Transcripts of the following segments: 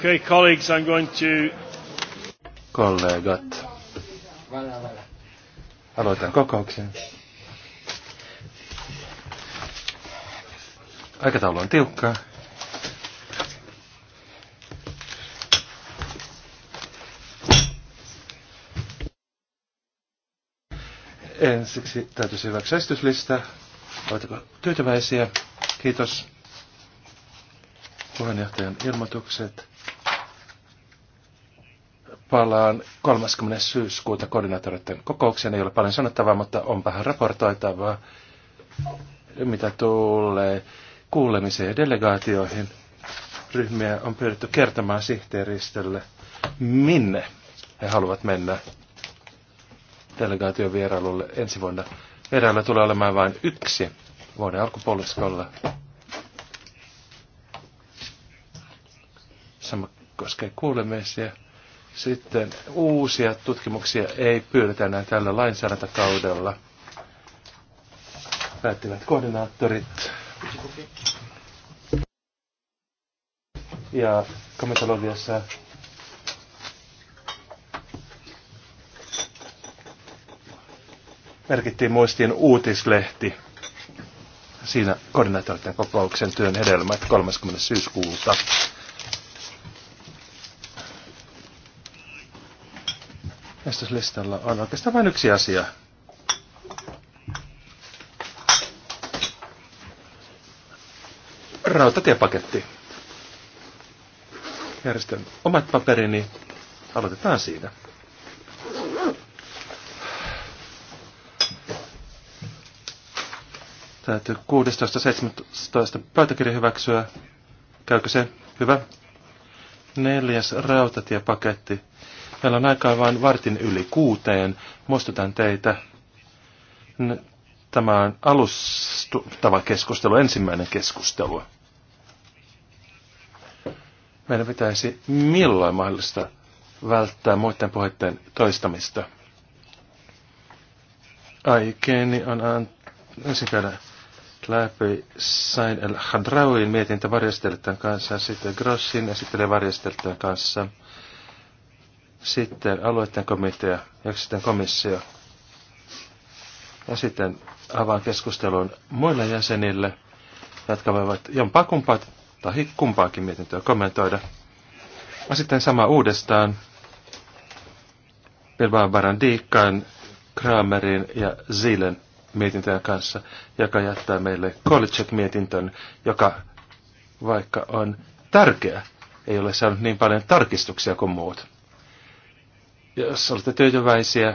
Okay, colleagues, I'm going to... Kollegat. Aloitan kokouksen. Aikataulu on tiukka. Ensiksi täytyisi hyväksyä esityslista. Oletteko tyytyväisiä? Kiitos. Puheenjohtajan ilmoitukset palaan 30. syyskuuta koordinaattoreiden kokoukseen. Ei ole paljon sanottavaa, mutta on vähän raportoitavaa, mitä tulee kuulemiseen ja delegaatioihin. Ryhmiä on pyydetty kertomaan sihteeristölle, minne he haluavat mennä delegaation vierailulle ensi vuonna. Vierailu tulee olemaan vain yksi vuoden alkupuoliskolla. Sama koskee kuulemisia. Sitten uusia tutkimuksia ei pyydetä enää tällä lainsäädäntökaudella. Päättivät koordinaattorit. Ja komitologiassa merkittiin muistiin uutislehti. Siinä koordinaattoreiden kokouksen työn hedelmät 30. syyskuuta. Tässä listalla on oikeastaan vain yksi asia. Rautatiepaketti. Järjestän omat paperini. Aloitetaan siitä. Täytyy 16.17. pöytäkirja hyväksyä. Käykö se? Hyvä. Neljäs rautatiepaketti Meillä on aikaa vain vartin yli kuuteen. Muistutan teitä. Tämä on alustava keskustelu, ensimmäinen keskustelu. Meidän pitäisi milloin mahdollista välttää muiden puheiden toistamista. Aikeeni on ensin käydä läpi Sain el hadrauin mietintä varjasteltaan kanssa, sitten Grossin esittelee varjasteltaan kanssa – sitten alueiden komitea ja sitten komissio. Ja sitten avaan keskustelun muille jäsenille, jotka voivat jompaa kumpaa tai kumpaakin mietintöä kommentoida. Ja sitten sama uudestaan Bilbao Diikkaan, Kramerin ja Zilen mietintöjen kanssa, joka jättää meille Kolicek-mietintön, joka vaikka on tärkeä, ei ole saanut niin paljon tarkistuksia kuin muut. Jos olette tyytyväisiä,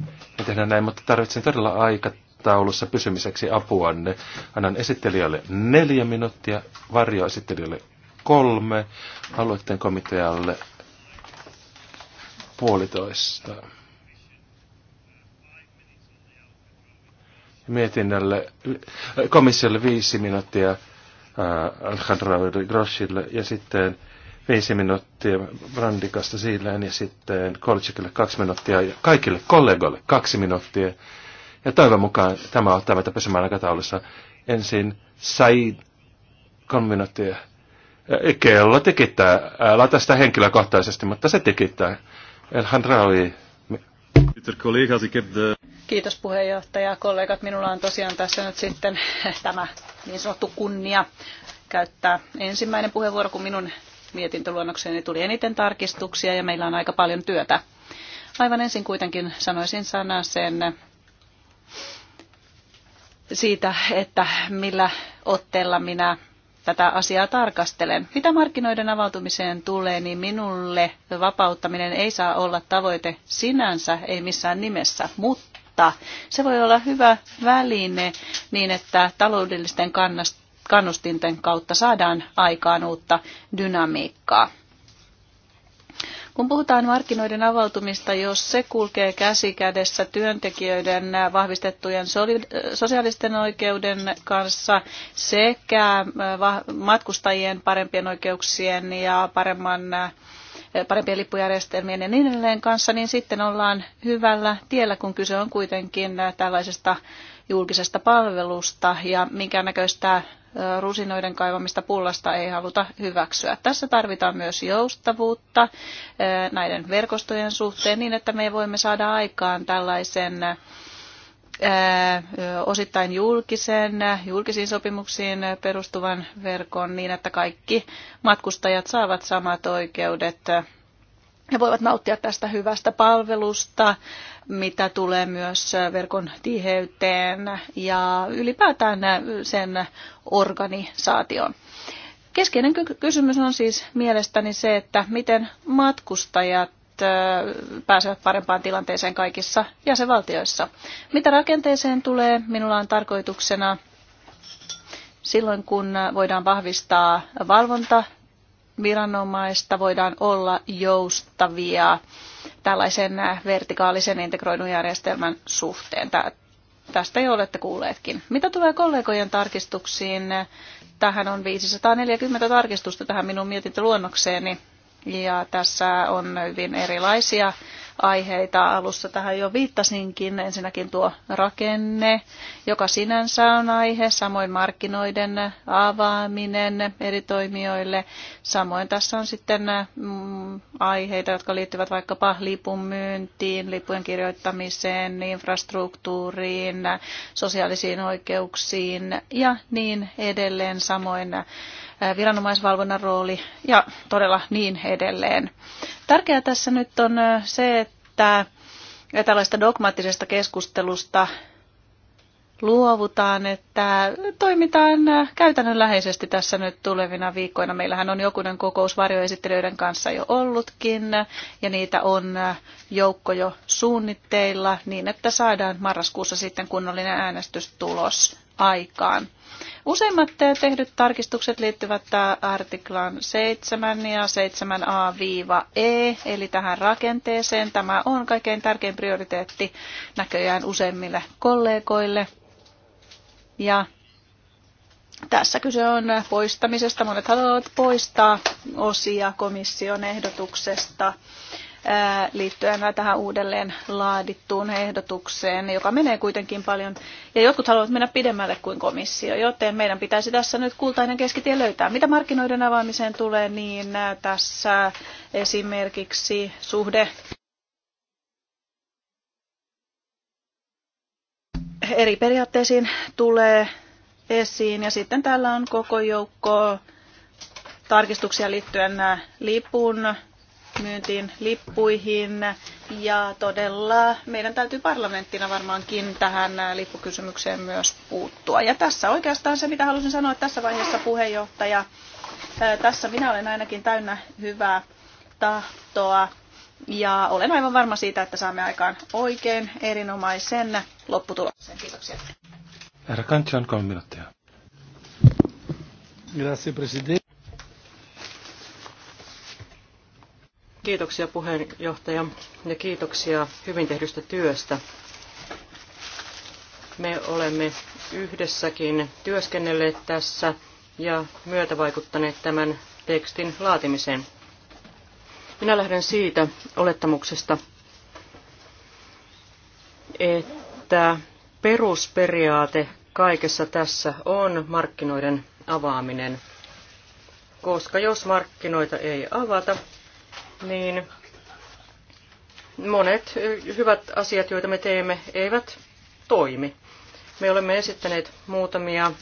niin tehdään näin, mutta tarvitsen todella aikataulussa pysymiseksi apuanne. Annan esittelijälle neljä minuuttia, varjoesittelijälle kolme, aloitteen komitealle puolitoista. Mietinnälle, komissiolle viisi minuuttia, äh, Alejandro Groschille ja sitten viisi minuuttia Brandikasta silleen ja sitten Kolchikille kaksi minuuttia ja kaikille kollegoille kaksi minuuttia. Ja toivon mukaan tämä tämä, että pysymään aikataulussa. Ensin sai kolme minuuttia. Kello tikittää. Älä tästä henkilökohtaisesti, mutta se tikittää. Elhan Rauli. Kiitos puheenjohtaja. Kollegat, minulla on tosiaan tässä nyt sitten tämä niin sanottu kunnia käyttää ensimmäinen puheenvuoro, kun minun mietintöluonnokseen niin tuli eniten tarkistuksia ja meillä on aika paljon työtä. Aivan ensin kuitenkin sanoisin sana sen siitä, että millä otteella minä tätä asiaa tarkastelen. Mitä markkinoiden avautumiseen tulee, niin minulle vapauttaminen ei saa olla tavoite sinänsä, ei missään nimessä, mutta se voi olla hyvä väline niin, että taloudellisten kannustinten kautta saadaan aikaan uutta dynamiikkaa. Kun puhutaan markkinoiden avautumista, jos se kulkee käsi kädessä työntekijöiden vahvistettujen sosiaalisten oikeuden kanssa sekä äh, matkustajien parempien oikeuksien ja paremman äh, parempien lippujärjestelmien ja niin edelleen kanssa, niin sitten ollaan hyvällä tiellä, kun kyse on kuitenkin äh, tällaisesta julkisesta palvelusta ja minkä näköistä rusinoiden kaivamista pullasta ei haluta hyväksyä. Tässä tarvitaan myös joustavuutta näiden verkostojen suhteen niin, että me voimme saada aikaan tällaisen osittain julkisen, julkisiin sopimuksiin perustuvan verkon niin, että kaikki matkustajat saavat samat oikeudet he voivat nauttia tästä hyvästä palvelusta, mitä tulee myös verkon tiheyteen ja ylipäätään sen organisaation. Keskeinen kysymys on siis mielestäni se, että miten matkustajat pääsevät parempaan tilanteeseen kaikissa jäsenvaltioissa. Mitä rakenteeseen tulee, minulla on tarkoituksena silloin, kun voidaan vahvistaa valvonta viranomaista voidaan olla joustavia tällaisen vertikaalisen integroidun järjestelmän suhteen. Tästä jo olette kuulleetkin. Mitä tulee kollegojen tarkistuksiin? Tähän on 540 tarkistusta tähän minun mietintöluonnokseeni. Ja tässä on hyvin erilaisia aiheita. Alussa tähän jo viittasinkin. Ensinnäkin tuo rakenne, joka sinänsä on aihe, samoin markkinoiden avaaminen eri toimijoille. Samoin tässä on sitten mm, aiheita, jotka liittyvät vaikkapa lipun myyntiin, lipujen kirjoittamiseen, infrastruktuuriin, sosiaalisiin oikeuksiin ja niin edelleen. Samoin viranomaisvalvonnan rooli ja todella niin edelleen. Tärkeää tässä nyt on se, että tällaista dogmaattisesta keskustelusta luovutaan, että toimitaan käytännönläheisesti tässä nyt tulevina viikkoina. Meillähän on jokunen kokous varjoesittelijöiden kanssa jo ollutkin, ja niitä on joukko jo suunnitteilla, niin että saadaan marraskuussa sitten kunnollinen äänestystulos aikaan. Useimmat tehdyt tarkistukset liittyvät artiklaan 7 ja 7a-e, eli tähän rakenteeseen. Tämä on kaikkein tärkein prioriteetti näköjään useimmille kollegoille. Ja tässä kyse on poistamisesta. Monet haluavat poistaa osia komission ehdotuksesta liittyen tähän uudelleen laadittuun ehdotukseen, joka menee kuitenkin paljon, ja jotkut haluavat mennä pidemmälle kuin komissio, joten meidän pitäisi tässä nyt kultainen keskitie löytää. Mitä markkinoiden avaamiseen tulee, niin tässä esimerkiksi suhde eri periaatteisiin tulee esiin, ja sitten täällä on koko joukko tarkistuksia liittyen lipun myyntiin lippuihin. Ja todella meidän täytyy parlamenttina varmaankin tähän äh, lippukysymykseen myös puuttua. Ja tässä oikeastaan se, mitä halusin sanoa tässä vaiheessa puheenjohtaja. Äh, tässä minä olen ainakin täynnä hyvää tahtoa. Ja olen aivan varma siitä, että saamme aikaan oikein erinomaisen lopputuloksen. Kiitoksia. Herra Kantsian, kolme minuuttia. Grazie, Presidente. Kiitoksia puheenjohtaja ja kiitoksia hyvin tehdystä työstä. Me olemme yhdessäkin työskennelleet tässä ja myötävaikuttaneet tämän tekstin laatimiseen. Minä lähden siitä olettamuksesta, että perusperiaate kaikessa tässä on markkinoiden avaaminen, koska jos markkinoita ei avata, niin monet hyvät asiat, joita me teemme, eivät toimi. Me olemme esittäneet muutamia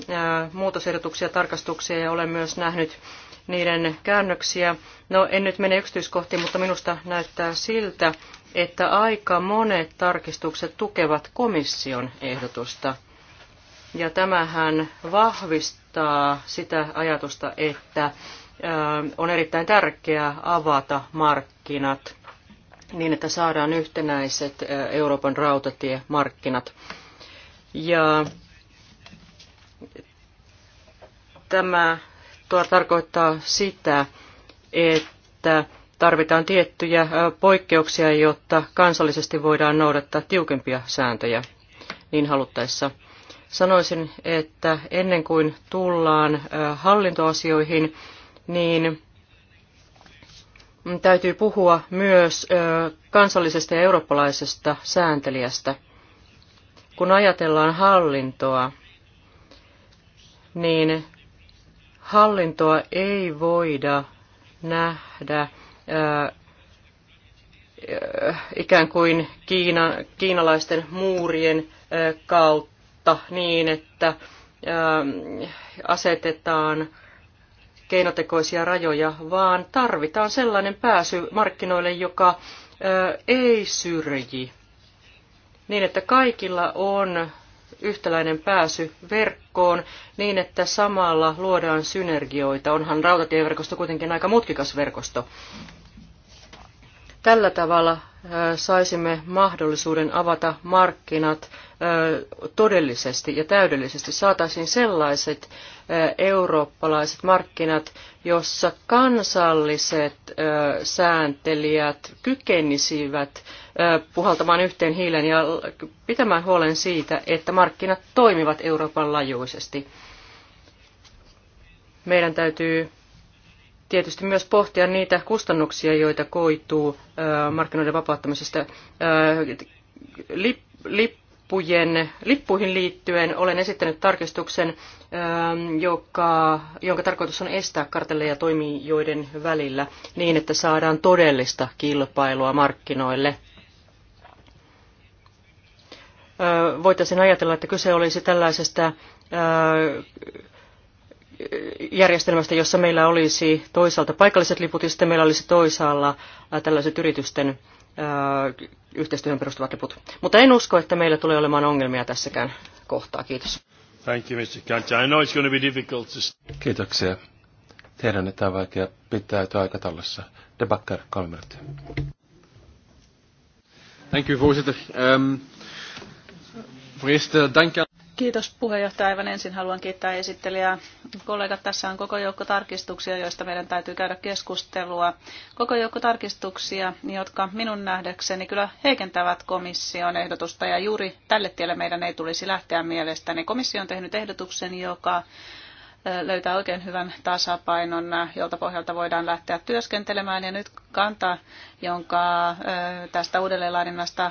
muutosehdotuksia, tarkastuksia ja olen myös nähnyt niiden käännöksiä. No en nyt mene yksityiskohtiin, mutta minusta näyttää siltä, että aika monet tarkistukset tukevat komission ehdotusta. Ja tämähän vahvistaa sitä ajatusta, että on erittäin tärkeää avata markkinat niin, että saadaan yhtenäiset Euroopan rautatiemarkkinat. Ja tämä tuo tarkoittaa sitä, että tarvitaan tiettyjä poikkeuksia, jotta kansallisesti voidaan noudattaa tiukempia sääntöjä niin haluttaessa. Sanoisin, että ennen kuin tullaan hallintoasioihin, niin täytyy puhua myös kansallisesta ja eurooppalaisesta sääntelijästä. Kun ajatellaan hallintoa, niin hallintoa ei voida nähdä ikään kuin Kiina, kiinalaisten muurien kautta niin, että asetetaan keinotekoisia rajoja, vaan tarvitaan sellainen pääsy markkinoille, joka ei syrji, niin että kaikilla on yhtäläinen pääsy verkkoon niin, että samalla luodaan synergioita. Onhan rautatieverkosto kuitenkin aika mutkikas verkosto. Tällä tavalla saisimme mahdollisuuden avata markkinat todellisesti ja täydellisesti. Saataisiin sellaiset eurooppalaiset markkinat, jossa kansalliset sääntelijät kykenisivät puhaltamaan yhteen hiilen ja pitämään huolen siitä, että markkinat toimivat Euroopan laajuisesti. Meidän täytyy tietysti myös pohtia niitä kustannuksia, joita koituu markkinoiden vapauttamisesta. Lippujen, lippuihin liittyen olen esittänyt tarkistuksen, joka, jonka tarkoitus on estää kartelleja toimijoiden välillä niin, että saadaan todellista kilpailua markkinoille voitaisiin ajatella, että kyse olisi tällaisesta järjestelmästä, jossa meillä olisi toisaalta paikalliset liput ja sitten meillä olisi toisaalla äh, tällaiset yritysten äh, yhteistyöhön perustuvat liput. Mutta en usko, että meillä tulee olemaan ongelmia tässäkään kohtaa. Kiitos. Thank you, Mr. I know it's going to be difficult to... Kiitoksia. Tiedän, että on vaikea pitäytyä aikataulussa. Debakker, kolme minuuttia. Thank you, voorzitter. Um, ehm, voor eerst uh, dank aan... Kiitos puheenjohtaja. Aivan ensin haluan kiittää esittelijää. Kollegat, tässä on koko joukko tarkistuksia, joista meidän täytyy käydä keskustelua. Koko joukko tarkistuksia, jotka minun nähdäkseni kyllä heikentävät komission ehdotusta ja juuri tälle tielle meidän ei tulisi lähteä mielestäni. Komissio on tehnyt ehdotuksen, joka löytää oikein hyvän tasapainon, jolta pohjalta voidaan lähteä työskentelemään. Ja nyt kanta, jonka tästä uudelleenlaadinnasta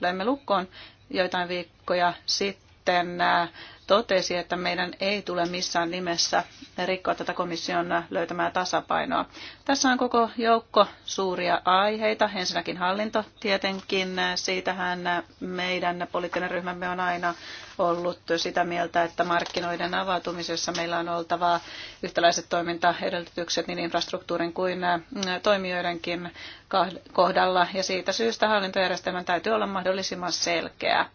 löimme lukkoon joitain viikkoja sitten, sitten äh, totesi, että meidän ei tule missään nimessä rikkoa tätä komission äh, löytämää tasapainoa. Tässä on koko joukko suuria aiheita. Ensinnäkin hallinto tietenkin. Äh, siitähän meidän poliittinen ryhmämme on aina ollut sitä mieltä, että markkinoiden avautumisessa meillä on oltava yhtäläiset toimintaedellytykset niin infrastruktuurin kuin toimijoidenkin kohdalla. Ja siitä syystä hallintojärjestelmän täytyy olla mahdollisimman selkeä.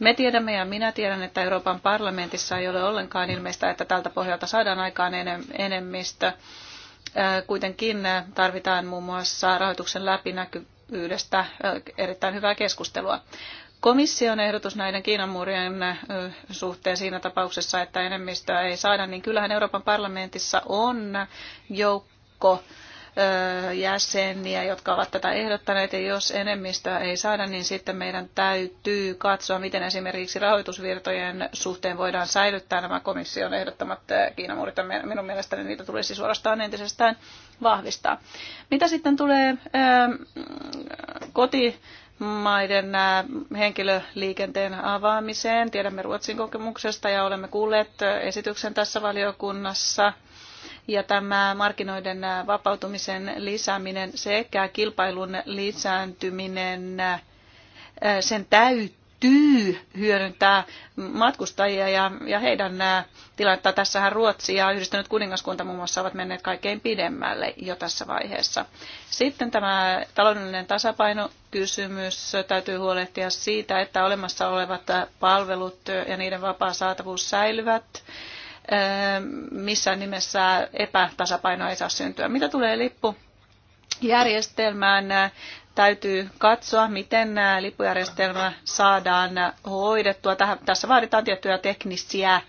Me tiedämme ja minä tiedän, että Euroopan parlamentissa ei ole ollenkaan ilmeistä, että tältä pohjalta saadaan aikaan enemmistö. Kuitenkin tarvitaan muun muassa rahoituksen läpinäkyvyydestä erittäin hyvää keskustelua. Komission ehdotus näiden Kiinan muurien suhteen siinä tapauksessa, että enemmistöä ei saada, niin kyllähän Euroopan parlamentissa on joukko jäseniä, jotka ovat tätä ehdottaneet, ja jos enemmistöä ei saada, niin sitten meidän täytyy katsoa, miten esimerkiksi rahoitusvirtojen suhteen voidaan säilyttää nämä komission ehdottamat Kiinamuurit, ja minun mielestäni niitä tulisi suorastaan entisestään vahvistaa. Mitä sitten tulee koti maiden henkilöliikenteen avaamiseen. Tiedämme Ruotsin kokemuksesta ja olemme kuulleet esityksen tässä valiokunnassa – ja tämä markkinoiden vapautumisen lisääminen sekä kilpailun lisääntyminen, äh, sen täytyy hyödyntää matkustajia ja, ja heidän äh, tilannetta. Tässähän Ruotsi ja yhdistynyt kuningaskunta muun muassa ovat menneet kaikkein pidemmälle jo tässä vaiheessa. Sitten tämä taloudellinen tasapainokysymys. Täytyy huolehtia siitä, että olemassa olevat palvelut ja niiden vapaa saatavuus säilyvät Äh, missään nimessä epätasapaino ei saa syntyä. Mitä tulee lippujärjestelmään, äh, täytyy katsoa, miten äh, lippujärjestelmä saadaan hoidettua. Tässä vaaditaan tiettyjä teknisiä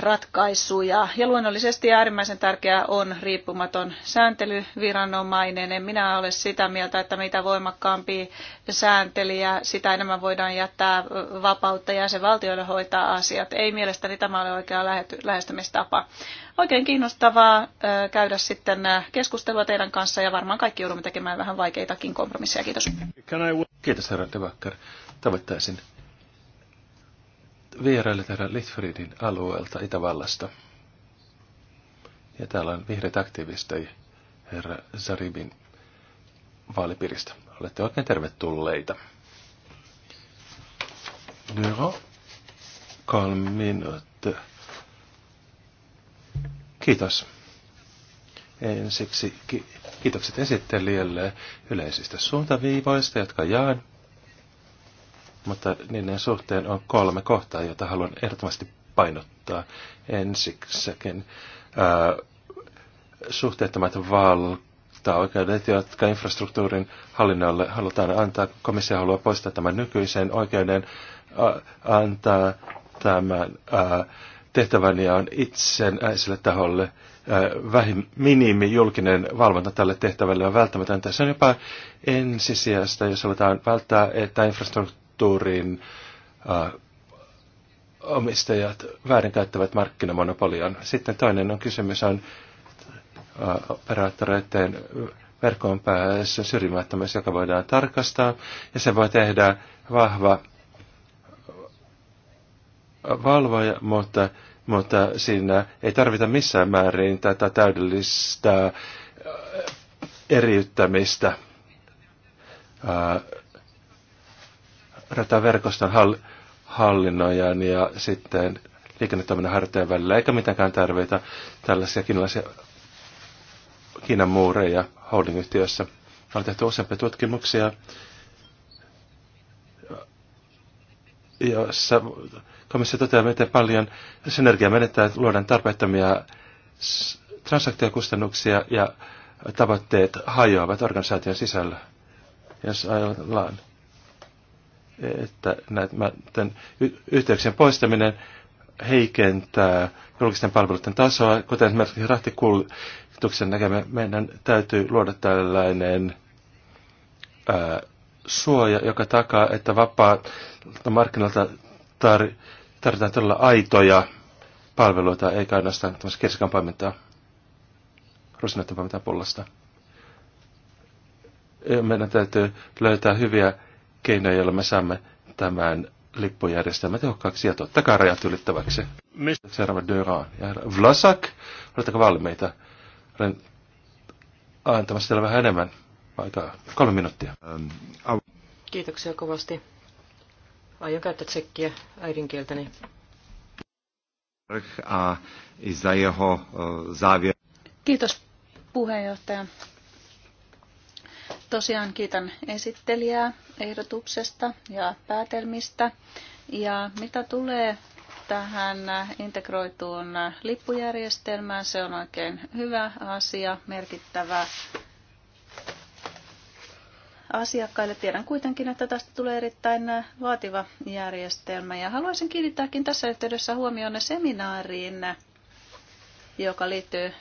ratkaisuja. Ja luonnollisesti äärimmäisen tärkeää on riippumaton sääntelyviranomainen. En minä ole sitä mieltä, että mitä voimakkaampi sääntelijä, sitä enemmän voidaan jättää vapautta ja se valtioille hoitaa asiat. Ei mielestäni tämä ole oikea lähestymistapa. Oikein kiinnostavaa käydä sitten keskustelua teidän kanssa ja varmaan kaikki joudumme tekemään vähän vaikeitakin kompromisseja. Kiitos. Kiitos herra Tavoittaisin vierailit täällä Litfridin alueelta Itävallasta. Ja täällä on vihreät aktivisteja herra Zaribin vaalipiiristä. Olette oikein tervetulleita. Joo, kolme Kiitos. Ensiksi ki- kiitokset esittelijälle yleisistä suuntaviivoista, jotka jaan mutta niiden suhteen on kolme kohtaa, joita haluan ehdottomasti painottaa ensiksikin. Ää, suhteettomat valtaoikeudet, jotka infrastruktuurin hallinnolle halutaan antaa. Komissio haluaa poistaa tämän nykyisen oikeuden, ää, antaa tämän ää, tehtävän ja on itsenäiselle taholle vähin minimi julkinen valvonta tälle tehtävälle on välttämätöntä. Se on jopa ensisijasta, jos halutaan välttää, että infrastruktuuri kulttuurin äh, omistajat väärinkäyttävät markkinamonopolian. Sitten toinen on kysymys on äh, operaattoreiden verkkoon päässä syrjimättömyys, joka voidaan tarkastaa, ja se voi tehdä vahva äh, valvoja, mutta, mutta siinä ei tarvita missään määrin tätä täydellistä eriyttämistä rataverkoston hall, hallinnoijan ja sitten liikennetoiminnan harjoittajan välillä, eikä mitenkään tarvita tällaisia kiinalaisia Kiinan muureja holdingyhtiössä. On tehty useampia tutkimuksia, jossa komissio toteaa, miten paljon synergia menettää luodaan tarpeettomia transaktiokustannuksia ja tavoitteet hajoavat organisaation sisällä. Jos ajatellaan että näiden yhteyksien poistaminen heikentää julkisten palveluiden tasoa, kuten esimerkiksi rahtikuljetuksen näkemme, meidän täytyy luoda tällainen ää, suoja, joka takaa, että vapaa markkinoilta tar- tarvitaan todella aitoja palveluita, eikä ainoastaan tämmöistä kirsikan paimentaa, rusinoiden paimentaa pullasta. Meidän täytyy löytää hyviä keinoja, joilla me saamme tämän lippujärjestelmä tehokkaaksi ja totta kai rajat ylittäväksi. Seuraava Döran ja Vlasak, oletteko valmiita? Olen antamassa teille vähän enemmän aikaa. Kolme minuuttia. Ähm, Kiitoksia kovasti. Aion käyttää tsekkiä äidinkieltäni. E, Kiitos puheenjohtaja. Tosiaan kiitän esittelijää ehdotuksesta ja päätelmistä. Ja mitä tulee tähän integroituun lippujärjestelmään, se on oikein hyvä asia, merkittävä asiakkaille. Tiedän kuitenkin, että tästä tulee erittäin vaativa järjestelmä. Ja haluaisin kiinnittääkin tässä yhteydessä huomioon seminaariin, joka liittyy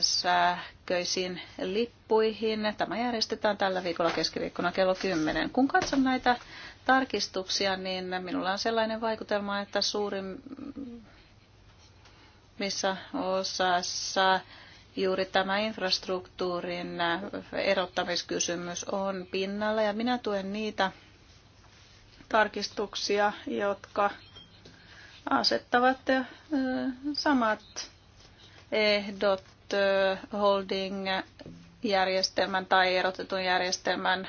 sähköisiin lippuihin. Tämä järjestetään tällä viikolla keskiviikkona kello 10. Kun katson näitä tarkistuksia, niin minulla on sellainen vaikutelma, että suurin missä osassa juuri tämä infrastruktuurin erottamiskysymys on pinnalla. Ja minä tuen niitä tarkistuksia, jotka asettavat samat ehdot holding-järjestelmän tai erotetun järjestelmän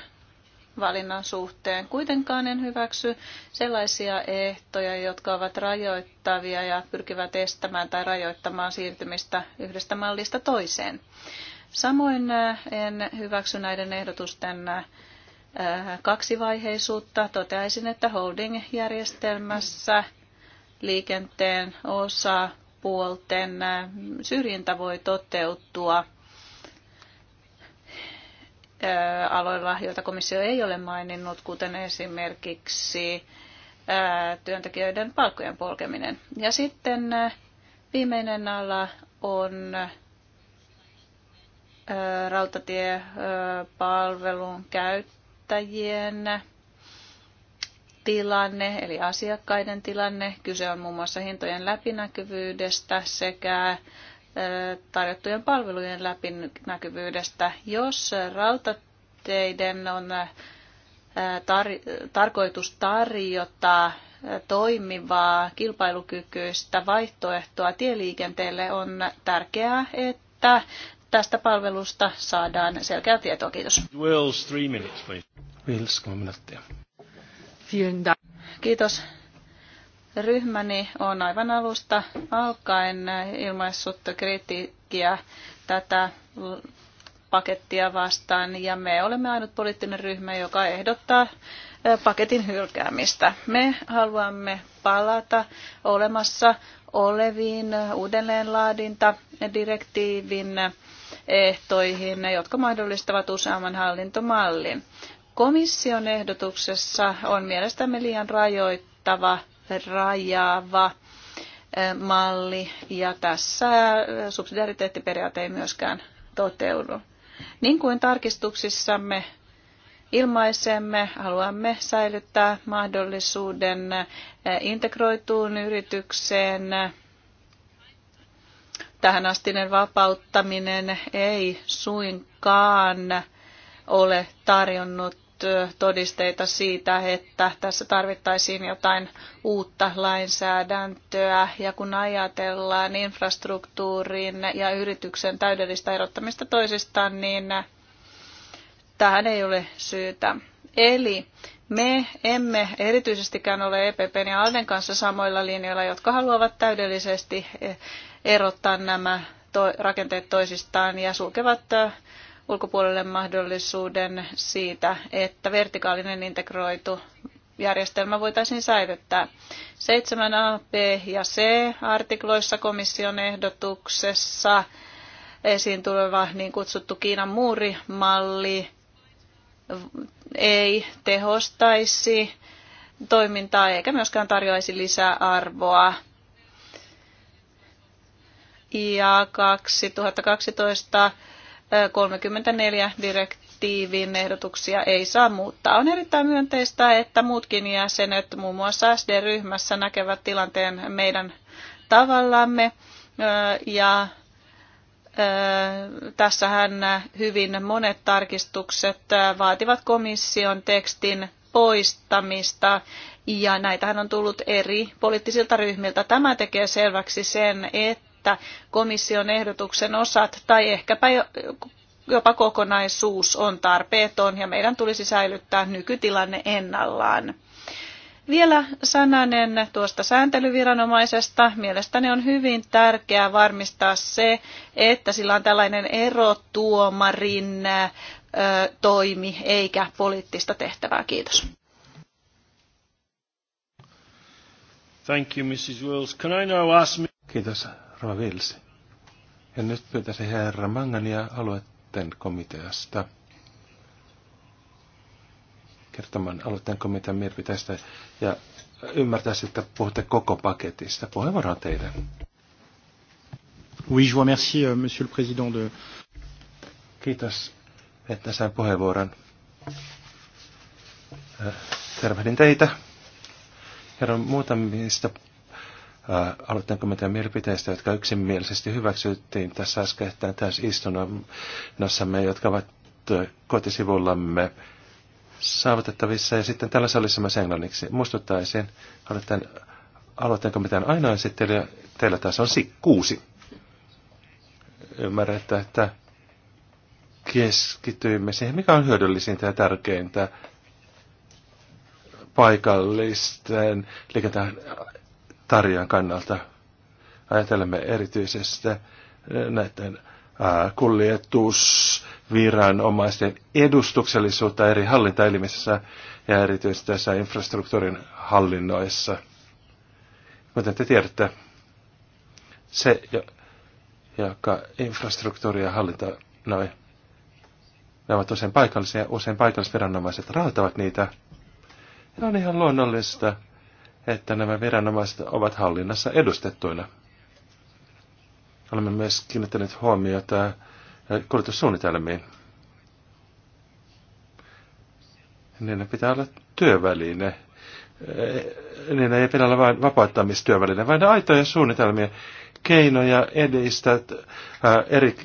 valinnan suhteen. Kuitenkaan en hyväksy sellaisia ehtoja, jotka ovat rajoittavia ja pyrkivät estämään tai rajoittamaan siirtymistä yhdestä mallista toiseen. Samoin en hyväksy näiden ehdotusten kaksivaiheisuutta. Toteaisin, että holding-järjestelmässä liikenteen osa sukupuolten syrjintä voi toteutua aloilla, joita komissio ei ole maininnut, kuten esimerkiksi työntekijöiden palkkojen polkeminen. Ja sitten viimeinen ala on rautatiepalvelun käyttäjien tilanne, eli asiakkaiden tilanne. Kyse on muun muassa hintojen läpinäkyvyydestä sekä tarjottujen palvelujen läpinäkyvyydestä. Jos rautateiden on tar- tarkoitus tarjota toimivaa, kilpailukykyistä vaihtoehtoa tieliikenteelle, on tärkeää, että tästä palvelusta saadaan selkeä tieto. Kiitos. Wills, three minutes, please. Wills, kolme minuuttia. Kiitos. Ryhmäni on aivan alusta alkaen ilmaissut kritiikkiä tätä pakettia vastaan ja me olemme ainut poliittinen ryhmä, joka ehdottaa paketin hylkäämistä. Me haluamme palata olemassa oleviin uudelleenlaadintadirektiivin direktiivin ehtoihin, jotka mahdollistavat useamman hallintomallin. Komission ehdotuksessa on mielestämme liian rajoittava, rajaava malli ja tässä subsidiariteettiperiaate ei myöskään toteudu. Niin kuin tarkistuksissamme ilmaisemme, haluamme säilyttää mahdollisuuden integroituun yritykseen. Tähän astinen vapauttaminen ei suinkaan ole tarjonnut todisteita siitä, että tässä tarvittaisiin jotain uutta lainsäädäntöä. Ja kun ajatellaan infrastruktuurin ja yrityksen täydellistä erottamista toisistaan, niin tähän ei ole syytä. Eli me emme erityisestikään ole EPPn ja Alden kanssa samoilla linjoilla, jotka haluavat täydellisesti e, erottaa nämä rakenteet toisistaan ja sulkevat ulkopuolelle mahdollisuuden siitä, että vertikaalinen integroitu järjestelmä voitaisiin säilyttää. 7a, b ja c artikloissa komission ehdotuksessa esiin tuleva niin kutsuttu Kiinan muurimalli ei tehostaisi toimintaa eikä myöskään tarjoaisi lisää arvoa. Ja 2012 34 direktiivin ehdotuksia ei saa muuttaa. On erittäin myönteistä, että muutkin jäsenet, muun muassa SD-ryhmässä, näkevät tilanteen meidän tavallamme. Ja tässähän hyvin monet tarkistukset vaativat komission tekstin poistamista ja näitähän on tullut eri poliittisilta ryhmiltä. Tämä tekee selväksi sen, että että komission ehdotuksen osat tai ehkäpä jopa kokonaisuus on tarpeeton ja meidän tulisi säilyttää nykytilanne ennallaan. Vielä sananen tuosta sääntelyviranomaisesta. Mielestäni on hyvin tärkeää varmistaa se, että sillä on tällainen erotuomarin toimi eikä poliittista tehtävää. Kiitos. Thank you, Mrs. Wills. Can I now ask... Kiitos. Herra Vils. Ja nyt pyytäisin herra Mangania aloitteen komiteasta kertomaan aloitteen komitean mielipiteistä ja ymmärtää, että puhutte koko paketista. Puheenvuoro on teidän. Oui, je vous remercie, euh, monsieur le président. De... Kiitos, että sain puheenvuoron. Äh, tervehdin teitä. Kerron muutamista Äh, aloitanko mitä mielipiteistä, jotka yksimielisesti hyväksyttiin tässä äskettäin täysistunnossamme, jotka ovat äh, kotisivullamme saavutettavissa ja sitten tällä salissa myös englanniksi muistuttaisin, aloitan, aloitanko mitään aina esittelyä? teillä taas on si- kuusi. Ymmärrän, että, että keskityimme siihen, mikä on hyödyllisintä ja tärkeintä paikallisten liikenteen tarjan kannalta. Ajatelemme erityisesti näiden kuljetusviranomaisten edustuksellisuutta eri hallintaelimissä ja erityisesti tässä infrastruktuurin hallinnoissa. Kuten te tiedätte, se, joka infrastruktuuria hallinta noin, ne ovat usein paikallisia, usein paikallisviranomaiset rahoittavat niitä. Ja on ihan luonnollista, että nämä viranomaiset ovat hallinnassa edustettuina. Olemme myös kiinnittäneet huomiota äh, kuljetussuunnitelmiin. Niin ne pitää olla työväline. Äh, niin ei pidä olla vain vapauttamistyöväline, vaan aitoja suunnitelmia, keinoja edistää äh, eri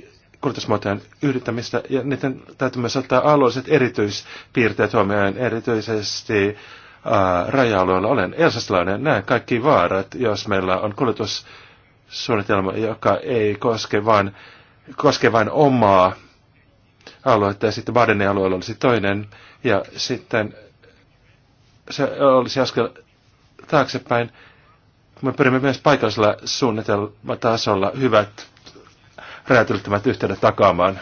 kuljetusmuotojen yhdittämistä, ja niiden täytyy myös ottaa alueelliset erityispiirteet huomioon, erityisesti raja-alueella. Olen elsaslainen, näen kaikki vaarat, jos meillä on kuljetussuunnitelma, joka ei koske vain, koske vain omaa aluetta, ja sitten Badenin alueella olisi toinen, ja sitten se olisi askel taaksepäin. Me pyrimme myös paikallisella suunnitelmatasolla hyvät räätyltämät yhteydet takaamaan.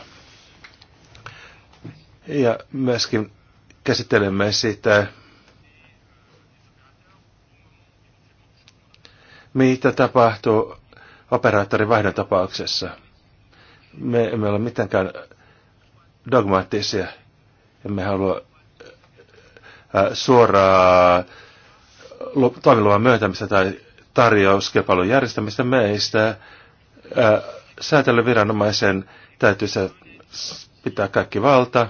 Ja myöskin käsittelemme sitä mitä tapahtuu operaattorin vaihdon tapauksessa. Me emme ole mitenkään dogmaattisia. Emme halua suoraa toimiluvan myöntämistä tai tarjouskilpailun järjestämistä meistä. Säätelyviranomaisen täytyy pitää kaikki valta.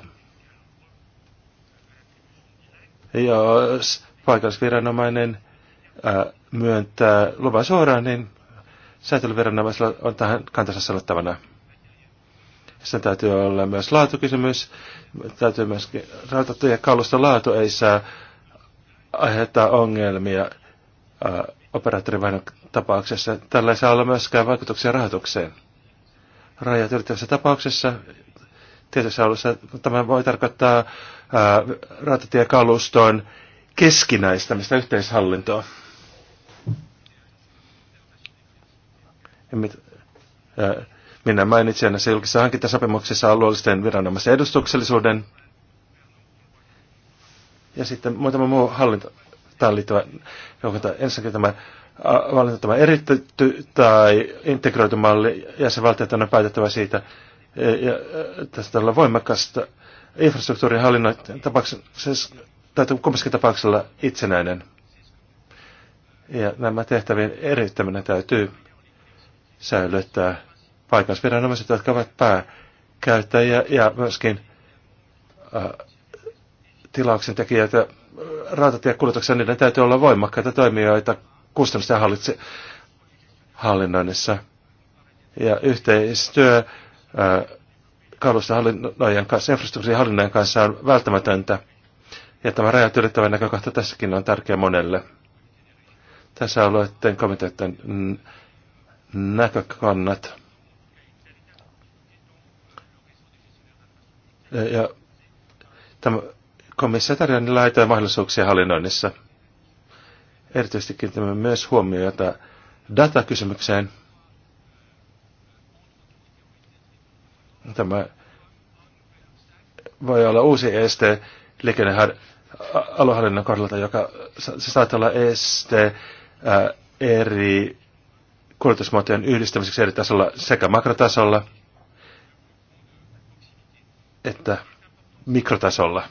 Jos paikallisviranomainen myöntää luvan suoraan, niin säätelyviranomaisella on tähän kantansa sanottavana. Sen täytyy olla myös laatukysymys. Täytyy myös rautattuja kalusta laatu ei saa aiheuttaa ongelmia operaattorin tapauksessa. Tällä ei saa olla myöskään vaikutuksia rahoitukseen. Rajat ylittävässä tapauksessa tietyssä alussa tämä voi tarkoittaa rautatiekaluston keskinäistämistä yhteishallintoa. minä mainitsin näissä julkisissa hankintasopimuksissa alueellisten viranomaisten edustuksellisuuden ja sitten muutama muu hallinto tähän liittyvä, jonka ensinnäkin tämä valinta tämä eritetty tai integroitu malli, valtio on päätettävä siitä, ja tästä olla voimakasta infrastruktuurin hallinnan tapauksessa, tai kummassakin tapauksella itsenäinen. Ja nämä tehtävien eriyttäminen täytyy säilyttää paikallisviranomaiset, jotka ovat pääkäyttäjiä ja myöskin ä, äh, tilauksen tekijöitä äh, rautatiekuljetuksessa, niiden täytyy olla voimakkaita toimijoita kustannusten hallitse, hallinnoinnissa. Ja yhteistyö äh, kaluston kanssa, infrastruktuurin kanssa on välttämätöntä. Ja tämä rajat ylittävä näkökohta tässäkin on tärkeä monelle. Tässä aloitteen komiteiden mm, näkökannat. Ja tämä komissio tarjoaa laitoja mahdollisuuksia hallinnoinnissa. Erityisesti kiinnitämme myös huomiota datakysymykseen. Tämä voi olla uusi este liikennealuehallinnon kohdalta, joka se saattaa olla este ää, eri kuljetusmuotojen yhdistämiseksi eri tasolla sekä makrotasolla että mikrotasolla.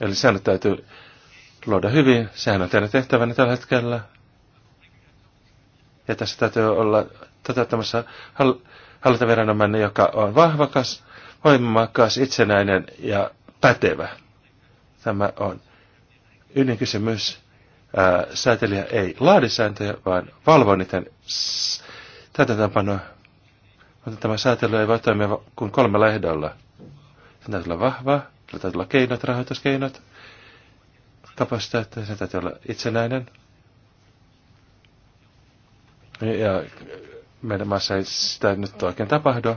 Eli säännöt täytyy luoda hyvin. Sehän on teidän tehtävänne tällä hetkellä. Ja tässä täytyy olla toteuttamassa hallintaviranomainen, joka on vahvakas, voimakas, itsenäinen ja pätevä. Tämä on ydinkysymys säätelijä ei laadi sääntöjä, vaan valvoo niiden täytäntöönpanoa. Mutta tämä säätely ei voi toimia kuin kolmella ehdolla. Sen täytyy olla vahva, sillä täytyy olla keinot, rahoituskeinot, kapasiteetti, sen täytyy olla itsenäinen. Ja meidän maassa ei sitä nyt oikein tapahdu.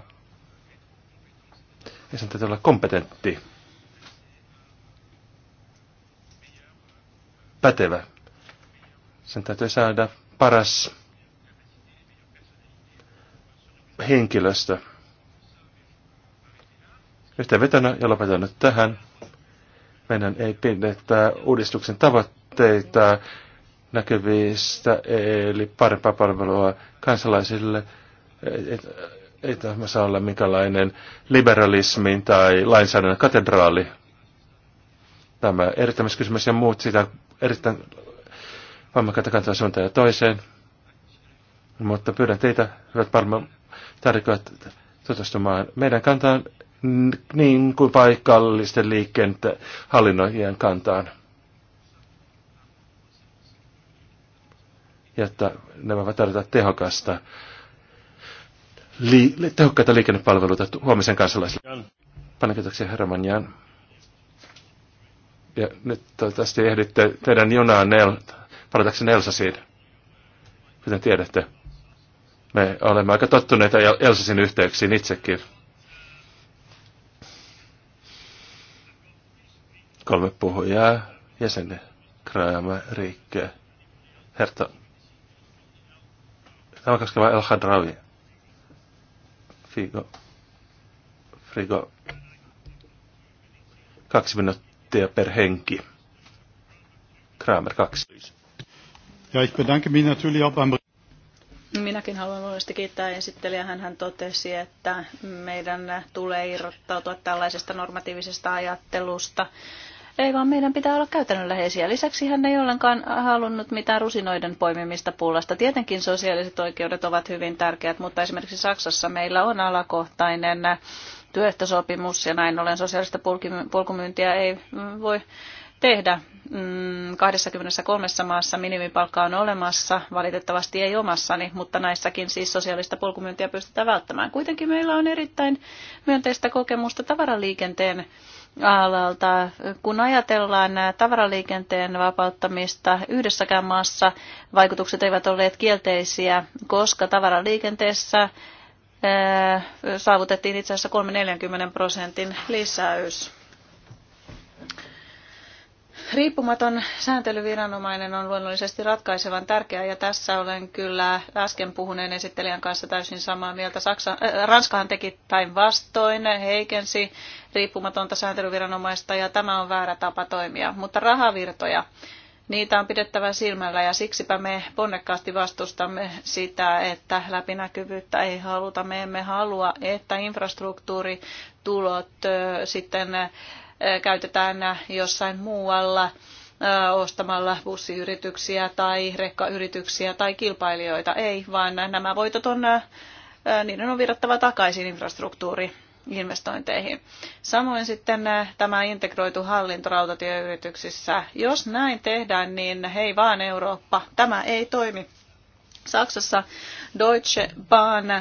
Ja sen täytyy olla kompetentti. pätevä. Sen täytyy saada paras henkilöstö. Yhteenvetona ja lopetan nyt tähän. Meidän ei pidetä uudistuksen tavoitteita näkyvistä, eli parempaa palvelua kansalaisille. Ei, tämä saa olla minkälainen liberalismin tai lainsäädännön katedraali. Tämä erittämiskysymys ja muut sitä erittäin voimakkaita kantaa suuntaan ja toiseen. Mutta pyydän teitä, hyvät tarkoit, tutustumaan meidän kantaan niin kuin paikallisten liikkeen hallinnoijien kantaan. Jotta nämä voivat tarjota tehokasta, li, tehokkaita liikennepalveluita huomisen kansalaisille. Paljon kiitoksia herra Manjan. Ja nyt toivottavasti ehditte teidän junaanne paratakseni Elsasiin. Kuten tiedätte, me olemme aika tottuneita Elsasin yhteyksiin itsekin. Kolme puhujaa, jäseni, Kraama, Riikke, Herta. Tämä koskeva El Hadrawi. Figo. Frigo. Kaksi minuuttia per henki. Kramer 2. Ja ich bedanke mich natürlich auch beim Minäkin haluan luonnollisesti kiittää esittelijää. Hän totesi, että meidän tulee irrottautua tällaisesta normatiivisesta ajattelusta. Ei vaan meidän pitää olla käytännönläheisiä. Lisäksi hän ei ollenkaan halunnut mitään rusinoiden poimimista pullasta. Tietenkin sosiaaliset oikeudet ovat hyvin tärkeät, mutta esimerkiksi Saksassa meillä on alakohtainen työehtosopimus ja näin ollen sosiaalista polkumyyntiä ei voi tehdä. 23 mm, maassa minimipalkka on olemassa, valitettavasti ei omassani, mutta näissäkin siis sosiaalista polkumyyntiä pystytään välttämään. Kuitenkin meillä on erittäin myönteistä kokemusta tavaraliikenteen alalta. Kun ajatellaan tavaraliikenteen vapauttamista yhdessäkään maassa, vaikutukset eivät olleet kielteisiä, koska tavaraliikenteessä saavutettiin itse asiassa 3-40 prosentin lisäys Riippumaton sääntelyviranomainen on luonnollisesti ratkaisevan tärkeä ja tässä olen kyllä äsken puhuneen esittelijän kanssa täysin samaa mieltä. Saksa, äh, Ranskahan teki päinvastoin, heikensi riippumatonta sääntelyviranomaista ja tämä on väärä tapa toimia. Mutta rahavirtoja, niitä on pidettävä silmällä ja siksipä me ponnekkaasti vastustamme sitä, että läpinäkyvyyttä ei haluta. Me emme halua, että infrastruktuuritulot äh, sitten äh, käytetään jossain muualla ostamalla bussiyrityksiä tai rekkayrityksiä tai kilpailijoita. Ei, vaan nämä voitot on, niiden on virrattava takaisin infrastruktuuri investointeihin. Samoin sitten tämä integroitu hallinto rautatieyrityksissä. Jos näin tehdään, niin hei vaan Eurooppa, tämä ei toimi. Saksassa Deutsche Bahn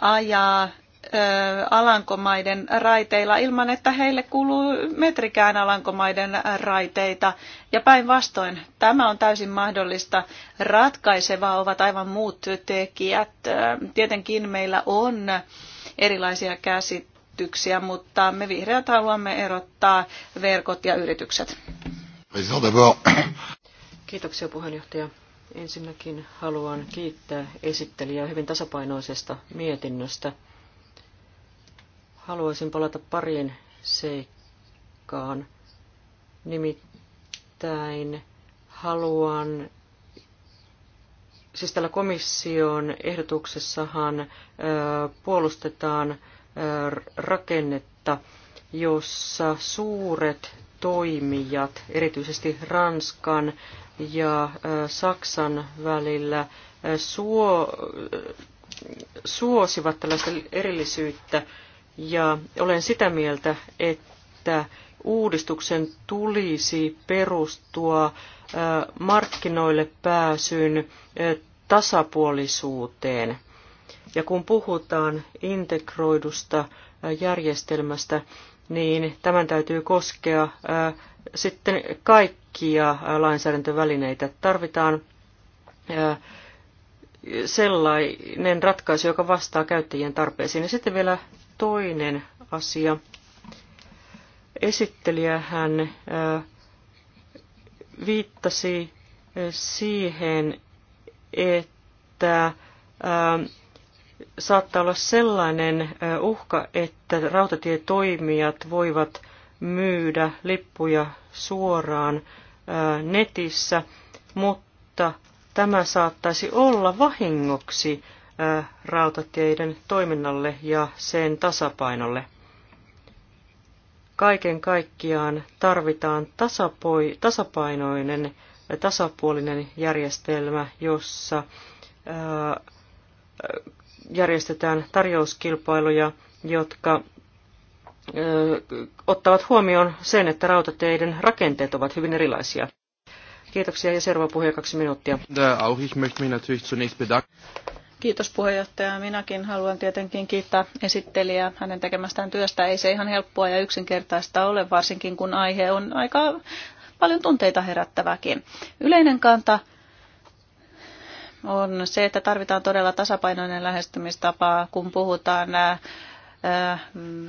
ajaa Alankomaiden raiteilla ilman, että heille kuuluu metrikään Alankomaiden raiteita. Ja päinvastoin, tämä on täysin mahdollista. Ratkaisevaa ovat aivan muut tekijät. Tietenkin meillä on erilaisia käsityksiä, mutta me vihreät haluamme erottaa verkot ja yritykset. Kiitoksia puheenjohtaja. Ensinnäkin haluan kiittää esittelijää hyvin tasapainoisesta mietinnöstä. Haluaisin palata pariin seikkaan. Nimittäin haluan, siis tällä komission ehdotuksessahan ö, puolustetaan ö, rakennetta, jossa suuret toimijat, erityisesti Ranskan ja Saksan välillä, suo, suosivat tällaista erillisyyttä ja olen sitä mieltä, että uudistuksen tulisi perustua markkinoille pääsyn tasapuolisuuteen. Ja kun puhutaan integroidusta järjestelmästä, niin tämän täytyy koskea sitten kaikkia lainsäädäntövälineitä. Tarvitaan sellainen ratkaisu, joka vastaa käyttäjien tarpeisiin. Ja sitten vielä toinen asia. Esittelijähän äh, viittasi äh, siihen, että äh, saattaa olla sellainen uhka, että rautatietoimijat voivat myydä lippuja suoraan netissä, mutta tämä saattaisi olla vahingoksi rautateiden toiminnalle ja sen tasapainolle. Kaiken kaikkiaan tarvitaan tasapoi, tasapainoinen, tasapuolinen järjestelmä, jossa ää, järjestetään tarjouskilpailuja, jotka ottavat huomioon sen, että rautateiden rakenteet ovat hyvin erilaisia. Kiitoksia ja seuraava puhuja kaksi minuuttia. Kiitos puheenjohtaja. Minäkin haluan tietenkin kiittää esittelijää hänen tekemästään työstä. Ei se ihan helppoa ja yksinkertaista ole, varsinkin kun aihe on aika paljon tunteita herättäväkin. Yleinen kanta on se, että tarvitaan todella tasapainoinen lähestymistapa, kun puhutaan äh,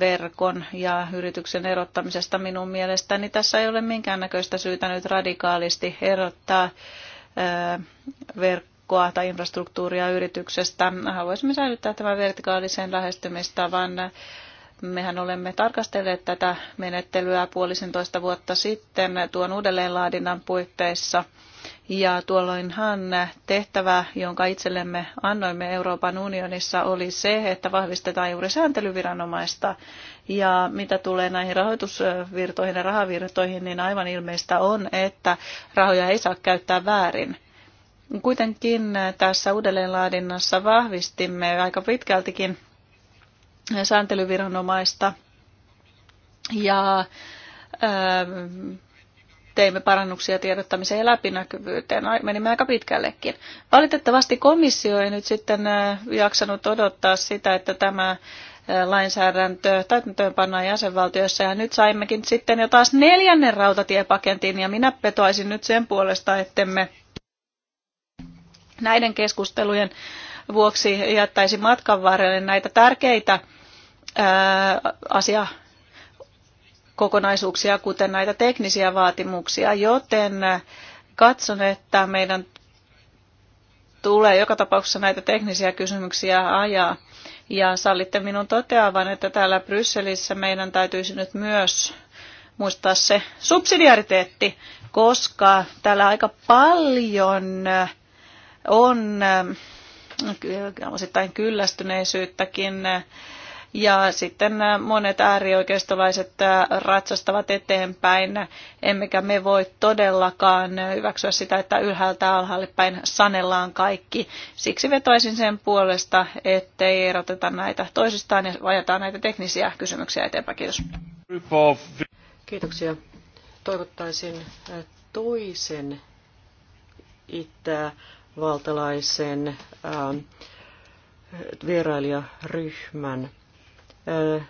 verkon ja yrityksen erottamisesta minun mielestäni. Tässä ei ole minkäännäköistä syytä nyt radikaalisti erottaa äh, verkkoa verkkoa tai infrastruktuuria yrityksestä. Haluaisimme säilyttää tämän vertikaalisen lähestymistavan. Mehän olemme tarkastelleet tätä menettelyä puolisentoista vuotta sitten tuon uudelleenlaadinnan puitteissa. Ja tuolloinhan tehtävä, jonka itsellemme annoimme Euroopan unionissa, oli se, että vahvistetaan juuri sääntelyviranomaista. Ja mitä tulee näihin rahoitusvirtoihin ja rahavirtoihin, niin aivan ilmeistä on, että rahoja ei saa käyttää väärin. Kuitenkin tässä uudelleenlaadinnassa vahvistimme aika pitkältikin sääntelyviranomaista ja ähm, teimme parannuksia tiedottamiseen ja läpinäkyvyyteen. Menimme aika pitkällekin. Valitettavasti komissio ei nyt sitten äh, jaksanut odottaa sitä, että tämä äh, lainsäädäntö pannaan jäsenvaltioissa ja nyt saimmekin sitten jo taas neljännen rautatiepaketin ja minä petoaisin nyt sen puolesta, ettemme Näiden keskustelujen vuoksi jättäisin matkan varrelle näitä tärkeitä ää, asia kokonaisuuksia, kuten näitä teknisiä vaatimuksia, joten katson, että meidän tulee joka tapauksessa näitä teknisiä kysymyksiä ajaa. Ja sallitte minun toteavan, että täällä Brysselissä meidän täytyisi nyt myös muistaa se subsidiariteetti, koska täällä aika paljon äh, on äh, osittain kyllästyneisyyttäkin. Äh, ja sitten äh, monet äärioikeistolaiset ratsastavat eteenpäin, emmekä me voi todellakaan hyväksyä sitä, että ylhäältä alhaalle päin sanellaan kaikki. Siksi vetoisin sen puolesta, ettei eroteta näitä toisistaan ja vajataan näitä teknisiä kysymyksiä eteenpäin. Kiitos. Kiitoksia. Toivottaisin toisen itä valtalaisen ähm, vierailijaryhmän äh,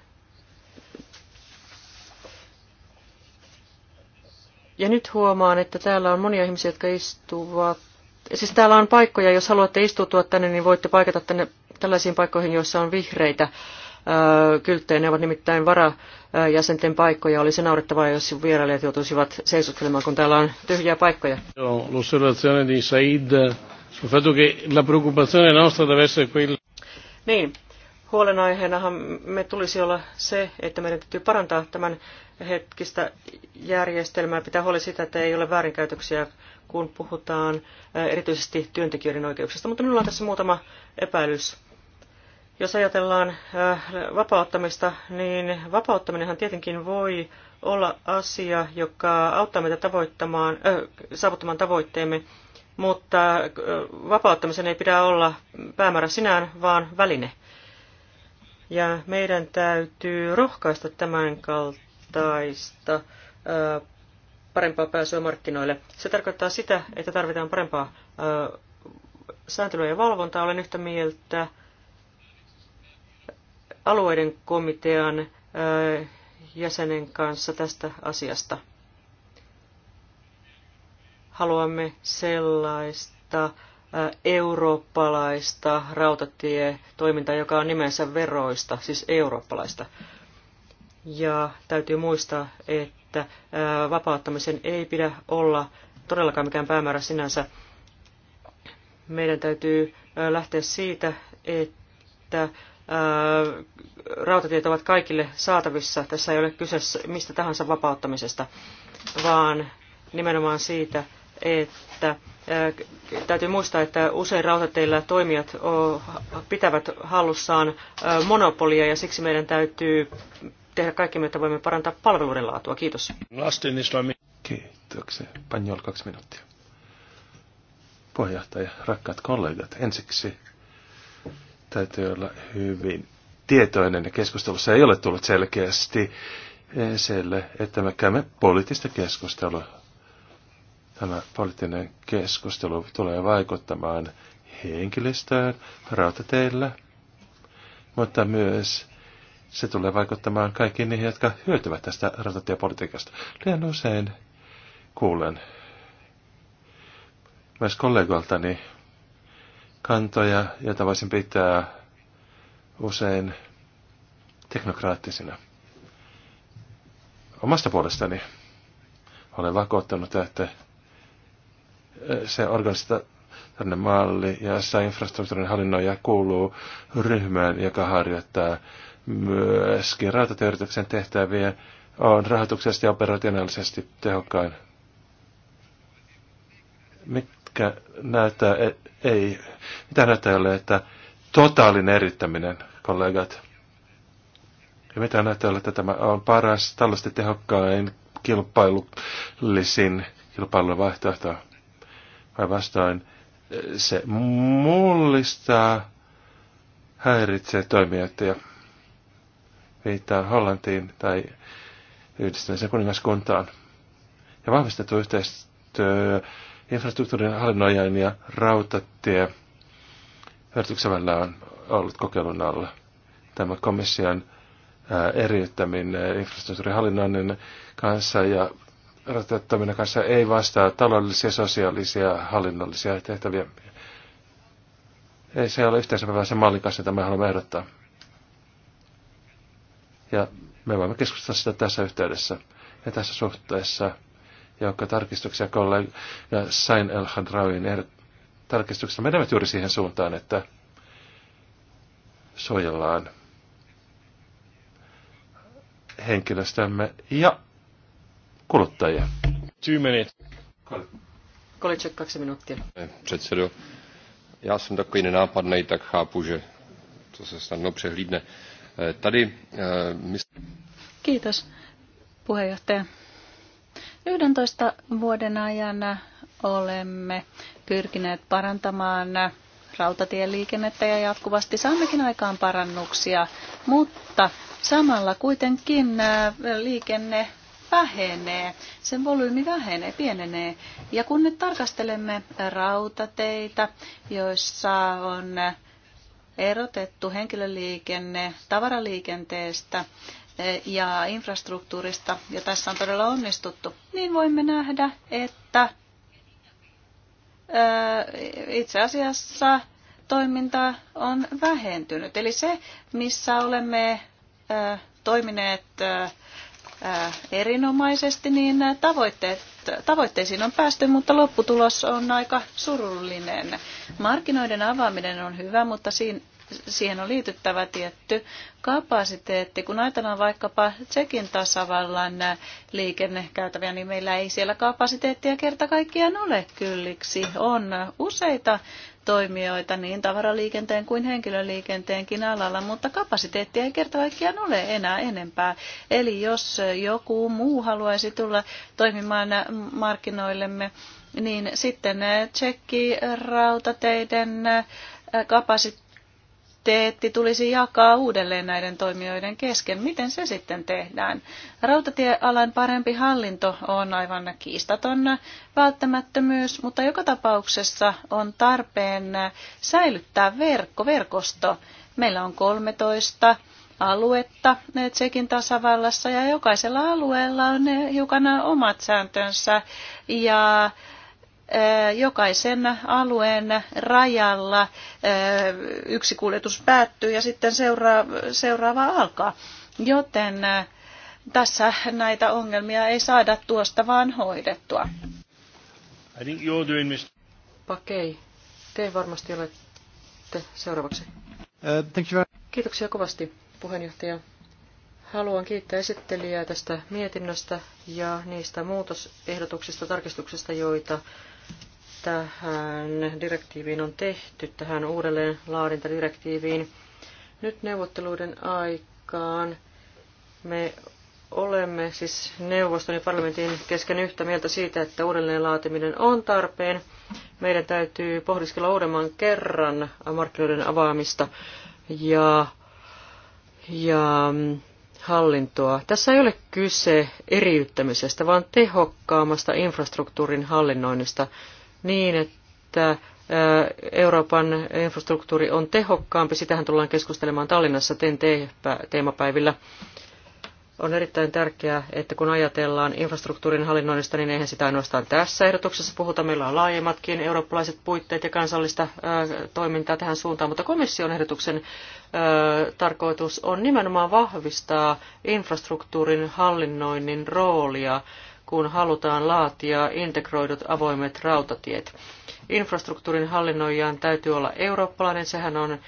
Ja nyt huomaan, että täällä on monia ihmisiä, jotka istuvat. Siis täällä on paikkoja, jos haluatte istutua tänne, niin voitte paikata tänne tällaisiin paikkoihin, joissa on vihreitä kylttejä. Ne ovat nimittäin jäsenten paikkoja. Olisi naurettavaa, jos vierailijat joutuisivat seisottelemaan, kun täällä on tyhjiä paikkoja. Niin, huolenaiheenahan me tulisi olla se, että meidän täytyy parantaa tämän hetkistä järjestelmää. Pitää huoli sitä, että ei ole väärinkäytöksiä, kun puhutaan erityisesti työntekijöiden oikeuksista. Mutta minulla on tässä muutama epäilys jos ajatellaan äh, vapauttamista, niin vapauttaminenhan tietenkin voi olla asia, joka auttaa meitä tavoittamaan, äh, saavuttamaan tavoitteemme, mutta äh, vapauttamisen ei pidä olla päämäärä sinään, vaan väline. Ja meidän täytyy rohkaista tämän kaltaista äh, parempaa pääsyä markkinoille. Se tarkoittaa sitä, että tarvitaan parempaa sääntelyä ja valvontaa. Olen yhtä mieltä alueiden komitean jäsenen kanssa tästä asiasta. Haluamme sellaista eurooppalaista rautatietoimintaa, joka on nimensä veroista, siis eurooppalaista. Ja täytyy muistaa, että vapauttamisen ei pidä olla todellakaan mikään päämäärä sinänsä. Meidän täytyy lähteä siitä, että että rautatiet ovat kaikille saatavissa. Tässä ei ole kyse mistä tahansa vapauttamisesta, vaan nimenomaan siitä, että täytyy muistaa, että usein rautateillä toimijat pitävät hallussaan monopolia ja siksi meidän täytyy tehdä kaikki, että voimme parantaa palveluiden laatua. Kiitos. Lasten islami. Kiitoksia. Panjol kaksi minuuttia. Puheenjohtaja, rakkaat kollegat, ensiksi täytyy olla hyvin tietoinen. Keskustelussa ei ole tullut selkeästi esille, että me käymme poliittista keskustelua. Tämä poliittinen keskustelu tulee vaikuttamaan henkilöstöön rautateillä, mutta myös se tulee vaikuttamaan kaikkiin niihin, jotka hyötyvät tästä rautatiepolitiikasta. Liian usein kuulen myös kollegoiltani kantoja, joita voisin pitää usein teknokraattisina. Omasta puolestani olen vakuuttanut, että se organisatorinen malli ja se infrastruktuurin hallinnoija kuuluu ryhmään, joka harjoittaa myöskin rautatieyrityksen tehtäviä, on rahoituksesti ja operationaalisesti tehokkain mitkä näyttää, e- ei, mitä näyttää ole, että totaalinen erittäminen, kollegat. Ja mitä näyttää ole, että tämä on paras, tällaista tehokkain kilpailullisin kilpailun vaihtoehto. Vai vastoin, se mullistaa, häiritsee toimijoita ja viittaa Hollantiin tai yhdistämisen kuningaskuntaan. Ja vahvistettu yhteistyö infrastruktuurin hallinnoijan ja rautatie yrityksen välillä on ollut kokeilun alla. Tämä komission eriyttäminen infrastruktuurin hallinnoinnin kanssa ja rajoittaminen kanssa ei vastaa taloudellisia, sosiaalisia ja hallinnollisia tehtäviä. Ei se ole yhteensopivä se mallin kanssa, jota me haluamme ehdottaa. Ja me voimme keskustella sitä tässä yhteydessä ja tässä suhteessa joukko tarkistuksia kollega Sain El Hadrauin tarkistuksessa menevät juuri siihen suuntaan, että suojellaan henkilöstämme ja kuluttajia. Tyymeni. Kolicek, kaksi minuuttia. Předsedo, já jsem takový nenápadný, tak chápu, že to se snadno přehlídne. Eh, tady, eh, my... Kiitos, puheenjohtaja. 11 vuoden ajan olemme pyrkineet parantamaan rautatieliikennettä ja jatkuvasti saammekin aikaan parannuksia, mutta samalla kuitenkin liikenne vähenee, sen volyymi vähenee, pienenee. Ja kun nyt tarkastelemme rautateitä, joissa on erotettu henkilöliikenne tavaraliikenteestä, ja infrastruktuurista, ja tässä on todella onnistuttu, niin voimme nähdä, että itse asiassa toiminta on vähentynyt. Eli se, missä olemme toimineet erinomaisesti, niin tavoitteet, tavoitteisiin on päästy, mutta lopputulos on aika surullinen. Markkinoiden avaaminen on hyvä, mutta siihen on liityttävä tietty kapasiteetti. Kun ajatellaan vaikkapa Tsekin tasavallan liikennekäytäviä, niin meillä ei siellä kapasiteettia kerta kaikkiaan ole kylliksi. On useita toimijoita niin tavaraliikenteen kuin henkilöliikenteenkin alalla, mutta kapasiteettia ei kerta kaikkiaan ole enää enempää. Eli jos joku muu haluaisi tulla toimimaan markkinoillemme, niin sitten tsekki rautateiden kapasiteetti identiteetti tulisi jakaa uudelleen näiden toimijoiden kesken. Miten se sitten tehdään? Rautatiealan parempi hallinto on aivan kiistaton välttämättömyys, mutta joka tapauksessa on tarpeen säilyttää verkko, verkosto. Meillä on 13 aluetta Tsekin tasavallassa ja jokaisella alueella on hiukan omat sääntönsä ja jokaisen alueen rajalla yksi kuljetus päättyy ja sitten seuraava alkaa. Joten tässä näitä ongelmia ei saada tuosta vaan hoidettua. I think you're doing mis- Pakei, te varmasti olette seuraavaksi. Uh, thank you Kiitoksia kovasti, puheenjohtaja. Haluan kiittää esittelijää tästä mietinnöstä ja niistä muutosehdotuksista, tarkistuksista, joita tähän direktiiviin on tehty, tähän uudelleen laadintadirektiiviin. Nyt neuvotteluiden aikaan me olemme siis neuvoston ja parlamentin kesken yhtä mieltä siitä, että uudelleen laatiminen on tarpeen. Meidän täytyy pohdiskella uudemman kerran markkinoiden avaamista ja, ja hallintoa. Tässä ei ole kyse eriyttämisestä, vaan tehokkaammasta infrastruktuurin hallinnoinnista niin, että Euroopan infrastruktuuri on tehokkaampi. Sitähän tullaan keskustelemaan Tallinnassa TEN-teemapäivillä. On erittäin tärkeää, että kun ajatellaan infrastruktuurin hallinnoinnista, niin eihän sitä ainoastaan tässä ehdotuksessa puhuta. Meillä on laajemmatkin eurooppalaiset puitteet ja kansallista toimintaa tähän suuntaan, mutta komission ehdotuksen tarkoitus on nimenomaan vahvistaa infrastruktuurin hallinnoinnin roolia kun halutaan laatia integroidut avoimet rautatiet. Infrastruktuurin hallinnoijan täytyy olla eurooppalainen, sehän on ö,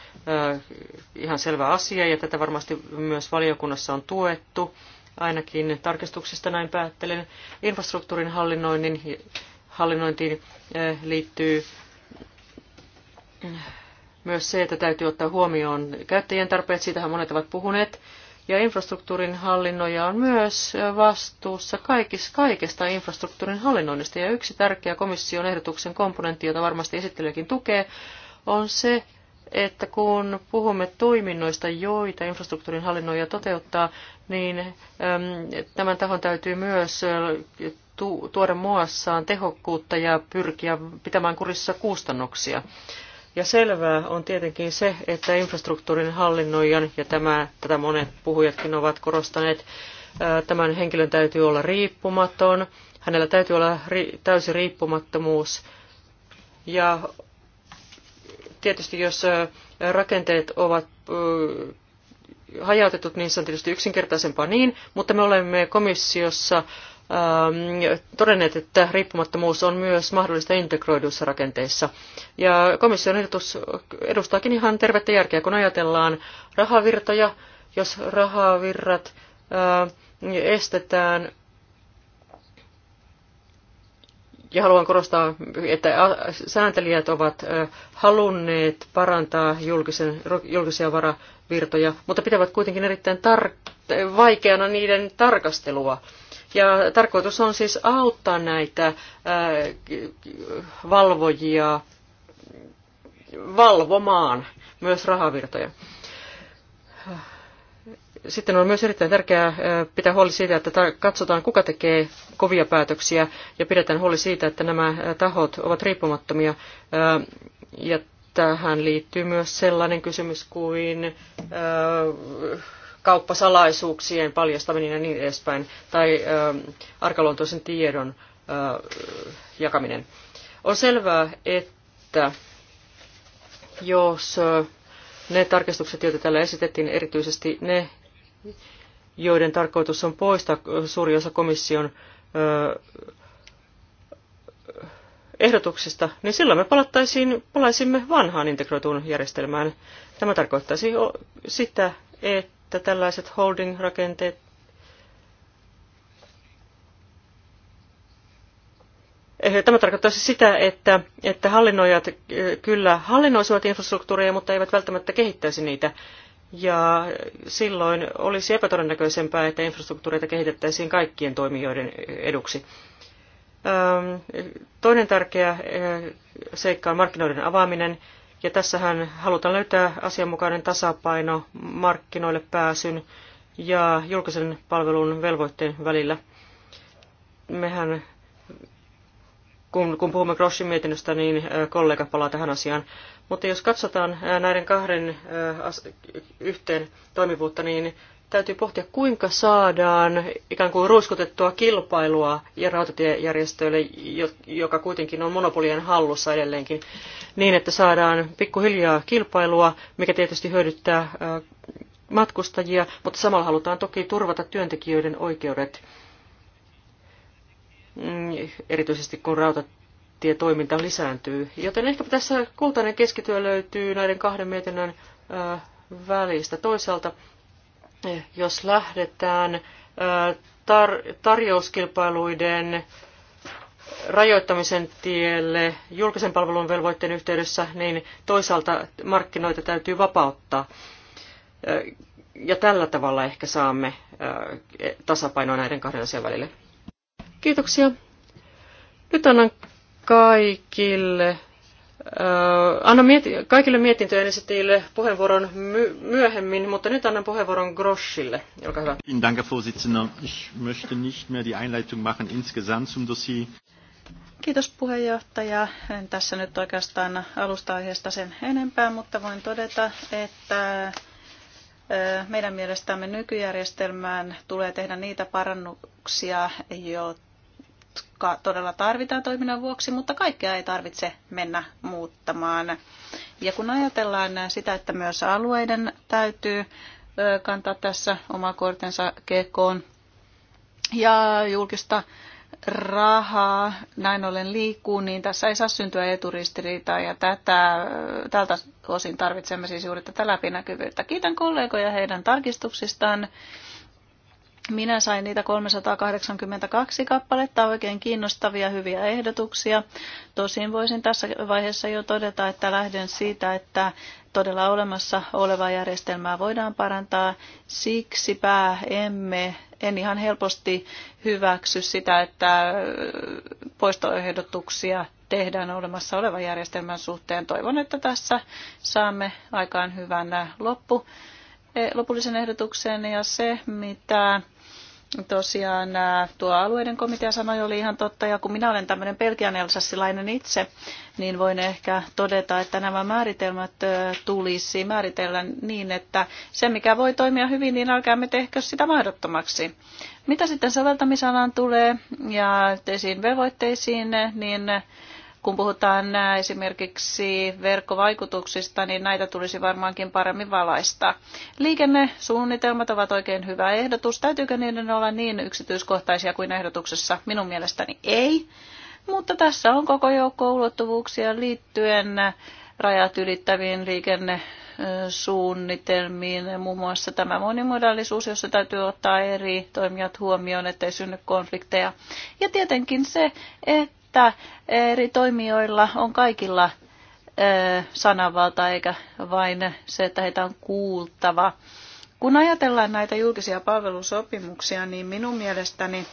ihan selvä asia ja tätä varmasti myös valiokunnassa on tuettu, ainakin tarkistuksesta näin päättelen. Infrastruktuurin hallinnoinnin, hallinnointiin ö, liittyy myös se, että täytyy ottaa huomioon käyttäjien tarpeet, siitähän monet ovat puhuneet ja infrastruktuurin hallinnoja on myös vastuussa kaikista, kaikesta infrastruktuurin hallinnoinnista. Ja yksi tärkeä komission ehdotuksen komponentti, jota varmasti esittelijäkin tukee, on se, että kun puhumme toiminnoista, joita infrastruktuurin hallinnoija toteuttaa, niin tämän tahon täytyy myös tuoda muassaan tehokkuutta ja pyrkiä pitämään kurissa kustannuksia. Ja selvää on tietenkin se, että infrastruktuurin hallinnoijan, ja tämä, tätä monet puhujatkin ovat korostaneet, tämän henkilön täytyy olla riippumaton, hänellä täytyy olla ri, täysi riippumattomuus. Ja tietysti jos rakenteet ovat hajautetut, niin se on tietysti yksinkertaisempaa niin, mutta me olemme komissiossa Ähm, todenneet, että riippumattomuus on myös mahdollista integroiduissa rakenteissa. Ja komission ehdotus edustaakin ihan tervettä järkeä, kun ajatellaan rahavirtoja, jos rahavirrat äh, estetään. Ja haluan korostaa, että sääntelijät ovat äh, halunneet parantaa julkisen, julkisia varavirtoja, mutta pitävät kuitenkin erittäin tar- vaikeana niiden tarkastelua ja tarkoitus on siis auttaa näitä äh, valvojia valvomaan myös rahavirtoja. Sitten on myös erittäin tärkeää äh, pitää huoli siitä, että katsotaan kuka tekee kovia päätöksiä ja pidetään huoli siitä, että nämä äh, tahot ovat riippumattomia. Ja tähän liittyy myös sellainen kysymys kuin kauppasalaisuuksien paljastaminen ja niin edespäin, tai arkaluontoisen tiedon jakaminen. On selvää, että jos ne tarkistukset, joita täällä esitettiin, erityisesti ne, joiden tarkoitus on poistaa suuri osa komission ehdotuksista, niin silloin me palattaisiin, palaisimme vanhaan integroituun järjestelmään. Tämä tarkoittaisi sitä, että että tällaiset holding-rakenteet eh, Tämä tarkoittaisi sitä, että, että hallinnoijat eh, kyllä hallinnoisivat infrastruktuuria, mutta eivät välttämättä kehittäisi niitä. Ja silloin olisi epätodennäköisempää, että infrastruktuureita kehitettäisiin kaikkien toimijoiden eduksi. Toinen tärkeä eh, seikka on markkinoiden avaaminen. Ja tässähän halutaan löytää asianmukainen tasapaino markkinoille pääsyn ja julkisen palvelun velvoitteen välillä. Mehän, kun, kun puhumme Groschin mietinnöstä, niin kollega palaa tähän asiaan. Mutta jos katsotaan näiden kahden yhteen toimivuutta, niin täytyy pohtia, kuinka saadaan ikään kuin ruiskutettua kilpailua ja rautatiejärjestöille, joka kuitenkin on monopolien hallussa edelleenkin, niin että saadaan pikkuhiljaa kilpailua, mikä tietysti hyödyttää matkustajia, mutta samalla halutaan toki turvata työntekijöiden oikeudet, mm, erityisesti kun rautatietoiminta lisääntyy. Joten ehkä tässä kultainen keskityö löytyy näiden kahden mietinnön välistä. Toisaalta jos lähdetään tar- tarjouskilpailuiden rajoittamisen tielle julkisen palvelun velvoitteen yhteydessä, niin toisaalta markkinoita täytyy vapauttaa. Ja tällä tavalla ehkä saamme e, tasapainoa näiden kahden asian välille. Kiitoksia. Nyt annan kaikille Äh, annan mieti- kaikille mietintöjen esittäjille puheenvuoron my- myöhemmin, mutta nyt annan puheenvuoron Groschille. Olkaa hyvä. Dank, Herr Vorsitzender. Ich möchte nicht mehr die Einleitung machen insgesamt zum Dossier. Kiitos puheenjohtaja. En tässä nyt oikeastaan alusta-aiheesta sen enempää, mutta voin todeta, että äh, meidän mielestämme nykyjärjestelmään tulee tehdä niitä parannuksia, joita jotka todella tarvitaan toiminnan vuoksi, mutta kaikkea ei tarvitse mennä muuttamaan. Ja kun ajatellaan sitä, että myös alueiden täytyy kantaa tässä oma kortensa kekoon ja julkista rahaa näin ollen liikkuu, niin tässä ei saa syntyä eturistiriitaa ja tätä, tältä osin tarvitsemme siis juuri tätä läpinäkyvyyttä. Kiitän kollegoja heidän tarkistuksistaan minä sain niitä 382 kappaletta, oikein kiinnostavia hyviä ehdotuksia. Tosin voisin tässä vaiheessa jo todeta, että lähden siitä, että todella olemassa olevaa järjestelmää voidaan parantaa. Siksipä emme, en ihan helposti hyväksy sitä, että poistoehdotuksia tehdään olemassa olevan järjestelmän suhteen. Toivon, että tässä saamme aikaan hyvän loppu, eh, lopullisen ehdotuksen ja se, mitä tosiaan äh, tuo alueiden komitea sanoi oli ihan totta, ja kun minä olen tämmöinen pelkian elsassilainen itse, niin voin ehkä todeta, että nämä määritelmät äh, tulisi määritellä niin, että se mikä voi toimia hyvin, niin älkäämme tehkö sitä mahdottomaksi. Mitä sitten soveltamisalaan tulee ja yhteisiin velvoitteisiin, niin kun puhutaan esimerkiksi verkkovaikutuksista, niin näitä tulisi varmaankin paremmin valaista. Liikennesuunnitelmat ovat oikein hyvä ehdotus. Täytyykö niiden olla niin yksityiskohtaisia kuin ehdotuksessa? Minun mielestäni ei. Mutta tässä on koko joukko ulottuvuuksia liittyen rajat ylittäviin liikennesuunnitelmiin. Muun muassa tämä monimodallisuus, jossa täytyy ottaa eri toimijat huomioon, ettei synny konflikteja. Ja tietenkin se, että että eri toimijoilla on kaikilla sananvalta eikä vain se, että heitä on kuultava. Kun ajatellaan näitä julkisia palvelusopimuksia, niin minun mielestäni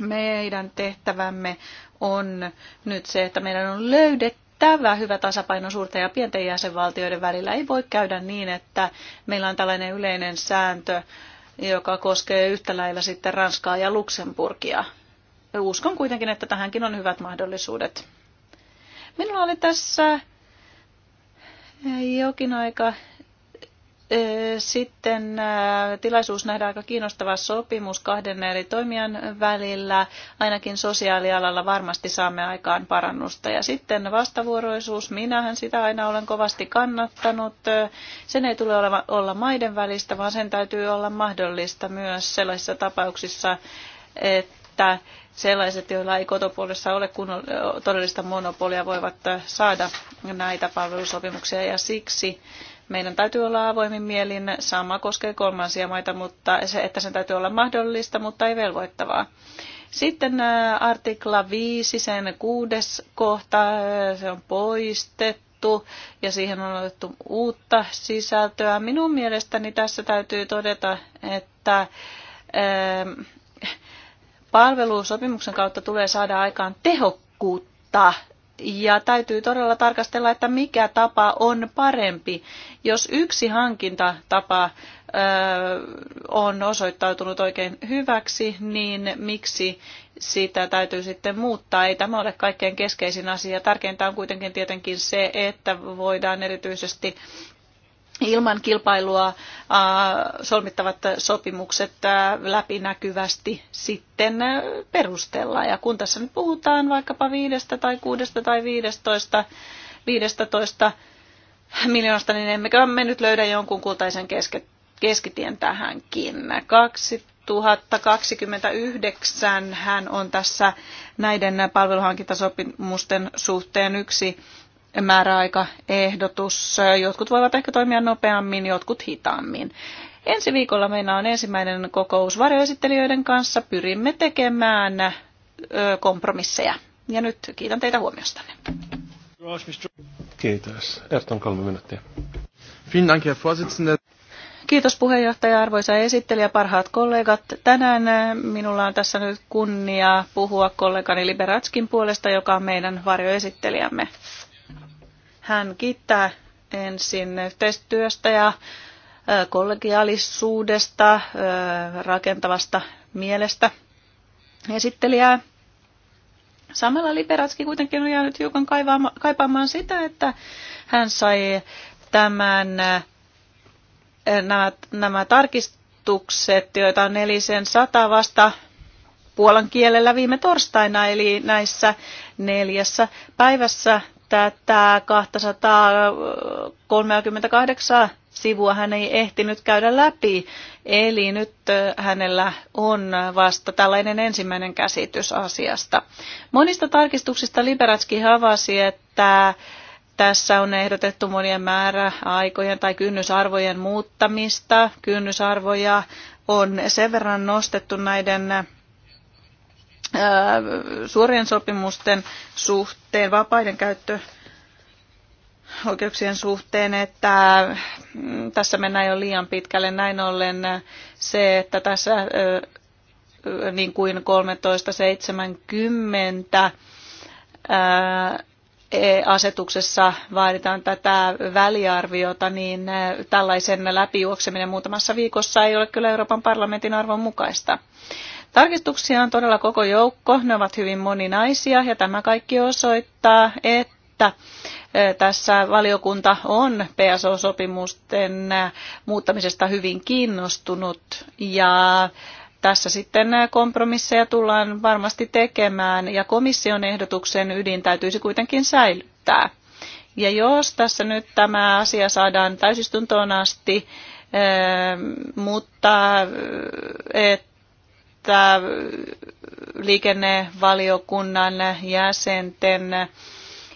meidän tehtävämme on nyt se, että meidän on löydettävä hyvä tasapaino suurten ja pienten jäsenvaltioiden välillä. Ei voi käydä niin, että meillä on tällainen yleinen sääntö, joka koskee yhtä lailla sitten Ranskaa ja Luxemburgia uskon kuitenkin, että tähänkin on hyvät mahdollisuudet. Minulla oli tässä eh, jokin aika eh, sitten eh, tilaisuus nähdä aika kiinnostava sopimus kahden eri toimijan välillä. Ainakin sosiaalialalla varmasti saamme aikaan parannusta. Ja sitten vastavuoroisuus, minähän sitä aina olen kovasti kannattanut. Sen ei tule olla maiden välistä, vaan sen täytyy olla mahdollista myös sellaisissa tapauksissa, että että sellaiset, joilla ei kotopuolessa ole todellista monopolia, voivat saada näitä palvelusopimuksia ja siksi meidän täytyy olla avoimin mielin. Sama koskee kolmansia maita, mutta se, että sen täytyy olla mahdollista, mutta ei velvoittavaa. Sitten artikla 5, sen kuudes kohta, se on poistettu ja siihen on otettu uutta sisältöä. Minun mielestäni tässä täytyy todeta, että palvelusopimuksen kautta tulee saada aikaan tehokkuutta ja täytyy todella tarkastella, että mikä tapa on parempi. Jos yksi hankintatapa ö, on osoittautunut oikein hyväksi, niin miksi sitä täytyy sitten muuttaa? Ei tämä ole kaikkein keskeisin asia. Tärkeintä on kuitenkin tietenkin se, että voidaan erityisesti ilman kilpailua solmittavat sopimukset läpinäkyvästi sitten perustellaan. Ja kun tässä nyt puhutaan vaikkapa viidestä tai kuudesta tai viidestoista, viidestätoista miljoonasta, niin emmekö me nyt löydä jonkun kultaisen keske, keskitien tähänkin. 2029 hän on tässä näiden palveluhankintasopimusten suhteen yksi määräaikaehdotus. Jotkut voivat ehkä toimia nopeammin, jotkut hitaammin. Ensi viikolla meillä on ensimmäinen kokous varjoesittelijöiden kanssa. Pyrimme tekemään kompromisseja. Ja nyt kiitän teitä huomiostanne. Kiitos. Erton kolme minuuttia. Kiitos puheenjohtaja, arvoisa esittelijä, parhaat kollegat. Tänään minulla on tässä nyt kunnia puhua kollegani Liberatskin puolesta, joka on meidän varjoesittelijämme. Hän kiittää ensin yhteistyöstä ja kollegiaalisuudesta, rakentavasta mielestä esittelijää. Samalla Liberatski kuitenkin on jäänyt hiukan kaipaamaan sitä, että hän sai tämän, nämä, nämä tarkistukset, joita on nelisen sata vasta puolan kielellä viime torstaina, eli näissä neljässä päivässä tätä 238 sivua hän ei ehtinyt käydä läpi, eli nyt hänellä on vasta tällainen ensimmäinen käsitys asiasta. Monista tarkistuksista Liberatski havasi, että tässä on ehdotettu monien määrä aikojen tai kynnysarvojen muuttamista. Kynnysarvoja on sen verran nostettu näiden suorien sopimusten suhteen, vapaiden käyttö oikeuksien suhteen, että mm, tässä mennään jo liian pitkälle. Näin ollen se, että tässä niin kuin 1370 e- asetuksessa vaaditaan tätä väliarviota, niin tällaisen läpijuokseminen muutamassa viikossa ei ole kyllä Euroopan parlamentin arvon mukaista. Tarkistuksia on todella koko joukko, ne ovat hyvin moninaisia ja tämä kaikki osoittaa, että että tässä valiokunta on PSO-sopimusten e, muuttamisesta hyvin kiinnostunut ja tässä sitten e, kompromisseja tullaan varmasti tekemään ja komission ehdotuksen ydin täytyisi kuitenkin säilyttää. Ja jos tässä nyt tämä asia saadaan täysistuntoon asti, e, mutta että että liikennevaliokunnan jäsenten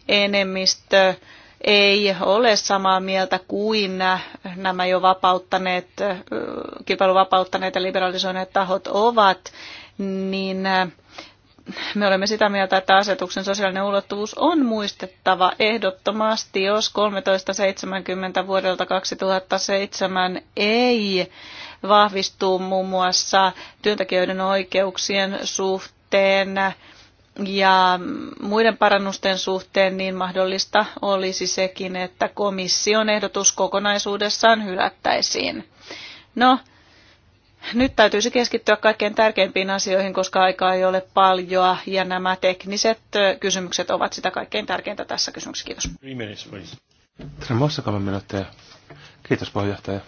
enemmistö ei ole samaa mieltä kuin nämä jo vapauttaneet, kilpailuvapauttaneet ja liberalisoineet tahot ovat, niin me olemme sitä mieltä, että asetuksen sosiaalinen ulottuvuus on muistettava ehdottomasti, jos 1370 vuodelta 2007 ei vahvistuu muun muassa työntekijöiden oikeuksien suhteen ja muiden parannusten suhteen, niin mahdollista olisi sekin, että komission ehdotus kokonaisuudessaan hylättäisiin. No, nyt täytyisi keskittyä kaikkein tärkeimpiin asioihin, koska aikaa ei ole paljon ja nämä tekniset kysymykset ovat sitä kaikkein tärkeintä tässä kysymyksessä. Kiitos. Kiitos puheenjohtaja.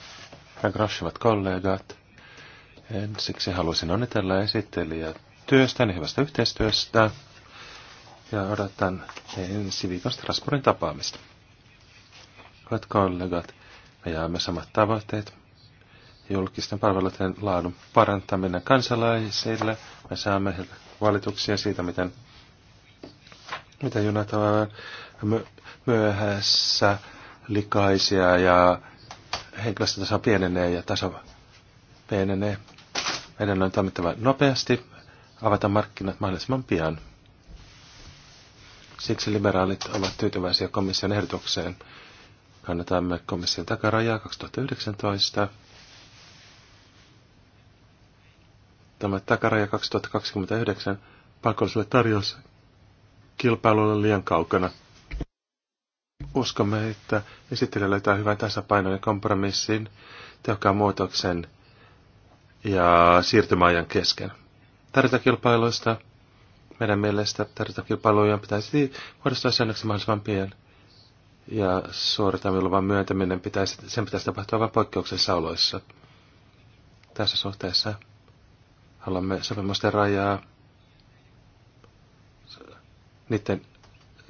Frank Roche, kollegat. Ensiksi haluaisin onnitella esittelijä niin hyvästä yhteistyöstä ja odotan ensi viikon Strasbourgin tapaamista. Hyvät kollegat, me jaamme samat tavoitteet. Julkisten palveluiden laadun parantaminen kansalaisille. Me saamme valituksia siitä, miten, miten junat ovat myöhässä, likaisia ja henkilöstötaso pienenee ja taso pienenee. Meidän on toimittava nopeasti, avata markkinat mahdollisimman pian. Siksi liberaalit ovat tyytyväisiä komission ehdotukseen. Kannatamme komission takarajaa 2019. Tämä takaraja 2029 pakolliselle tarjous kilpailulle liian kaukana – Uskomme, että esittelijä löytää hyvän tasapainon ja kompromissin tehokkaan muutoksen ja siirtymäajan kesken. Tarjontakilpailuista meidän mielestä tarjontakilpailujen pitäisi muodostaa säännöksi mahdollisimman pian. Ja suoritamiluvan myöntäminen pitäisi, sen pitäisi tapahtua vain poikkeuksessa oloissa. Tässä suhteessa haluamme sopimusten rajaa niiden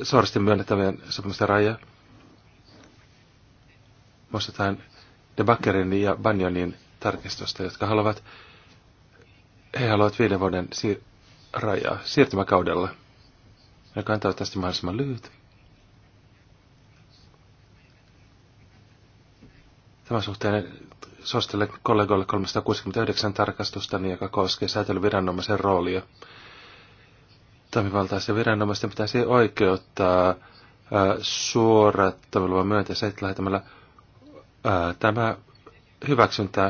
suorasti myönnettävien sopimusten rajaa muistetaan Debakkerin ja Banjonin tarkistusta, jotka haluavat, he haluavat viiden vuoden siir- rajaa siirtymäkaudella, joka on toivottavasti mahdollisimman lyhyt. Tämän suhteen sostelle kollegoille 369 tarkastusta, niin joka koskee säätelyviranomaisen roolia. Toimivaltaisen viranomaisten pitäisi oikeuttaa suorat toimiluvan myönteiset lähettämällä ää, tämä hyväksyntä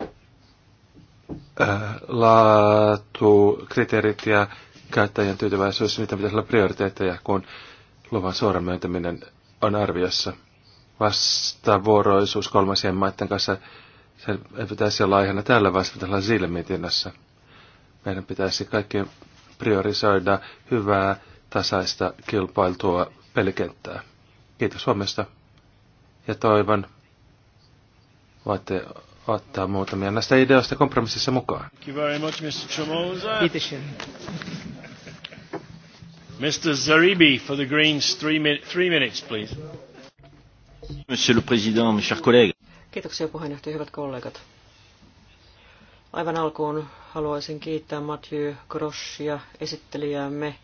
ää, laatu, kriteerit ja käyttäjien tyytyväisyys, niitä pitäisi olla prioriteetteja, kun luvan suoran myöntäminen on arviossa. Vastavuoroisuus kolmasien maiden kanssa, se ei pitäisi olla aiheena täällä, vaan se pitäisi olla silmitinnassa. Meidän pitäisi kaikki priorisoida hyvää, tasaista, kilpailtua pelikenttää. Kiitos Suomesta ja toivon, voitte ottaa muutamia näistä ideoista kompromississa mukaan. Thank you very much, Mr. Tremosa. Mr. Zaribi for the Greens, three, mi- three minutes, please. Monsieur le Président, mes chers collègues. Kiitoksia puheenjohtaja, hyvät kollegat. Aivan alkuun haluaisin kiittää Mathieu Groschia, esittelijäämme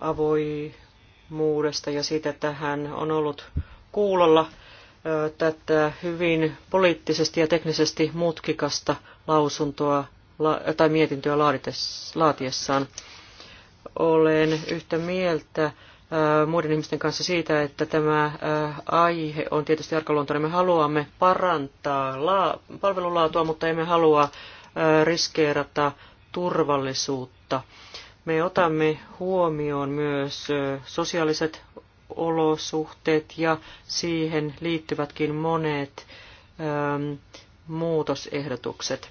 avoimuudesta ja siitä, että hän on ollut kuulolla tätä hyvin poliittisesti ja teknisesti mutkikasta lausuntoa tai mietintöä laatiessaan. Olen yhtä mieltä muiden ihmisten kanssa siitä, että tämä aihe on tietysti arkaluontoinen. Me haluamme parantaa la- palvelulaatua, mutta emme halua riskeerata turvallisuutta. Me otamme huomioon myös sosiaaliset olosuhteet ja siihen liittyvätkin monet ähm, muutosehdotukset.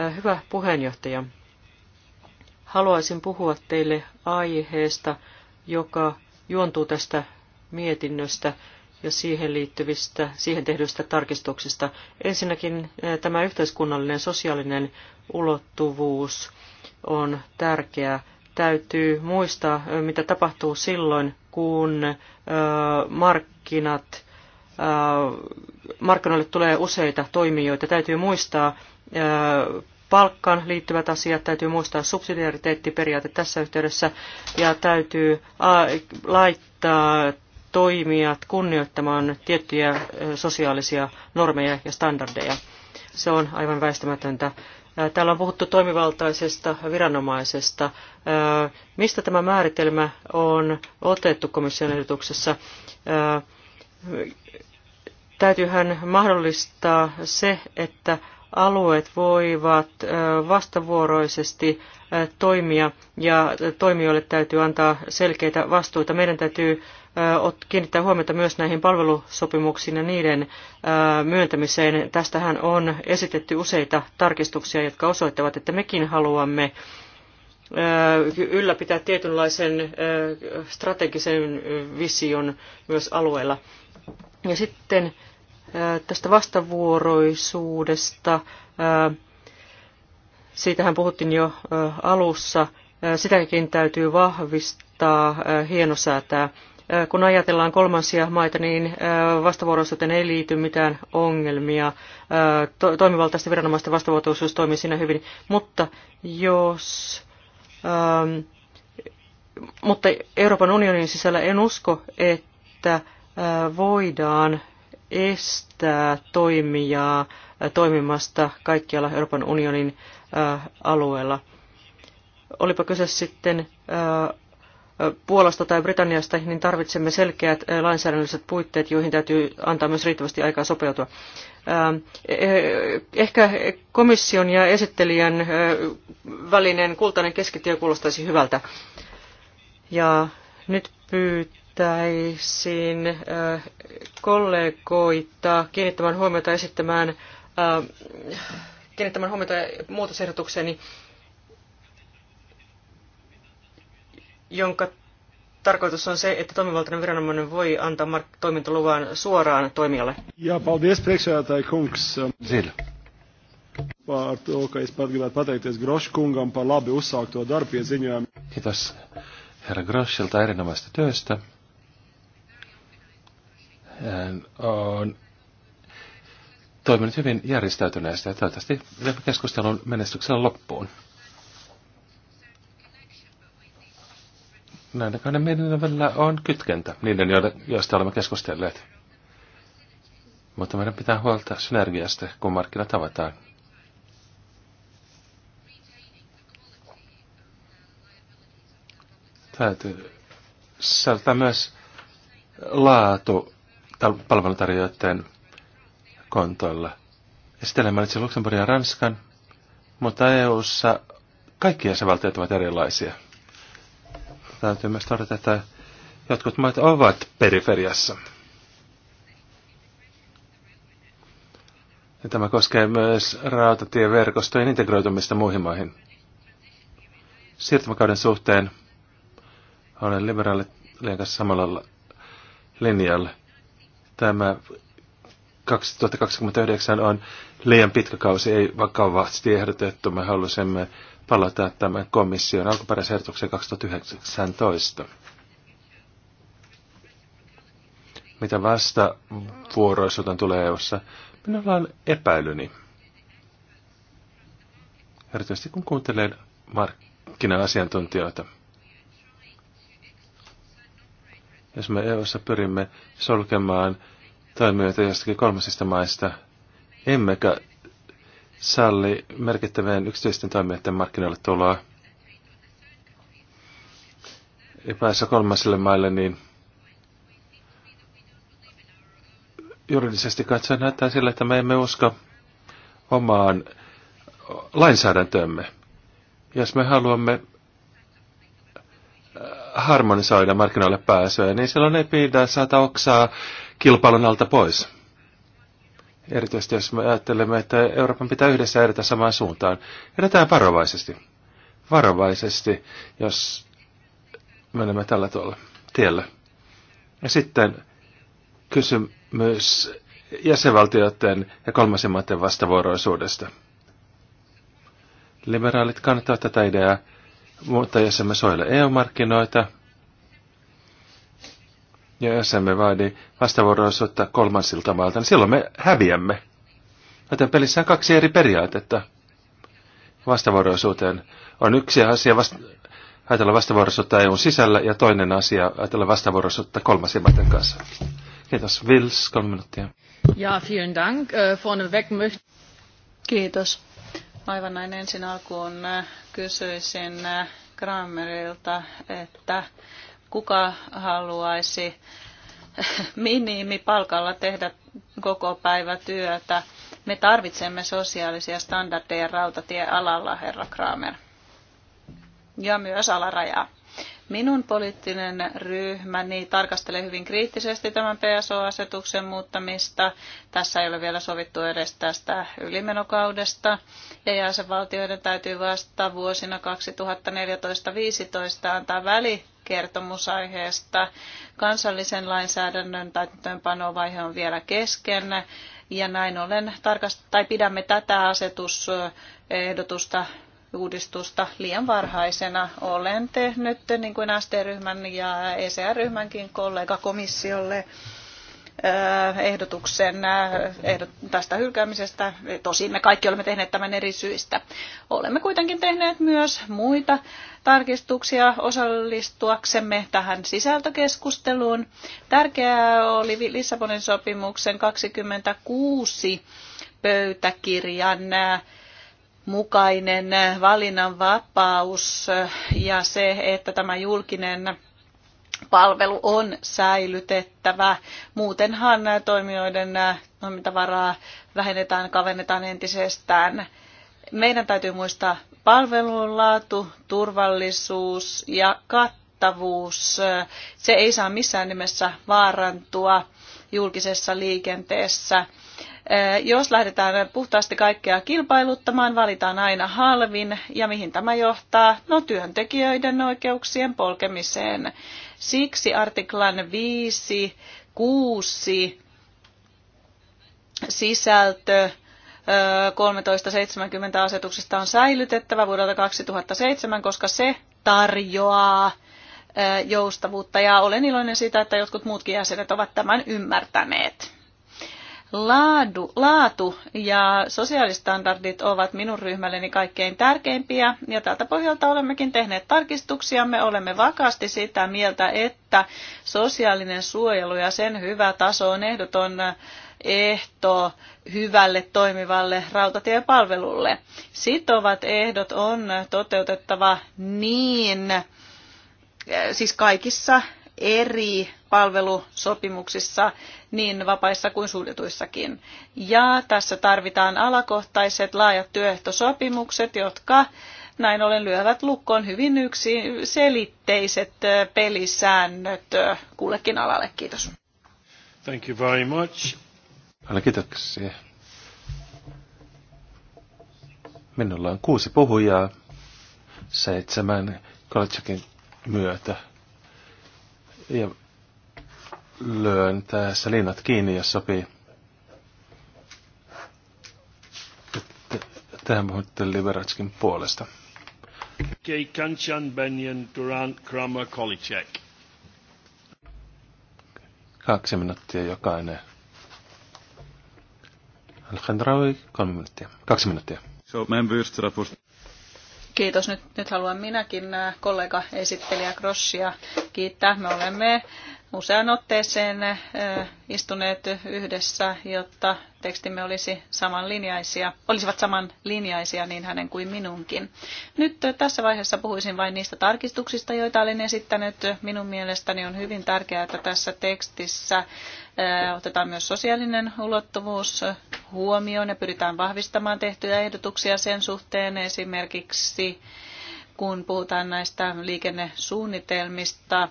Äh, hyvä puheenjohtaja, haluaisin puhua teille aiheesta, joka juontuu tästä mietinnöstä ja siihen liittyvistä, siihen tehdyistä tarkistuksista. Ensinnäkin äh, tämä yhteiskunnallinen sosiaalinen ulottuvuus on tärkeää täytyy muistaa, mitä tapahtuu silloin, kun markkinat, markkinoille tulee useita toimijoita. Täytyy muistaa palkkaan liittyvät asiat, täytyy muistaa subsidiariteettiperiaate tässä yhteydessä ja täytyy laittaa toimijat kunnioittamaan tiettyjä sosiaalisia normeja ja standardeja. Se on aivan väistämätöntä. Täällä on puhuttu toimivaltaisesta viranomaisesta. Mistä tämä määritelmä on otettu komission ehdotuksessa? Täytyyhän mahdollistaa se, että alueet voivat vastavuoroisesti toimia ja toimijoille täytyy antaa selkeitä vastuita. Meidän täytyy kiinnittää huomiota myös näihin palvelusopimuksiin ja niiden myöntämiseen. Tästähän on esitetty useita tarkistuksia, jotka osoittavat, että mekin haluamme ylläpitää tietynlaisen strategisen vision myös alueella. Ja sitten tästä vastavuoroisuudesta, siitähän puhuttiin jo alussa, sitäkin täytyy vahvistaa, hienosäätää kun ajatellaan kolmansia maita, niin vastavuoroisuuteen ei liity mitään ongelmia. Toimivaltaisten viranomaisten vastavuoroisuus toimii siinä hyvin, mutta jos... Mutta Euroopan unionin sisällä en usko, että voidaan estää toimijaa toimimasta kaikkialla Euroopan unionin alueella. Olipa kyse sitten Puolasta tai Britanniasta, niin tarvitsemme selkeät lainsäädännölliset puitteet, joihin täytyy antaa myös riittävästi aikaa sopeutua. Ähm, e, e, ehkä komission ja esittelijän välinen kultainen keskitie kuulostaisi hyvältä. Ja nyt pyytäisin kollegoita kiinnittämään huomiota esittämään kiinnittämään huomiota muutosehdotukseeni. Niin jonka tarkoitus on se, että toimivaltainen viranomainen voi antaa mark- toimintaluvan suoraan toimijalle. Ja paldies priekšsēdētāji kungs. Zil. Par to, ka es pat gribētu pateikties Groš kungam par labi uzsākto darbu pie ziņojuma. herra Groschilta erinomaista työstä. on toiminut hyvin järjestäytyneesti ja toivottavasti keskustelun menestyksellä loppuun. näiden meidän mietinnön välillä on kytkentä, niiden, joista olemme keskustelleet. Mutta meidän pitää huolta synergiasta, kun markkinat tavataan. Täytyy sisältää myös laatu palveluntarjoajien kontoilla. Esittelemme itse Luxemburgin ja Ranskan, mutta EU-ssa kaikki jäsenvaltiot ovat erilaisia – Täytyy myös todeta, että jotkut maat ovat periferiassa. Ja tämä koskee myös rautatieverkostojen integroitumista muihin maihin. Siirtymäkauden suhteen olen liberaalien kanssa samalla linjalla. Tämä 2029 on liian pitkä kausi, ei vakavasti ehdotettu. Me halusimme palata tämän komission alkuperäisertokseen 2019. Mitä vasta vuoroisuuteen tulee EU-ssa, minulla on epäilyni. Erityisesti kun kuuntelen markkina-asiantuntijoita. Jos me EU-ssa pyrimme solkemaan toimijoita jostakin kolmasista maista, emmekä salli merkittävien yksityisten toimijoiden markkinoille tuloa epäissä kolmasille maille, niin juridisesti katsoen näyttää sille, että me emme usko omaan lainsäädäntöömme. Jos me haluamme äh, harmonisoida markkinoille pääsyä, niin silloin ei pidä saada oksaa kilpailun alta pois. Erityisesti jos me ajattelemme, että Euroopan pitää yhdessä edetä samaan suuntaan. Edetään varovaisesti. Varovaisesti, jos menemme tällä tuolla tiellä. Ja sitten kysymys jäsenvaltioiden ja kolmasen maiden vastavuoroisuudesta. Liberaalit kannattavat tätä ideaa, mutta jos emme soile EU-markkinoita, ja jos emme vaadi vastavuoroisuutta kolmansilta maalta, niin silloin me häviämme. Joten pelissä on kaksi eri periaatetta vastavuoroisuuteen. On yksi asia vasta- ajatella vastavuoroisuutta EUn sisällä ja toinen asia ajatella vastavuoroisuutta kolmasien kanssa. Kiitos. Vils, kolme minuuttia. Ja, vielen dank. Äh, vorneweg möchte Kiitos. Aivan näin ensin alkuun äh, kysyisin Grammerilta, äh, että Kuka haluaisi minimipalkalla tehdä koko päivä työtä? Me tarvitsemme sosiaalisia standardeja rautatiealalla, herra Kramer. Ja myös alarajaa. Minun poliittinen ryhmäni tarkastelee hyvin kriittisesti tämän PSO-asetuksen muuttamista. Tässä ei ole vielä sovittu edes tästä ylimenokaudesta. Ja e jäsenvaltioiden täytyy vasta vuosina 2014-2015 antaa väli kertomusaiheesta. Kansallisen lainsäädännön täytäntöönpanovaihe on vielä kesken ja näin ollen tarkast- tai pidämme tätä asetusehdotusta uudistusta liian varhaisena. Olen tehnyt niin kuin ST-ryhmän ja ECR-ryhmänkin kollega komissiolle äh, ehdotuksen äh, tästä hylkäämisestä. Tosin me kaikki olemme tehneet tämän eri syistä. Olemme kuitenkin tehneet myös muita tarkistuksia osallistuaksemme tähän sisältökeskusteluun. Tärkeää oli Lissabonin sopimuksen 26 pöytäkirjan äh, mukainen valinnanvapaus ja se, että tämä julkinen palvelu on säilytettävä. Muutenhan toimijoiden toimintavaraa vähennetään, kavennetaan entisestään. Meidän täytyy muistaa palvelun laatu, turvallisuus ja kattavuus. Se ei saa missään nimessä vaarantua julkisessa liikenteessä Eh, jos lähdetään puhtaasti kaikkea kilpailuttamaan, valitaan aina halvin ja mihin tämä johtaa? No työntekijöiden oikeuksien polkemiseen. Siksi artiklan 5, 6 sisältö 1370 eh, asetuksesta on säilytettävä vuodelta 2007, koska se tarjoaa eh, joustavuutta ja olen iloinen siitä, että jotkut muutkin jäsenet ovat tämän ymmärtäneet laadu, laatu ja sosiaalistandardit ovat minun ryhmälleni kaikkein tärkeimpiä ja tältä pohjalta olemmekin tehneet tarkistuksia. Me Olemme vakaasti sitä mieltä, että sosiaalinen suojelu ja sen hyvä taso on ehdoton ehto hyvälle toimivalle rautatiepalvelulle. Sitovat ehdot on toteutettava niin, eh, siis kaikissa eri palvelusopimuksissa niin vapaissa kuin suljetuissakin. Ja tässä tarvitaan alakohtaiset laajat työehtosopimukset, jotka näin ollen lyövät lukkoon hyvin yksi selitteiset pelisäännöt kullekin alalle. Kiitos. Thank you very much. Paljon kiitoksia. Minulla on kuusi puhujaa seitsemän Kolitsakin myötä. Ja lyön tässä linnat kiinni, jos sopii. Tähän puhutte Liberatskin puolesta. Kei Kanchan Benjen Durant Kramer Kolicek. Kaksi minuuttia jokainen. Alhendraui, kolme minuuttia. Kaksi minuuttia. So, members, rapport. Kiitos. Nyt, nyt haluan minäkin kollega esittelijä Grossia kiittää. Me olemme usean otteeseen istuneet yhdessä, jotta tekstimme olisi samanlinjaisia, olisivat samanlinjaisia niin hänen kuin minunkin. Nyt tässä vaiheessa puhuisin vain niistä tarkistuksista, joita olen esittänyt. Minun mielestäni on hyvin tärkeää, että tässä tekstissä otetaan myös sosiaalinen ulottuvuus huomioon ja pyritään vahvistamaan tehtyjä ehdotuksia sen suhteen esimerkiksi kun puhutaan näistä liikennesuunnitelmista,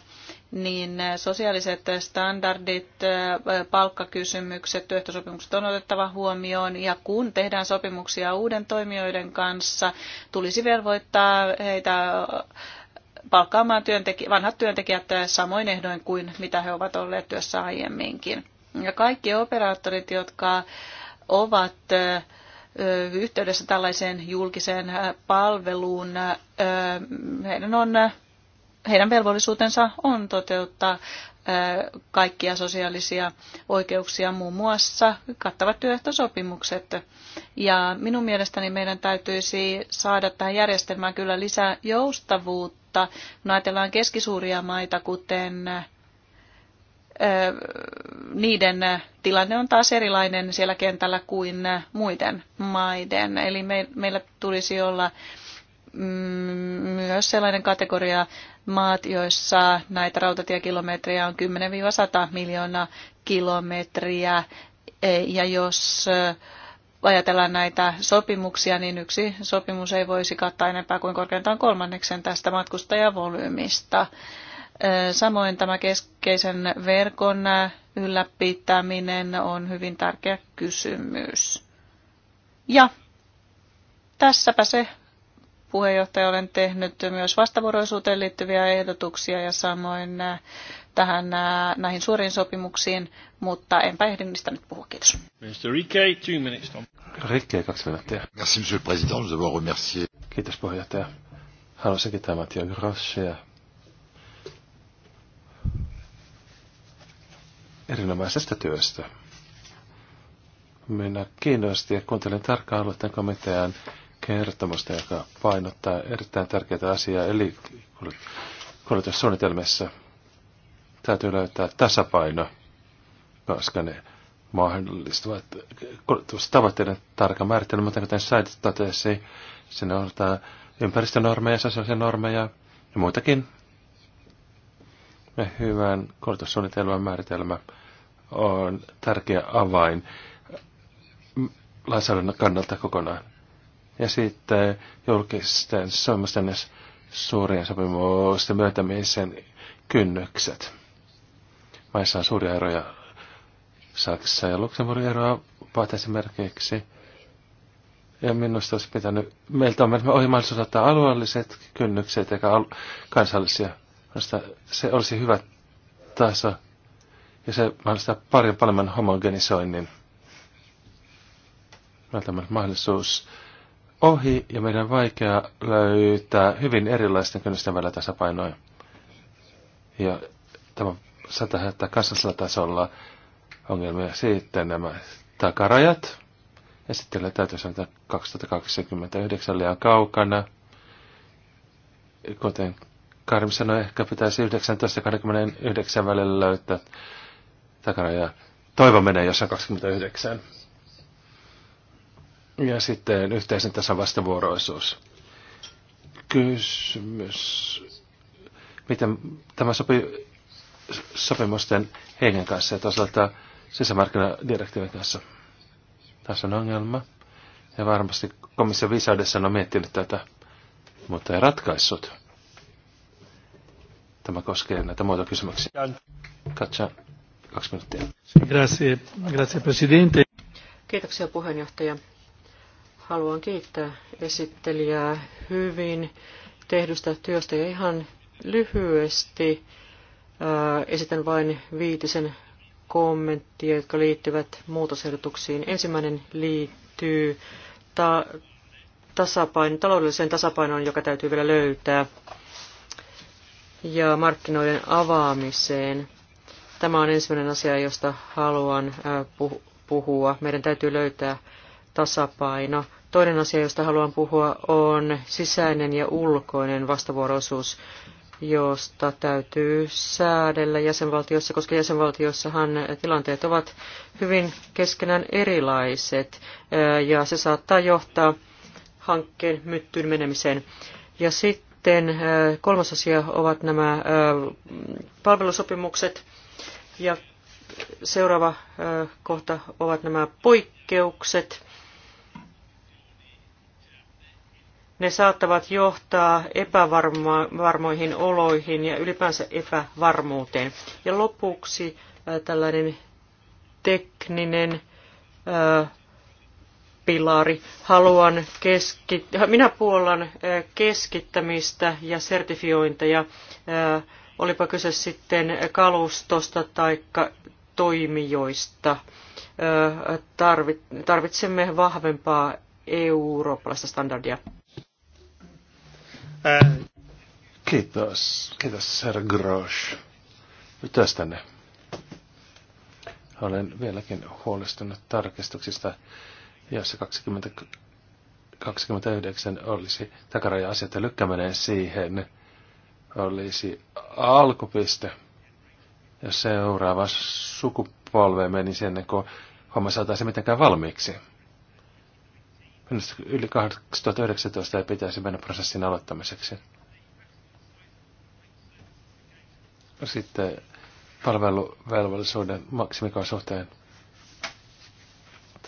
niin sosiaaliset standardit, palkkakysymykset, työehtosopimukset on otettava huomioon ja kun tehdään sopimuksia uuden toimijoiden kanssa, tulisi velvoittaa heitä palkkaamaan työntekijät, vanhat työntekijät eh, samoin ehdoin kuin mitä he ovat olleet työssä aiemminkin. Ja kaikki operaattorit, jotka ovat eh, yhteydessä tällaiseen julkiseen eh, palveluun, heidän, on, heidän velvollisuutensa on toteuttaa kaikkia sosiaalisia oikeuksia, muun muassa kattavat työehtosopimukset. Ja minun mielestäni meidän täytyisi saada tähän järjestelmään kyllä lisää joustavuutta, kun ajatellaan keskisuuria maita, kuten niiden tilanne on taas erilainen siellä kentällä kuin muiden maiden. Eli me, meillä tulisi olla Mm, myös sellainen kategoria maat, joissa näitä rautatiekilometrejä on 10-100 miljoonaa kilometriä. E, ja jos ajatellaan näitä sopimuksia, niin yksi sopimus ei voisi kattaa enempää kuin korkeintaan kolmanneksen tästä matkustajavolyymista. E, samoin tämä keskeisen verkon ylläpitäminen on hyvin tärkeä kysymys. Ja tässäpä se puheenjohtaja, olen tehnyt myös vastavuoroisuuteen liittyviä ehdotuksia ja samoin äh, tähän äh, näihin suoriin sopimuksiin, mutta enpä ehdi niistä nyt puhua. Kiitos. Rikke, kaksi minuuttia. Merci, monsieur le président, nous avons remercié. Kiitos puheenjohtaja. Haluaisin kiittää Mattia Grossia. Erinomaisesta työstä. Minä kiinnosti ja kuuntelin tarkkaan aloitteen komitean kertomusta, joka painottaa erittäin tärkeitä asiaa, eli kuljetussuunnitelmissa täytyy löytää tasapaino, koska ne mahdollistavat kuljetustavoitteiden tarkan määrittelyn, mutta kuten Sait totesi, sinne on ympäristönormeja, sosiaalisia normeja ja muitakin. Ja hyvän kuljetussuunnitelman määritelmä on tärkeä avain lainsäädännön kannalta kokonaan ja sitten julkisten suomisten suurien sopimusten myöntämisen kynnykset. Maissa on suuria eroja. Saksa ja Luxemburg eroavat esimerkiksi. Ja minusta olisi pitänyt, meiltä on mennyt mahdollisuus ottaa alueelliset kynnykset eikä al- kansallisia. Minusta se olisi hyvä taso ja se mahdollistaa paljon paremman homogenisoinnin. Meiltä on mahdollisuus ohi ja meidän on vaikea löytää hyvin erilaisten kynnysten välillä tasapainoja. Ja tämä saattaa että kansallisella tasolla ongelmia. Sitten nämä takarajat. Ja sitten täytyy sanoa, että 2029 liian kaukana. Kuten Karim sanoi, ehkä pitäisi 1929 välillä löytää takaraja. Toivo menee jossain 29. Ja sitten yhteisen tasan vastavuoroisuus. Kysymys, miten tämä sopii sopimusten hengen kanssa ja toisaalta sisämarkkinadirektiivin kanssa. Tässä on ongelma. Ja varmasti komission viisaudessa on miettinyt tätä, mutta ei ratkaissut. Tämä koskee näitä muita kysymyksiä. Katsa, kaksi minuuttia. Grazie, grazie presidente. Kiitoksia puheenjohtaja. Haluan kiittää esittelijää hyvin tehdystä työstä ja ihan lyhyesti esitän vain viitisen kommenttia, jotka liittyvät muutosehdotuksiin. Ensimmäinen liittyy ta- tasapaino, taloudelliseen tasapainoon, joka täytyy vielä löytää, ja markkinoiden avaamiseen. Tämä on ensimmäinen asia, josta haluan puhua. Meidän täytyy löytää tasapaino. Toinen asia, josta haluan puhua, on sisäinen ja ulkoinen vastavuoroisuus, josta täytyy säädellä jäsenvaltioissa, koska jäsenvaltiossahan tilanteet ovat hyvin keskenään erilaiset, ja se saattaa johtaa hankkeen myttyyn menemiseen. Ja sitten kolmas asia ovat nämä palvelusopimukset, ja seuraava kohta ovat nämä poikkeukset Ne saattavat johtaa epävarmoihin oloihin ja ylipäänsä epävarmuuteen. Ja lopuksi äh, tällainen tekninen äh, pilari. Haluan keski, äh, minä puolan keskittämistä ja sertifiointeja, olipa kyse sitten kalustosta tai toimijoista. Tarvitsemme vahvempaa eurooppalaista standardia. Ää... Kiitos. Kiitos, herra Grosch. tänne? Olen vieläkin huolestunut tarkistuksista, jossa 20, 29 olisi takaraja ja lykkäminen siihen olisi alkupiste. Ja seuraava sukupolve menisi ennen kuin homma saataisiin mitenkään valmiiksi. Minusta yli 2019 ei pitäisi mennä prosessin aloittamiseksi. Sitten palveluvelvollisuuden maksimikaan suhteen.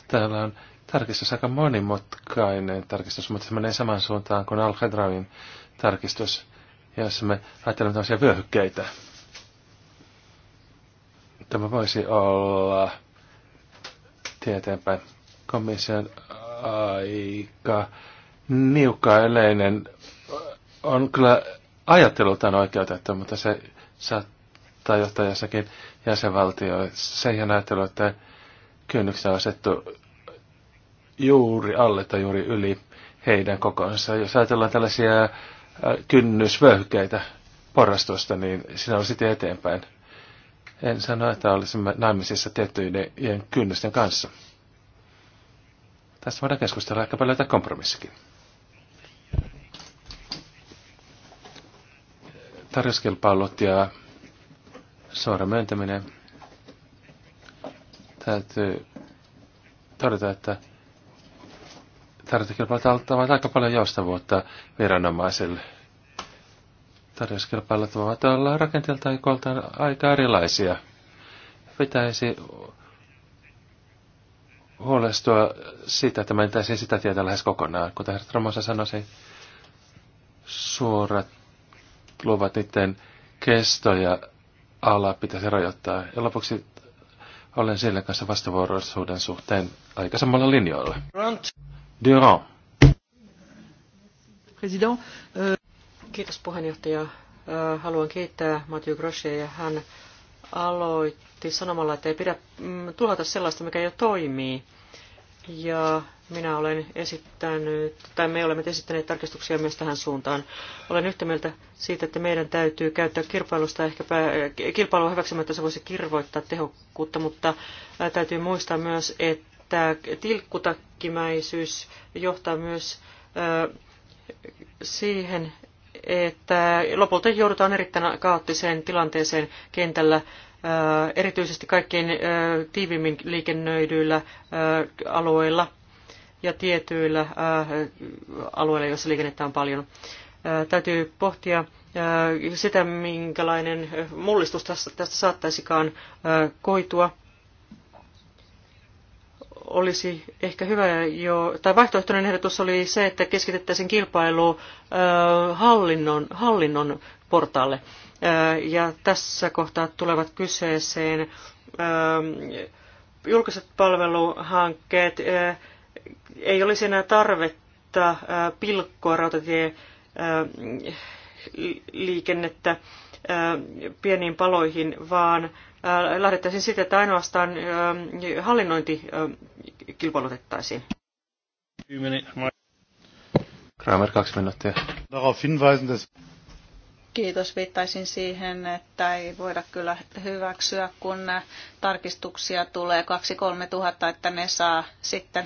Täällä on tarkistus aika monimutkainen tarkistus, mutta se menee samaan suuntaan kuin al tarkistus, jossa me ajattelemme tämmöisiä vyöhykkeitä. Tämä voisi olla tieteenpäin komission aika niukka eläinen. On kyllä tämän oikeutettu, mutta se saattaa johtaa jossakin se siihen ajatteluun, että kynnyksen asettu juuri alle tai juuri yli heidän kokonsa. Jos ajatellaan tällaisia äh, kynnysvöhkeitä porrastusta, niin sinä olisi eteenpäin. En sano, että olisimme naimisissa tiettyjen kynnysten kanssa. Tästä voidaan keskustella ehkä paljon tai kompromissikin. Tarjouskilpailut ja suora myöntäminen. Täytyy todeta, että tarjouskilpailut auttavat aika paljon joustavuutta viranomaisille. Tarjouskilpailut voivat olla rakenteeltaan ja aika erilaisia. Pitäisi huolestua siitä, että mentäisiin sitä tietä lähes kokonaan. Kuten herra Ramosa sanoi, suorat luovat niiden kesto ja ala pitäisi rajoittaa. Ja lopuksi olen sille kanssa vastavuoroisuuden suhteen aika samalla linjoilla. Durant. President. Kiitos puheenjohtaja. Äh, haluan kiittää Mathieu Grosje ja hän aloitti sanomalla, että ei pidä mm, tuhota sellaista, mikä jo toimii. Ja minä olen esittänyt, tai me olemme esittäneet tarkistuksia myös tähän suuntaan. Olen yhtä mieltä siitä, että meidän täytyy käyttää kilpailusta ehkä eh, kilpailua hyväksymättä se voisi kirvoittaa tehokkuutta, mutta eh, täytyy muistaa myös, että tilkkutakkimäisyys johtaa myös eh, siihen, että lopulta joudutaan erittäin kaoottiseen tilanteeseen kentällä, erityisesti kaikkein tiivimmin liikennöidyillä alueilla ja tietyillä alueilla, joissa liikennettä on paljon. Täytyy pohtia sitä, minkälainen mullistus tästä saattaisikaan koitua olisi ehkä hyvä jo, tai vaihtoehtoinen ehdotus oli se, että keskitettäisiin kilpailu hallinnon, hallinnon portaalle. Ja tässä kohtaa tulevat kyseeseen julkiset palveluhankkeet. Ei olisi enää tarvetta pilkkoa rautatie liikennettä pieniin paloihin, vaan Äh, lähdettäisiin siitä, että ainoastaan ähm, hallinnointi ähm, kilpailutettaisiin. Kramer, kaksi minuuttia. Kiitos. Viittaisin siihen, että ei voida kyllä hyväksyä, kun tarkistuksia tulee kaksi kolme tuhatta, että ne saa sitten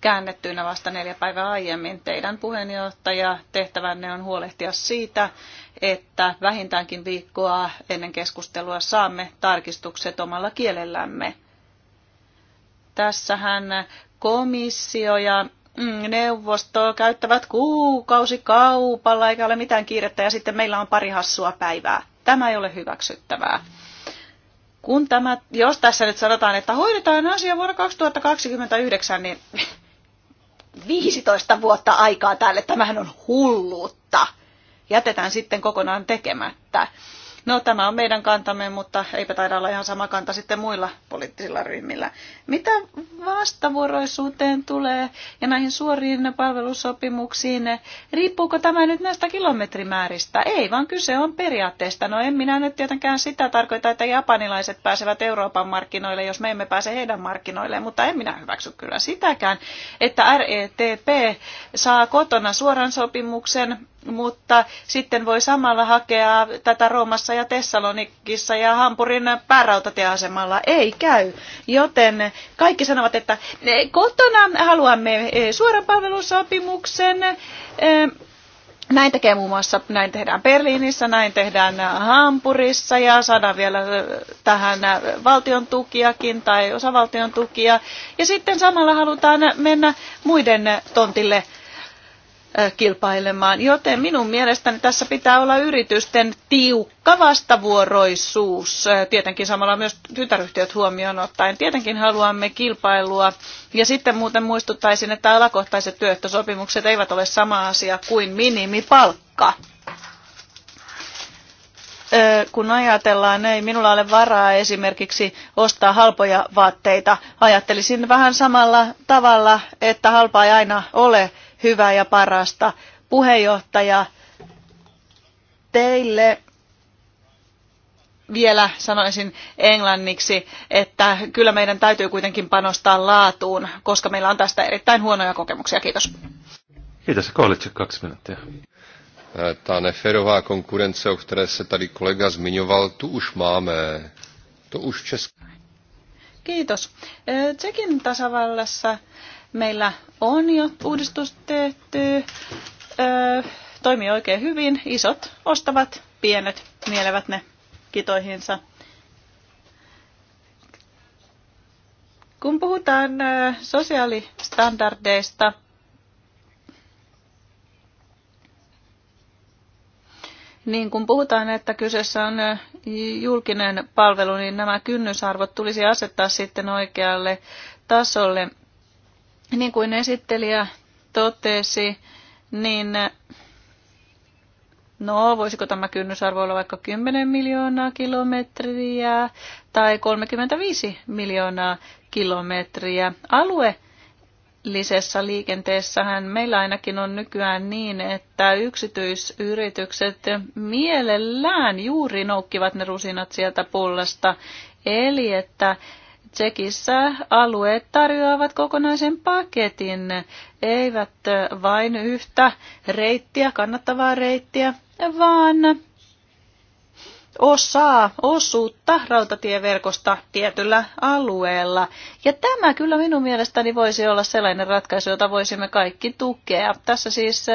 käännettyinä vasta neljä päivää aiemmin. Teidän puheenjohtaja tehtävänne on huolehtia siitä, että vähintäänkin viikkoa ennen keskustelua saamme tarkistukset omalla kielellämme. Tässähän komissio ja mm, neuvosto käyttävät kuukausi kaupalla eikä ole mitään kiirettä ja sitten meillä on pari hassua päivää. Tämä ei ole hyväksyttävää. Kun tämä, jos tässä nyt sanotaan, että hoidetaan asia vuonna 2029, niin 15 vuotta aikaa tälle. Tämähän on hulluutta. Jätetään sitten kokonaan tekemättä. No tämä on meidän kantamme, mutta eipä taida olla ihan sama kanta sitten muilla poliittisilla ryhmillä. Mitä vastavuoroisuuteen tulee ja näihin suoriin palvelusopimuksiin? Riippuuko tämä nyt näistä kilometrimääristä? Ei, vaan kyse on periaatteesta. No en minä nyt tietenkään sitä tarkoita, että japanilaiset pääsevät Euroopan markkinoille, jos me emme pääse heidän markkinoilleen, mutta en minä hyväksy kyllä sitäkään, että RETP saa kotona suoran sopimuksen mutta sitten voi samalla hakea tätä Roomassa ja Tessalonikissa ja Hampurin päärautatieasemalla. Ei käy. Joten kaikki sanovat, että kotona haluamme eh, suoran palvelusopimuksen. Eh, näin tekee muun muassa, näin tehdään Berliinissä, näin tehdään Hampurissa ja saadaan vielä eh, tähän valtion tukiakin tai osavaltion tukia. Ja sitten samalla halutaan mennä muiden tontille kilpailemaan. Joten minun mielestäni tässä pitää olla yritysten tiukka vastavuoroisuus, tietenkin samalla myös tytäryhtiöt huomioon ottaen. Tietenkin haluamme kilpailua. Ja sitten muuten muistuttaisin, että alakohtaiset työehtosopimukset eivät ole sama asia kuin minimipalkka kun ajatellaan, ei minulla ole varaa esimerkiksi ostaa halpoja vaatteita, ajattelisin vähän samalla tavalla, että halpa ei aina ole hyvää ja parasta. Puheenjohtaja, teille vielä sanoisin englanniksi, että kyllä meidän täytyy kuitenkin panostaa laatuun, koska meillä on tästä erittäin huonoja kokemuksia. Kiitos. Kiitos. Koolitse kaksi minuuttia. Eh, ta neferová konkurence, o které se tady kolega zmiňoval, tu už máme. To už v Česku. Kiitos. Eh, Tsekin tasavallassa Meillä on jo uudistus tehty, öö, toimii oikein hyvin, isot ostavat, pienet mielevät ne kitoihinsa. Kun puhutaan sosiaalistandardeista, niin kun puhutaan, että kyseessä on julkinen palvelu, niin nämä kynnysarvot tulisi asettaa sitten oikealle tasolle. Niin kuin esittelijä totesi, niin No, voisiko tämä kynnysarvo olla vaikka 10 miljoonaa kilometriä tai 35 miljoonaa kilometriä? Alueellisessa liikenteessähän meillä ainakin on nykyään niin, että yksityisyritykset mielellään juuri noukkivat ne rusinat sieltä pullasta. Eli että Tsekissä alueet tarjoavat kokonaisen paketin, eivät vain yhtä reittiä, kannattavaa reittiä, vaan osaa, osuutta rautatieverkosta tietyllä alueella. Ja tämä kyllä minun mielestäni voisi olla sellainen ratkaisu, jota voisimme kaikki tukea. Tässä siis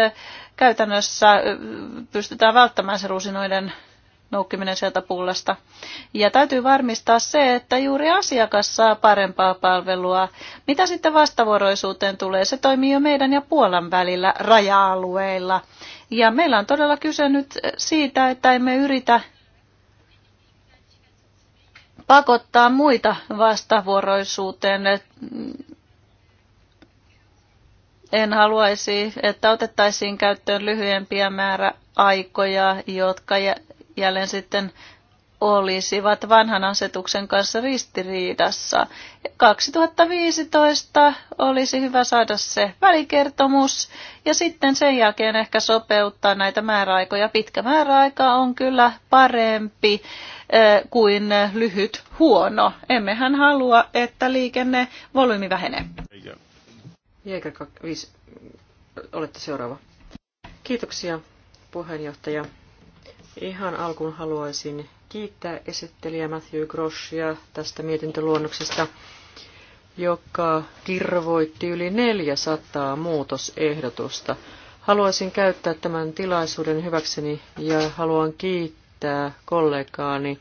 käytännössä pystytään välttämään se rusinoiden noukkiminen sieltä pullasta. Ja täytyy varmistaa se, että juuri asiakas saa parempaa palvelua. Mitä sitten vastavuoroisuuteen tulee? Se toimii jo meidän ja Puolan välillä raja-alueilla. Ja meillä on todella kyse nyt siitä, että emme yritä pakottaa muita vastavuoroisuuteen. En haluaisi, että otettaisiin käyttöön lyhyempiä määräaikoja, jotka jälleen sitten olisivat vanhan asetuksen kanssa ristiriidassa. 2015 olisi hyvä saada se välikertomus ja sitten sen jälkeen ehkä sopeuttaa näitä määräaikoja. Pitkä määräaika on kyllä parempi kuin lyhyt huono. Emmehän halua, että liikenne volyymi vähenee. Jäikä 5. Olette seuraava. Kiitoksia puheenjohtaja. Ihan alkuun haluaisin kiittää esittelijä Matthew Groshia tästä mietintöluonnoksesta, joka kirvoitti yli 400 muutosehdotusta. Haluaisin käyttää tämän tilaisuuden hyväkseni ja haluan kiittää kollegaani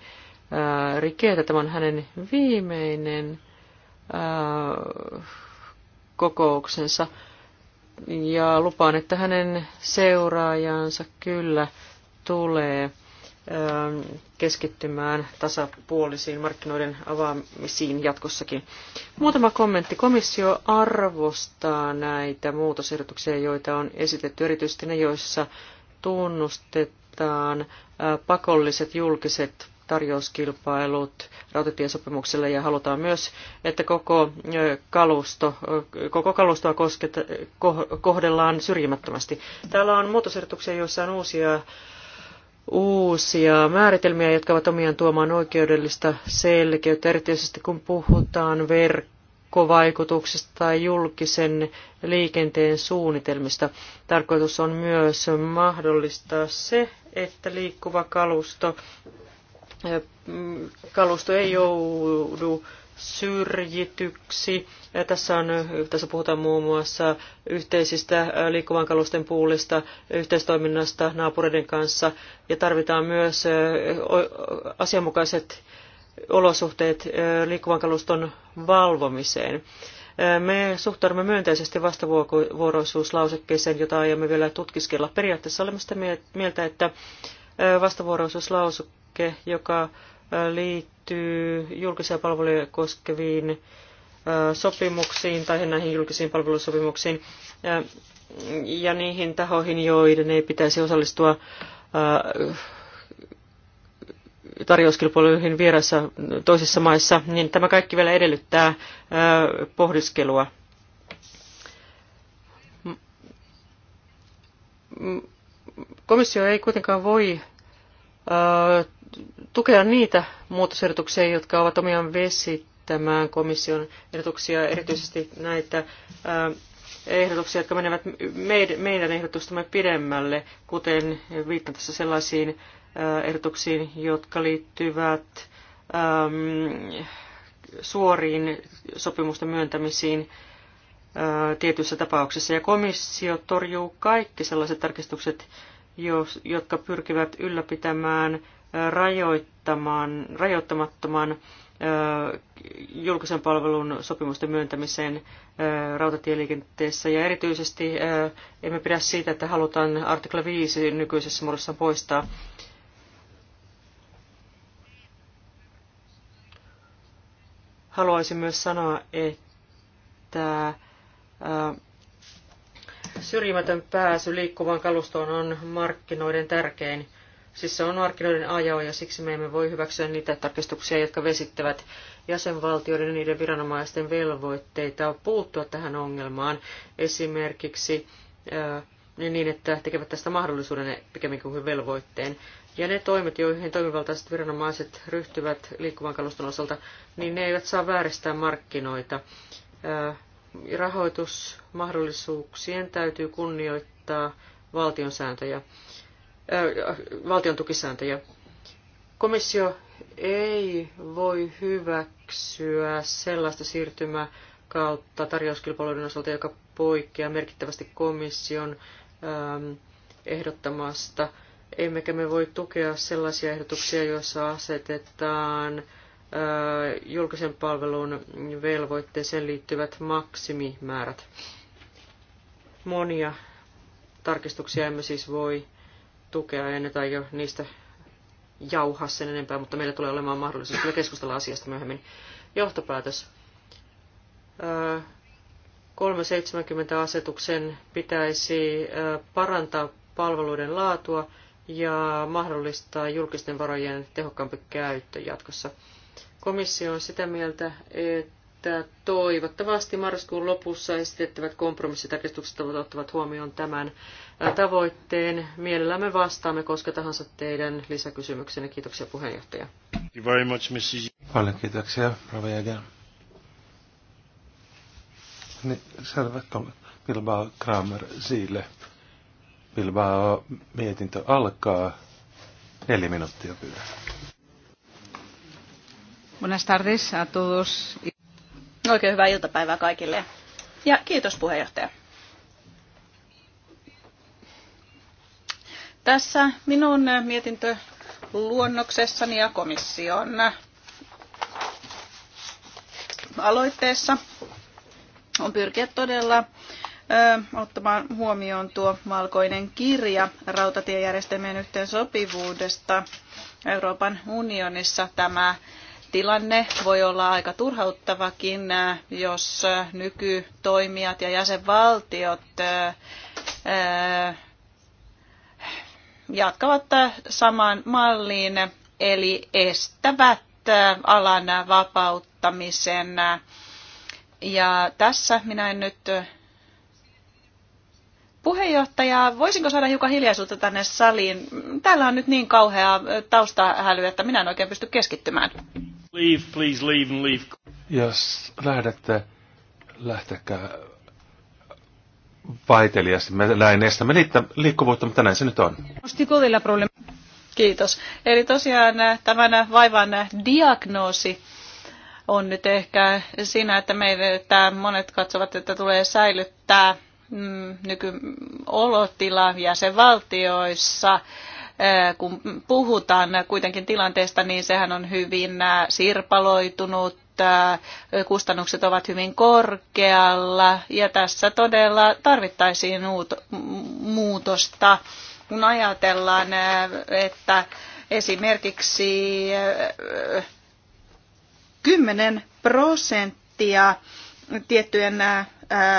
Rikeetä. Tämä on hänen viimeinen ää, kokouksensa ja lupaan, että hänen seuraajansa kyllä tulee ähm, keskittymään tasapuolisiin markkinoiden avaamisiin jatkossakin. Muutama kommentti. Komissio arvostaa näitä muutosehdotuksia, joita on esitetty, erityisesti ne, joissa tunnustetaan äh, pakolliset julkiset tarjouskilpailut rautatiesopimukselle ja halutaan myös, että koko, äh, kalusto, äh, koko kalustoa kosket, kohdellaan syrjimättömästi. Täällä on muutosehdotuksia, joissa on uusia uusia määritelmiä, jotka ovat omiaan tuomaan oikeudellista selkeyttä, erityisesti kun puhutaan verkkovaikutuksista tai julkisen liikenteen suunnitelmista. Tarkoitus on myös mahdollistaa se, että liikkuva kalusto, kalusto ei joudu syrjityksi. Tässä, on, tässä puhutaan muun muassa yhteisistä äh, liikkuvan kalusten puulista, yhteistoiminnasta naapureiden kanssa ja tarvitaan myös äh, asianmukaiset olosuhteet äh, liikkuvan kaluston valvomiseen. Me suhtaudumme myönteisesti vastavuoroisuuslausekkeeseen, jota aiomme vielä tutkiskella. Periaatteessa olemme sitä mieltä, että vastavuoroisuuslausekkeeseen, joka liittyy julkisia palveluja koskeviin sopimuksiin tai näihin julkisiin palvelusopimuksiin ja niihin tahoihin, joiden ei pitäisi osallistua tarjouskilpailuihin vieraissa toisissa maissa, niin tämä kaikki vielä edellyttää pohdiskelua. Komissio ei kuitenkaan voi tukea niitä muutosehdotuksia, jotka ovat omiaan vesittämään komission ehdotuksia, erityisesti näitä ehdotuksia, jotka menevät meidän ehdotustamme pidemmälle, kuten viittaan tässä sellaisiin ehdotuksiin, jotka liittyvät suoriin sopimusten myöntämisiin tietyissä tapauksissa. Ja komissio torjuu kaikki sellaiset tarkistukset, jotka pyrkivät ylläpitämään rajoittamaan, rajoittamattoman julkisen palvelun sopimusten myöntämiseen rautatieliikenteessä. Ja erityisesti emme pidä siitä, että halutaan artikla 5 nykyisessä muodossa poistaa. Haluaisin myös sanoa, että syrjimätön pääsy liikkuvaan kalustoon on markkinoiden tärkein Siis se on markkinoiden ajo ja siksi me emme voi hyväksyä niitä tarkistuksia, jotka vesittävät jäsenvaltioiden ja niiden viranomaisten velvoitteita puuttua tähän ongelmaan. Esimerkiksi niin, että tekevät tästä mahdollisuuden pikemminkin kuin velvoitteen. Ja ne toimet, joihin toimivaltaiset viranomaiset ryhtyvät liikkuvan kaluston osalta, niin ne eivät saa vääristää markkinoita. Rahoitusmahdollisuuksien täytyy kunnioittaa valtion sääntöjä valtion tukisääntöjä. Komissio ei voi hyväksyä sellaista siirtymää kautta tarjouskilpailuiden osalta, joka poikkeaa merkittävästi komission äm, ehdottamasta. Emmekä me voi tukea sellaisia ehdotuksia, joissa asetetaan ää, julkisen palvelun velvoitteeseen liittyvät maksimimäärät. Monia tarkistuksia emme siis voi tukea, ja nyt aio niistä jauhaa sen enempää, mutta meillä tulee olemaan mahdollisuus kyllä keskustella asiasta myöhemmin. Johtopäätös. 370-asetuksen pitäisi parantaa palveluiden laatua ja mahdollistaa julkisten varojen tehokkaampi käyttö jatkossa. Komissio on sitä mieltä, että että toivottavasti marraskuun lopussa esitettävät kompromissitarkistukset ottavat huomioon tämän tavoitteen. Mielellämme vastaamme koska tahansa teidän lisäkysymyksenne. Kiitoksia puheenjohtaja. Paljon kiitoksia, Rava Jäger. Niin, selvä. Bilbao Kramer Siile. Bilbao mietintö alkaa. Neljä minuuttia pyydän. Buenas tardes a todos. Oikein hyvää iltapäivää kaikille. Ja kiitos puheenjohtaja. Tässä minun mietintö luonnoksessani ja komission aloitteessa on pyrkiä todella ottamaan huomioon tuo valkoinen kirja rautatiejärjestelmien yhteensopivuudesta Euroopan unionissa. Tämä tilanne voi olla aika turhauttavakin, äh, jos äh, nykytoimijat ja jäsenvaltiot äh, jatkavat samaan malliin, eli estävät alan vapauttamisen. Ja tässä minä en nyt Puheenjohtaja, voisinko saada hiukan hiljaisuutta tänne saliin? Täällä on nyt niin kauhea taustahäly, että minä en oikein pysty keskittymään. Leave, please leave and leave. Jos lähdette, lähtekää vaiteliasti. Me näin estämme niitä liikkuvuutta, mutta näin se nyt on. Kiitos. Eli tosiaan äh, tämän vaivan diagnoosi on nyt ehkä siinä, että meidän monet katsovat, että tulee säilyttää mm, nykyolotila jäsenvaltioissa kun puhutaan kuitenkin tilanteesta, niin sehän on hyvin sirpaloitunut, kustannukset ovat hyvin korkealla ja tässä todella tarvittaisiin muutosta, kun ajatellaan, että esimerkiksi 10 prosenttia tiettyjen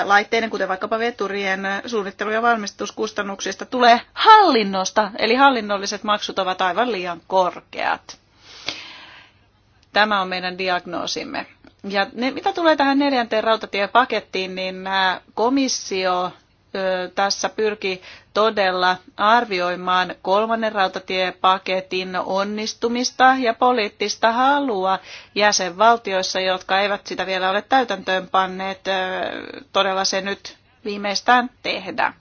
laitteiden, kuten vaikkapa veturien suunnittelu- ja valmistuskustannuksista tulee hallinnosta, eli hallinnolliset maksut ovat aivan liian korkeat. Tämä on meidän diagnoosimme. Ja ne, mitä tulee tähän neljänteen rautatiepakettiin, niin komissio tässä pyrki todella arvioimaan kolmannen rautatiepaketin onnistumista ja poliittista halua jäsenvaltioissa, jotka eivät sitä vielä ole täytäntöön panneet, todella se nyt viimeistään tehdä.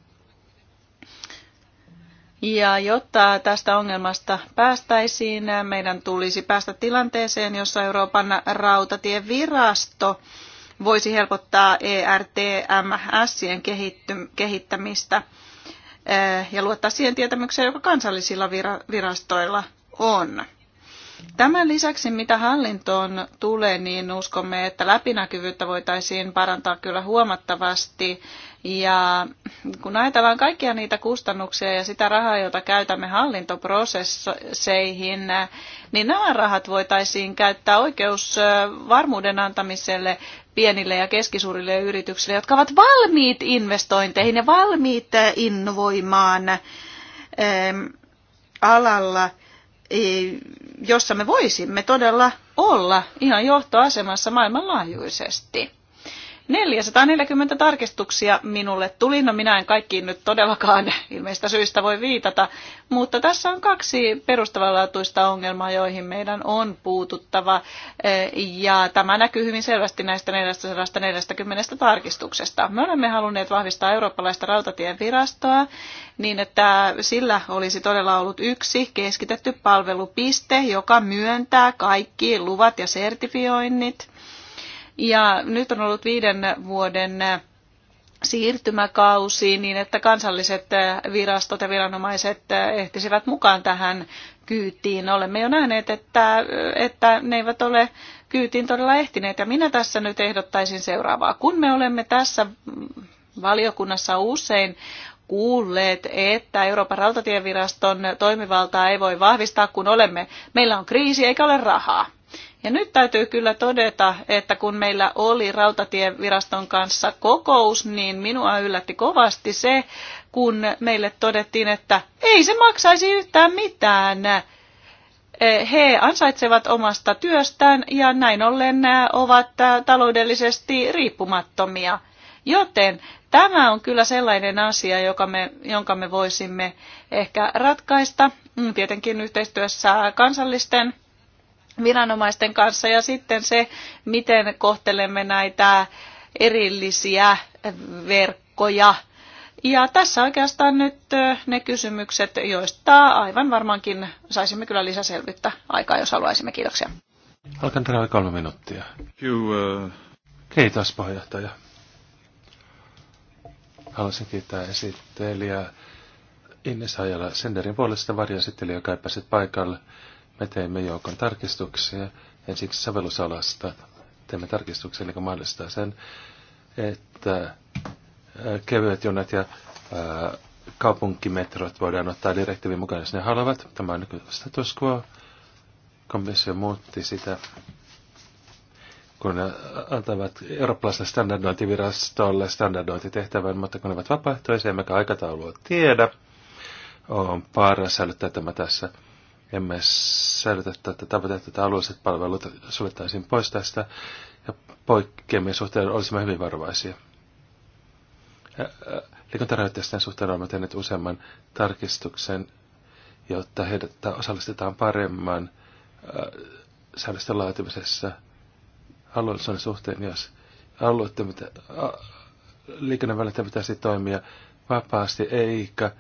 Ja jotta tästä ongelmasta päästäisiin, meidän tulisi päästä tilanteeseen, jossa Euroopan rautatievirasto virasto voisi helpottaa ERTMSien kehittämistä eh, ja luottaa siihen tietämykseen, joka kansallisilla virastoilla on. Tämän lisäksi, mitä hallintoon tulee, niin uskomme, että läpinäkyvyyttä voitaisiin parantaa kyllä huomattavasti. Ja kun ajatellaan kaikkia niitä kustannuksia ja sitä rahaa, jota käytämme hallintoprosesseihin, niin nämä rahat voitaisiin käyttää oikeusvarmuuden antamiselle pienille ja keskisuurille yrityksille, jotka ovat valmiit investointeihin ja valmiit eh, innovoimaan alalla, jossa me voisimme todella olla ihan johtoasemassa maailmanlaajuisesti. 440 tarkistuksia minulle tuli. No minä en kaikkiin nyt todellakaan ilmeistä syistä voi viitata, mutta tässä on kaksi perustavanlaatuista ongelmaa, joihin meidän on puututtava. E, ja tämä näkyy hyvin selvästi näistä 440 tarkistuksesta. Me olemme halunneet vahvistaa eurooppalaista rautatien virastoa niin, että sillä olisi todella ollut yksi keskitetty palvelupiste, joka myöntää kaikki luvat ja sertifioinnit ja nyt on ollut viiden vuoden äh, siirtymäkausi niin, että kansalliset äh, virastot ja viranomaiset äh, ehtisivät mukaan tähän kyytiin. Olemme jo nähneet, että, että ne eivät ole kyytiin todella ehtineet. Ja minä tässä nyt ehdottaisin seuraavaa. Kun me olemme tässä mm, valiokunnassa usein kuulleet, että Euroopan rautatieviraston toimivaltaa ei voi vahvistaa, kun olemme, meillä on kriisi eikä ole rahaa. Ja nyt täytyy kyllä todeta, että kun meillä oli rautatieviraston kanssa kokous, niin minua yllätti kovasti se, kun meille todettiin, että ei se maksaisi yhtään mitään. Eh, he ansaitsevat omasta työstään ja näin ollen eh, ovat eh, taloudellisesti riippumattomia. Joten tämä on kyllä sellainen asia, joka me, jonka me voisimme ehkä ratkaista, mm, tietenkin yhteistyössä kansallisten viranomaisten kanssa ja sitten se, miten kohtelemme näitä erillisiä verkkoja. Ja tässä oikeastaan nyt ne kysymykset, joista aivan varmaankin saisimme kyllä lisäselvyyttä aikaa, jos haluaisimme. Kiitoksia. Alkan oli kolme minuuttia. Uh, Kiitos puheenjohtaja. Haluaisin kiittää esittelijä Innes Ajala Senderin puolesta varjoesittelijä, joka ei paikalle. Me teemme joukon tarkistuksia ensiksi sovellusalasta. Teemme tarkistuksia, joka mahdollistaa sen, että äh, kevyet junat ja äh, kaupunkimetrot voidaan ottaa direktiivin mukaan, jos ne haluavat. Tämä on nykyinen status quo. Komissio muutti sitä, kun ne antavat eurooppalaisen standardointivirastolle standardointitehtävän, mutta kun ne ovat vapaaehtoisia, emmekä aikataulua tiedä, on paras säilyttää tämä tässä emme säilytä tätä tavoitetta, että alueelliset palvelut suljettaisiin pois tästä ja poikkeamme suhteen olisimme hyvin varovaisia. Liikuntarajoitteisten suhteen olemme tehneet useamman tarkistuksen, jotta heidät osallistetaan paremman säädösten laatimisessa alueellisuuden suhteen, jos alueiden, liikennevälineiden pitäisi toimia vapaasti eikä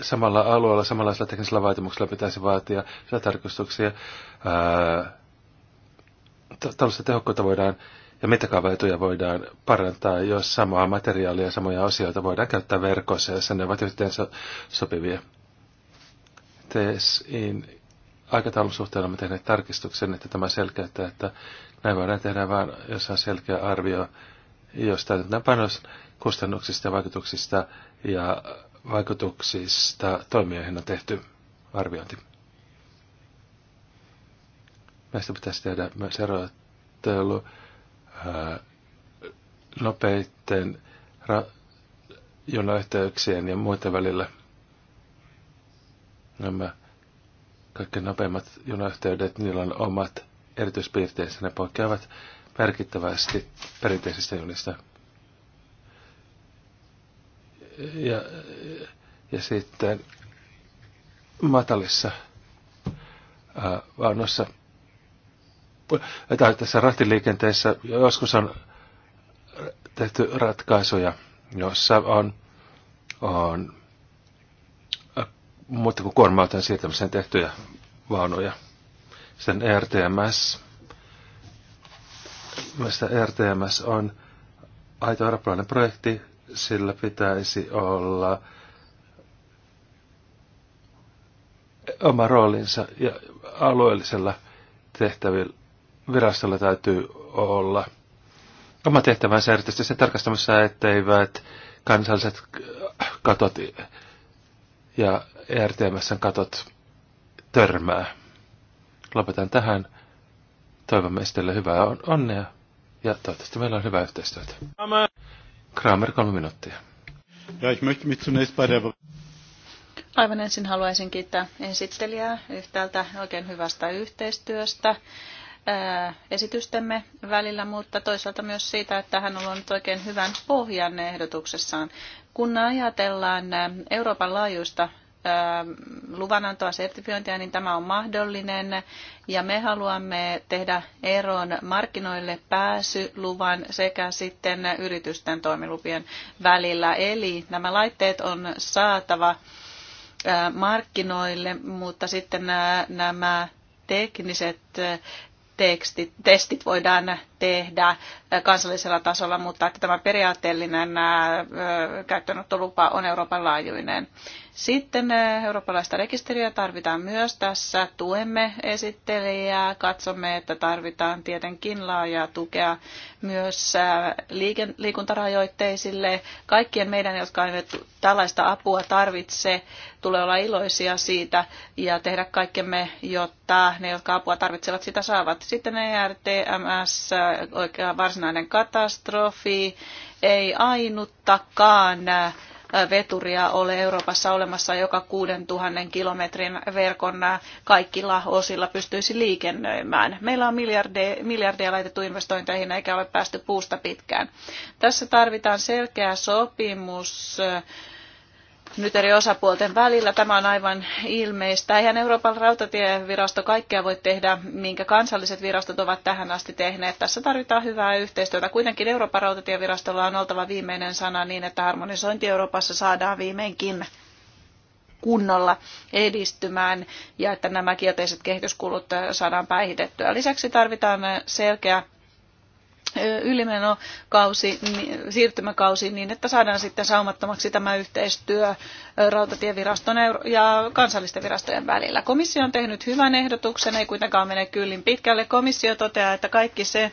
samalla alueella, samanlaisella teknisellä vaatimuksella pitäisi vaatia tarkastuksia. Tällaista tehokkuutta voidaan ja mittakaavaetuja voidaan parantaa, jos samaa materiaalia ja samoja asioita voidaan käyttää verkossa, jos ne ovat yhteen so- sopivia. TSIin aikataulun suhteen olemme tehneet tarkistuksen, että tämä selkeyttää, että näin voidaan tehdä vain, jos on selkeä arvio, jos täytetään panos kustannuksista ja vaikutuksista ja vaikutuksista toimijoihin on tehty arviointi. Näistä pitäisi tehdä myös erottelu nopeiden ra- junayhteyksien ja muiden välillä. Nämä kaikki nopeimmat junayhteydet, niillä on omat erityispiirteensä, ne poikkeavat merkittävästi perinteisistä junista ja, ja sitten matalissa ää, tai tässä rahtiliikenteessä joskus on tehty ratkaisuja, jossa on, on muuta kuin kuorma siirtämiseen tehtyjä vaunuja. Sitten RTMS. Mielestäni RTMS on aito eurooppalainen projekti, sillä pitäisi olla oma roolinsa ja alueellisella tehtävillä virastolla täytyy olla oma tehtävänsä erityisesti sen tarkastamassa, etteivät kansalliset katot ja ERTMSn katot törmää. Lopetan tähän. Toivomme teille hyvää onnea ja toivottavasti meillä on hyvää yhteistyötä. Kramer, kolme minuuttia. Ja ich möchte mich zunächst bei der Aivan ensin haluaisin kiittää esittelijää yhtäältä oikein hyvästä yhteistyöstä äh, esitystemme välillä, mutta toisaalta myös siitä, että hän on ollut oikein hyvän pohjan ehdotuksessaan. Kun ajatellaan äh, Euroopan laajuista luvanantoa, sertifiointia, niin tämä on mahdollinen. Ja me haluamme tehdä eron markkinoille pääsyluvan sekä sitten yritysten toimilupien välillä. Eli nämä laitteet on saatava markkinoille, mutta sitten nämä tekniset tekstit, testit voidaan tehdä kansallisella tasolla, mutta että tämä periaatteellinen käyttöönottolupa on Euroopan laajuinen. Sitten eurooppalaista rekisteriä tarvitaan myös tässä. Tuemme esittelijää, katsomme, että tarvitaan tietenkin laajaa tukea myös liikuntarajoitteisille. Kaikkien meidän, jotka eivät tällaista apua tarvitse tulee olla iloisia siitä ja tehdä kaikkemme, jotta ne, jotka apua tarvitsevat, sitä saavat. Sitten ERTMS, oikea varsinainen katastrofi, ei ainuttakaan veturia ole Euroopassa olemassa, joka 6000 kilometrin verkon kaikilla osilla pystyisi liikennöimään. Meillä on miljardeja, miljardeja laitettu investointeihin eikä ole päästy puusta pitkään. Tässä tarvitaan selkeä sopimus nyt eri osapuolten välillä. Tämä on aivan ilmeistä. Eihän Euroopan rautatievirasto kaikkea voi tehdä, minkä kansalliset virastot ovat tähän asti tehneet. Tässä tarvitaan hyvää yhteistyötä. Kuitenkin Euroopan rautatievirastolla on oltava viimeinen sana niin, että harmonisointi Euroopassa saadaan viimeinkin kunnolla edistymään ja että nämä kielteiset kehityskulut saadaan päihitettyä. Lisäksi tarvitaan selkeä ylimenokausi, siirtymäkausi niin, että saadaan sitten saumattomaksi tämä yhteistyö rautatieviraston ja kansallisten virastojen välillä. Komissio on tehnyt hyvän ehdotuksen, ei kuitenkaan mene kyllin pitkälle. Komissio toteaa, että kaikki se,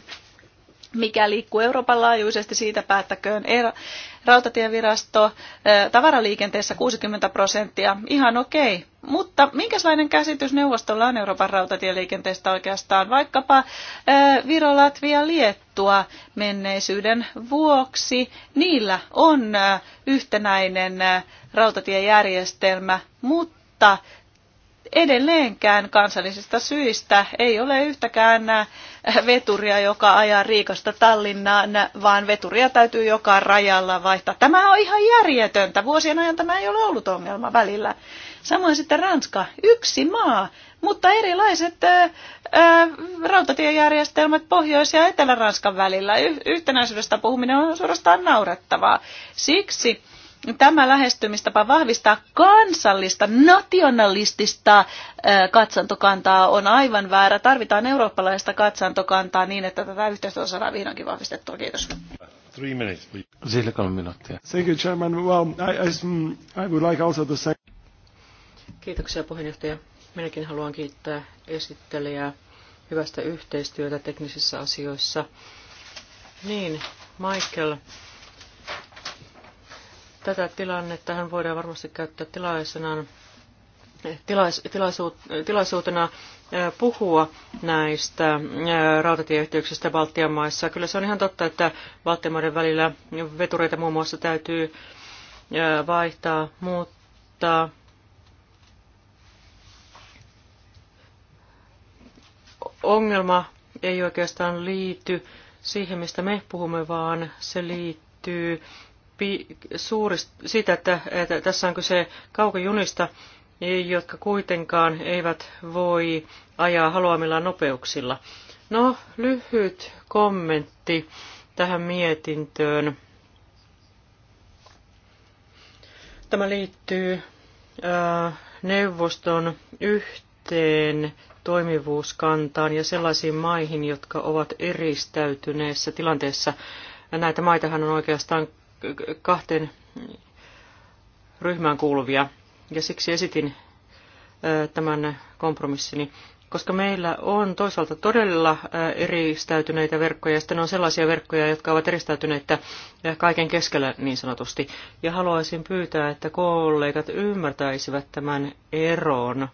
mikä liikkuu Euroopan laajuisesti, siitä päättäköön rautatievirasto tavaraliikenteessä 60 prosenttia. Ihan okei. Okay. Mutta minkälainen käsitys neuvostolla on Euroopan rautatieliikenteestä oikeastaan? Vaikkapa Viro, Latvia, Liettua menneisyyden vuoksi. Niillä on yhtenäinen rautatiejärjestelmä, mutta edelleenkään kansallisista syistä ei ole yhtäkään äh, veturia, joka ajaa Riikasta Tallinnaan, vaan veturia täytyy joka rajalla vaihtaa. Tämä on ihan järjetöntä. Vuosien ajan tämä ei ole ollut ongelma välillä. Samoin sitten Ranska, yksi maa, mutta erilaiset ää, äh, äh, rautatiejärjestelmät Pohjois- ja Etelä-Ranskan välillä. Y- yhtenäisyydestä puhuminen on suorastaan naurettavaa. Siksi tämä lähestymistapa vahvistaa kansallista, nationalistista katsantokantaa on aivan väärä. Tarvitaan eurooppalaista katsantokantaa niin, että tätä yhteistyötä saadaan vihdoinkin vahvistettua. Kiitos. Sille kolme minuuttia. Thank you, Chairman. Well, I, I, I would like also to say... Kiitoksia puheenjohtaja. Minäkin haluan kiittää esittelijää hyvästä yhteistyötä teknisissä asioissa. Niin, Michael, Tätä tilannetta hän voidaan varmasti käyttää tilais, tilaisuut, tilaisuutena puhua näistä rautatieyhteyksistä Baltian maissa. Kyllä se on ihan totta, että Baltian maiden välillä vetureita muun muassa täytyy vaihtaa, mutta ongelma ei oikeastaan liity siihen, mistä me puhumme, vaan se liittyy suurista, siitä, että, että tässä on kyse kaukojunista, jotka kuitenkaan eivät voi ajaa haluamillaan nopeuksilla. No, lyhyt kommentti tähän mietintöön. Tämä liittyy äh, neuvoston yhteen toimivuuskantaan ja sellaisiin maihin, jotka ovat eristäytyneessä tilanteessa. Näitä maitahan on oikeastaan kahteen ryhmään kuuluvia. Ja siksi esitin tämän kompromissini, koska meillä on toisaalta todella eristäytyneitä verkkoja, ja sitten on sellaisia verkkoja, jotka ovat eristäytyneitä kaiken keskellä niin sanotusti. Ja haluaisin pyytää, että kollegat ymmärtäisivät tämän eron.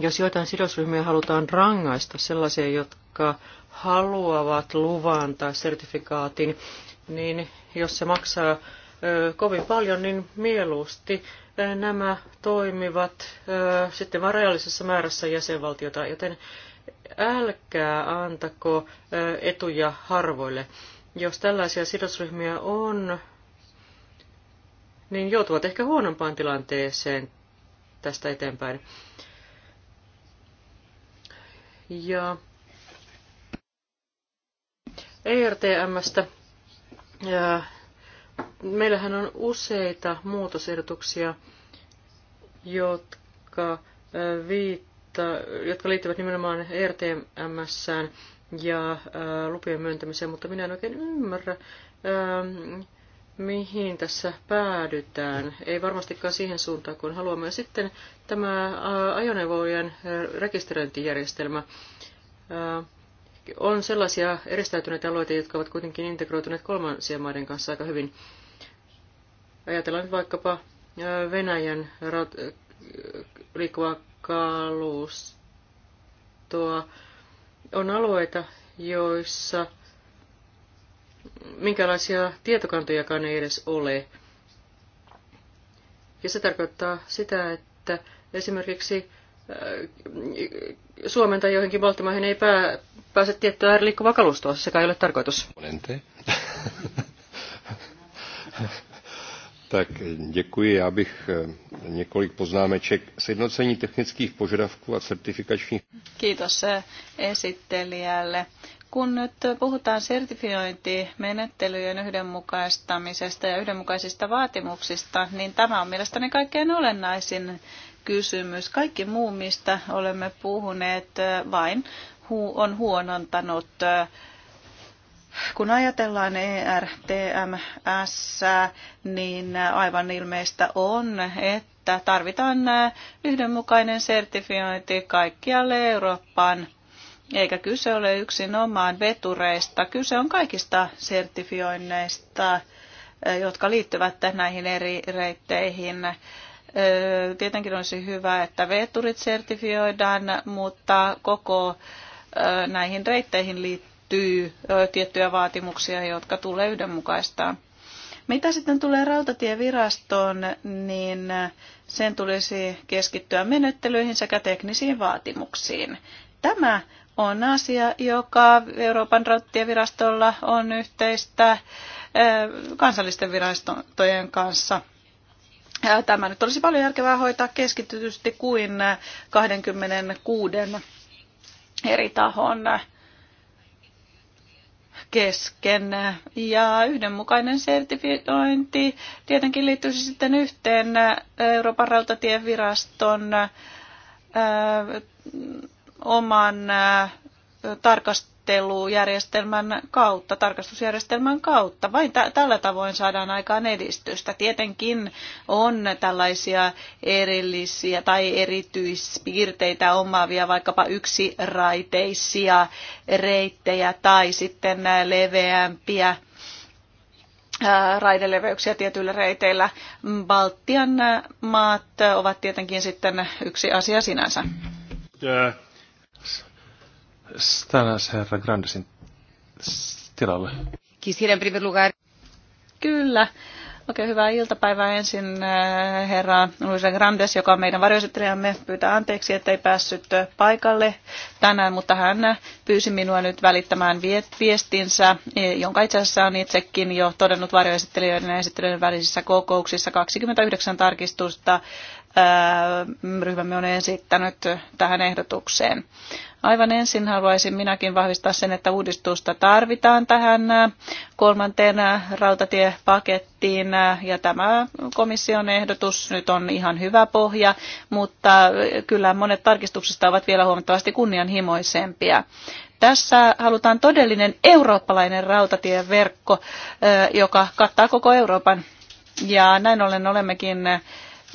Jos joitain sidosryhmiä halutaan rangaista, sellaisia, jotka haluavat luvan tai sertifikaatin niin jos se maksaa kovin paljon, niin mieluusti nämä toimivat sitten vain rajallisessa määrässä jäsenvaltiota, joten älkää antako etuja harvoille. Jos tällaisia sidosryhmiä on, niin joutuvat ehkä huonompaan tilanteeseen tästä eteenpäin. Ja ERTMstä meillähän on useita muutosehdotuksia, jotka, viitta, jotka liittyvät nimenomaan rtms ja lupien myöntämiseen, mutta minä en oikein ymmärrä, mihin tässä päädytään. Ei varmastikaan siihen suuntaan, kun haluamme. Ja sitten tämä ajoneuvojen rekisteröintijärjestelmä on sellaisia eristäytyneitä alueita, jotka ovat kuitenkin integroituneet kolmansien maiden kanssa aika hyvin. Ajatellaan nyt vaikkapa Venäjän raut- liikkuvaa kalustoa. On alueita, joissa minkälaisia tietokantojakaan ei edes ole. Ja se tarkoittaa sitä, että esimerkiksi Suomen tai joihinkin valtimaihin ei pää, pääse tiettyä ääriliikkuvaa kalustoa, se ei ole tarkoitus. Tak děkuji. Já bych e, několik poznámeček. Sjednocení technických požadavků a certifikačních. Kiitos e, esittelijälle. Kun nyt puhutaan sertifiointimenettelyjen yhdenmukaistamisesta ja yhdenmukaisista vaatimuksista, niin tämä on mielestäni kaikkein olennaisin kysymys. Kaikki muu, mistä olemme puhuneet, vain on huonontanut. Kun ajatellaan ERTMS, niin aivan ilmeistä on, että tarvitaan yhdenmukainen sertifiointi kaikkialle Eurooppaan. Eikä kyse ole yksin omaan vetureista, kyse on kaikista sertifioinneista, jotka liittyvät näihin eri reitteihin Tietenkin olisi hyvä, että veturit sertifioidaan, mutta koko näihin reitteihin liittyy tiettyjä vaatimuksia, jotka tulee yhdenmukaistaa. Mitä sitten tulee rautatievirastoon, niin sen tulisi keskittyä menettelyihin sekä teknisiin vaatimuksiin. Tämä on asia, joka Euroopan rautatievirastolla on yhteistä kansallisten virastojen kanssa. Tämä nyt olisi paljon järkevää hoitaa keskitytysti kuin 26 eri tahon kesken. Ja yhdenmukainen sertifiointi tietenkin liittyisi sitten yhteen Euroopan rautatieviraston oman tarkastuksen tarkastelujärjestelmän kautta, tarkastusjärjestelmän kautta. Vain tällä tavoin saadaan aikaan edistystä. Tietenkin on tällaisia erillisiä tai erityispiirteitä omaavia, vaikkapa yksiraiteisia reittejä tai sitten leveämpiä raideleveyksiä tietyillä reiteillä. Baltian maat ovat tietenkin sitten yksi asia sinänsä. Yeah. Stanas herra Grandesin tilalle. Kyllä. okei hyvää iltapäivää ensin äh, herra Luisa Grandes, joka on meidän varjoesittelijämme. Pyytää anteeksi, ettei päässyt äh, paikalle tänään, mutta hän äh, pyysi minua nyt välittämään viestinsä, e, jonka itse asiassa on itsekin jo todennut varjoesittelijöiden ja esittelyiden välisissä kokouksissa 29 tarkistusta ryhmämme on esittänyt tähän ehdotukseen. Aivan ensin haluaisin minäkin vahvistaa sen, että uudistusta tarvitaan tähän kolmanteen rautatiepakettiin ja tämä komission ehdotus nyt on ihan hyvä pohja, mutta kyllä monet tarkistuksista ovat vielä huomattavasti kunnianhimoisempia. Tässä halutaan todellinen eurooppalainen rautatieverkko, joka kattaa koko Euroopan. Ja näin ollen olemmekin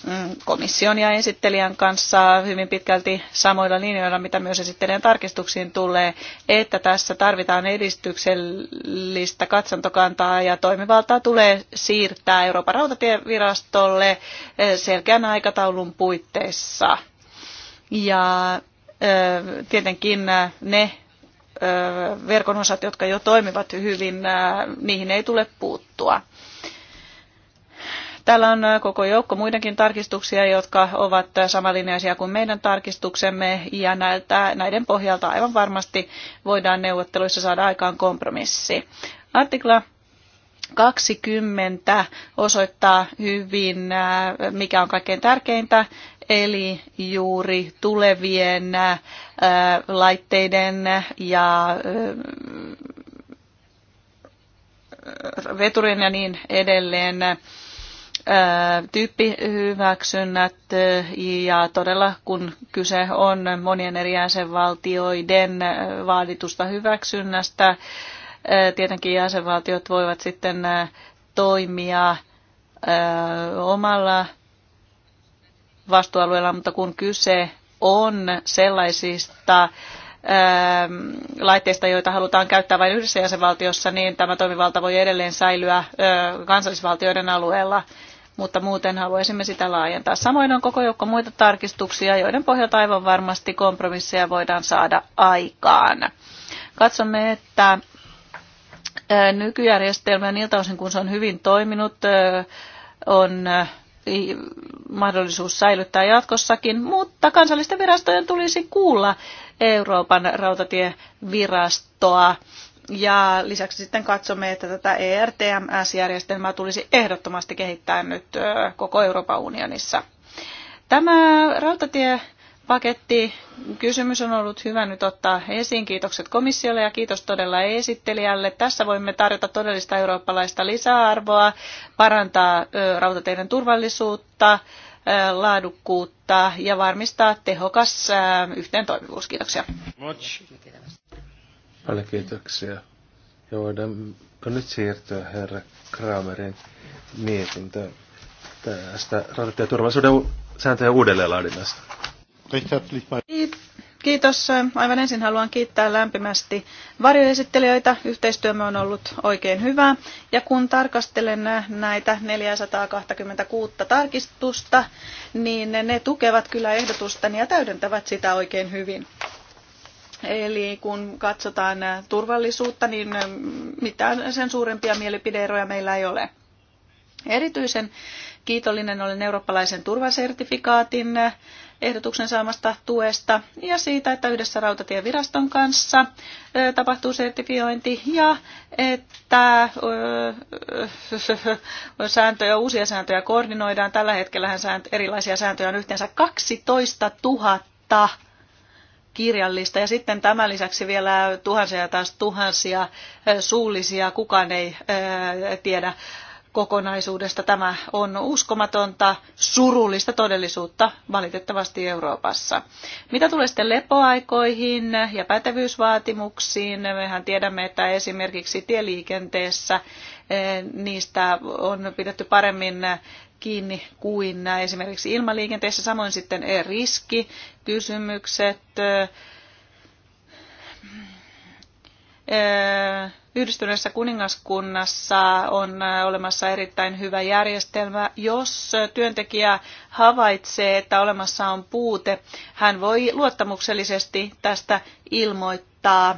Mm, komission ja esittelijän kanssa hyvin pitkälti samoilla linjoilla, mitä myös esittelijän tarkistuksiin tulee, että tässä tarvitaan edistyksellistä katsantokantaa ja toimivaltaa tulee siirtää Euroopan rautatievirastolle eh, selkeän aikataulun puitteissa. Ja eh, tietenkin eh, ne verkon osat, jotka jo toimivat hyvin, niihin ei tule puuttua. Täällä on äh, koko joukko muidenkin tarkistuksia, jotka ovat äh, samanlinjaisia kuin meidän tarkistuksemme, ja näiltä, näiden pohjalta aivan varmasti voidaan neuvotteluissa saada aikaan kompromissi. Artikla 20 osoittaa hyvin, äh, mikä on kaikkein tärkeintä, eli juuri tulevien laitteiden ja veturien ja niin edelleen tyyppihyväksynnät ja todella kun kyse on monien eri jäsenvaltioiden vaaditusta hyväksynnästä, tietenkin jäsenvaltiot voivat sitten toimia omalla vastuualueella, mutta kun kyse on sellaisista laitteista, joita halutaan käyttää vain yhdessä jäsenvaltiossa, niin tämä toimivalta voi edelleen säilyä kansallisvaltioiden alueella mutta muuten haluaisimme sitä laajentaa. Samoin on koko joukko muita tarkistuksia, joiden pohjalta aivan varmasti kompromisseja voidaan saada aikaan. Katsomme, että nykyjärjestelmä niiltä osin, kun se on hyvin toiminut, on mahdollisuus säilyttää jatkossakin, mutta kansallisten virastojen tulisi kuulla Euroopan rautatievirastoa ja lisäksi sitten katsomme, että tätä ERTMS-järjestelmää tulisi ehdottomasti kehittää nyt koko Euroopan unionissa. Tämä rautatie paketti. Kysymys on ollut hyvä nyt ottaa esiin. Kiitokset komissiolle ja kiitos todella esittelijälle. Tässä voimme tarjota todellista eurooppalaista lisäarvoa, parantaa rautateiden turvallisuutta, laadukkuutta ja varmistaa tehokas yhteentoimivuus. Kiitoksia. Paljon kiitoksia. Ja voidaanko nyt siirtyä herra Kramerin mietintöön tästä turvallisuuden sääntöjen uudelleenlaadinnasta? Kiitos. Aivan ensin haluan kiittää lämpimästi varjoesittelijöitä. Yhteistyömme on ollut oikein hyvää. Ja kun tarkastelen näitä 426 tarkistusta, niin ne tukevat kyllä ehdotustani ja täydentävät sitä oikein hyvin. Eli kun katsotaan turvallisuutta, niin mitään sen suurempia mielipideeroja meillä ei ole. Erityisen kiitollinen olen eurooppalaisen turvasertifikaatin ehdotuksen saamasta tuesta ja siitä, että yhdessä rautatieviraston kanssa tapahtuu sertifiointi ja että sääntöjä, uusia sääntöjä koordinoidaan. Tällä hetkellä erilaisia sääntöjä on yhteensä 12 000 kirjallista ja sitten tämän lisäksi vielä tuhansia ja taas tuhansia suullisia, kukaan ei tiedä kokonaisuudesta. Tämä on uskomatonta, surullista todellisuutta valitettavasti Euroopassa. Mitä tulee sitten lepoaikoihin ja pätevyysvaatimuksiin, mehän tiedämme, että esimerkiksi tieliikenteessä niistä on pidetty paremmin kiinni kuin esimerkiksi ilmaliikenteessä, samoin sitten riski. riskikysymykset, Yhdistyneessä kuningaskunnassa on olemassa erittäin hyvä järjestelmä. Jos työntekijä havaitsee, että olemassa on puute, hän voi luottamuksellisesti tästä ilmoittaa,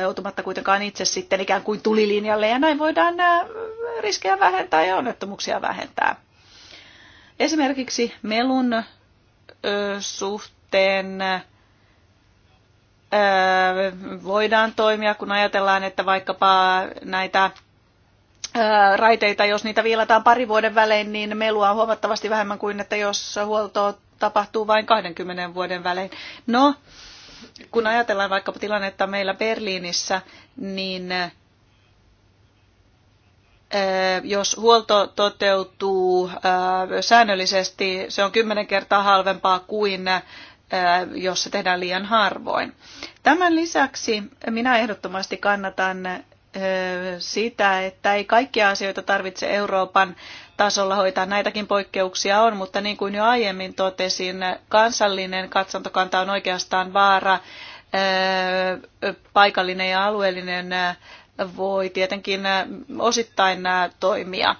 joutumatta kuitenkaan itse sitten ikään kuin tulilinjalle, ja näin voidaan riskejä vähentää ja onnettomuuksia vähentää. Esimerkiksi melun suhteen voidaan toimia, kun ajatellaan, että vaikkapa näitä raiteita, jos niitä viilataan pari vuoden välein, niin melua on huomattavasti vähemmän kuin, että jos huolto tapahtuu vain 20 vuoden välein. No, kun ajatellaan vaikkapa tilannetta meillä Berliinissä, niin jos huolto toteutuu säännöllisesti, se on kymmenen kertaa halvempaa kuin jos se tehdään liian harvoin. Tämän lisäksi minä ehdottomasti kannatan sitä, että ei kaikkia asioita tarvitse Euroopan tasolla hoitaa. Näitäkin poikkeuksia on, mutta niin kuin jo aiemmin totesin, kansallinen katsantokanta on oikeastaan vaara paikallinen ja alueellinen voi tietenkin osittain toimia.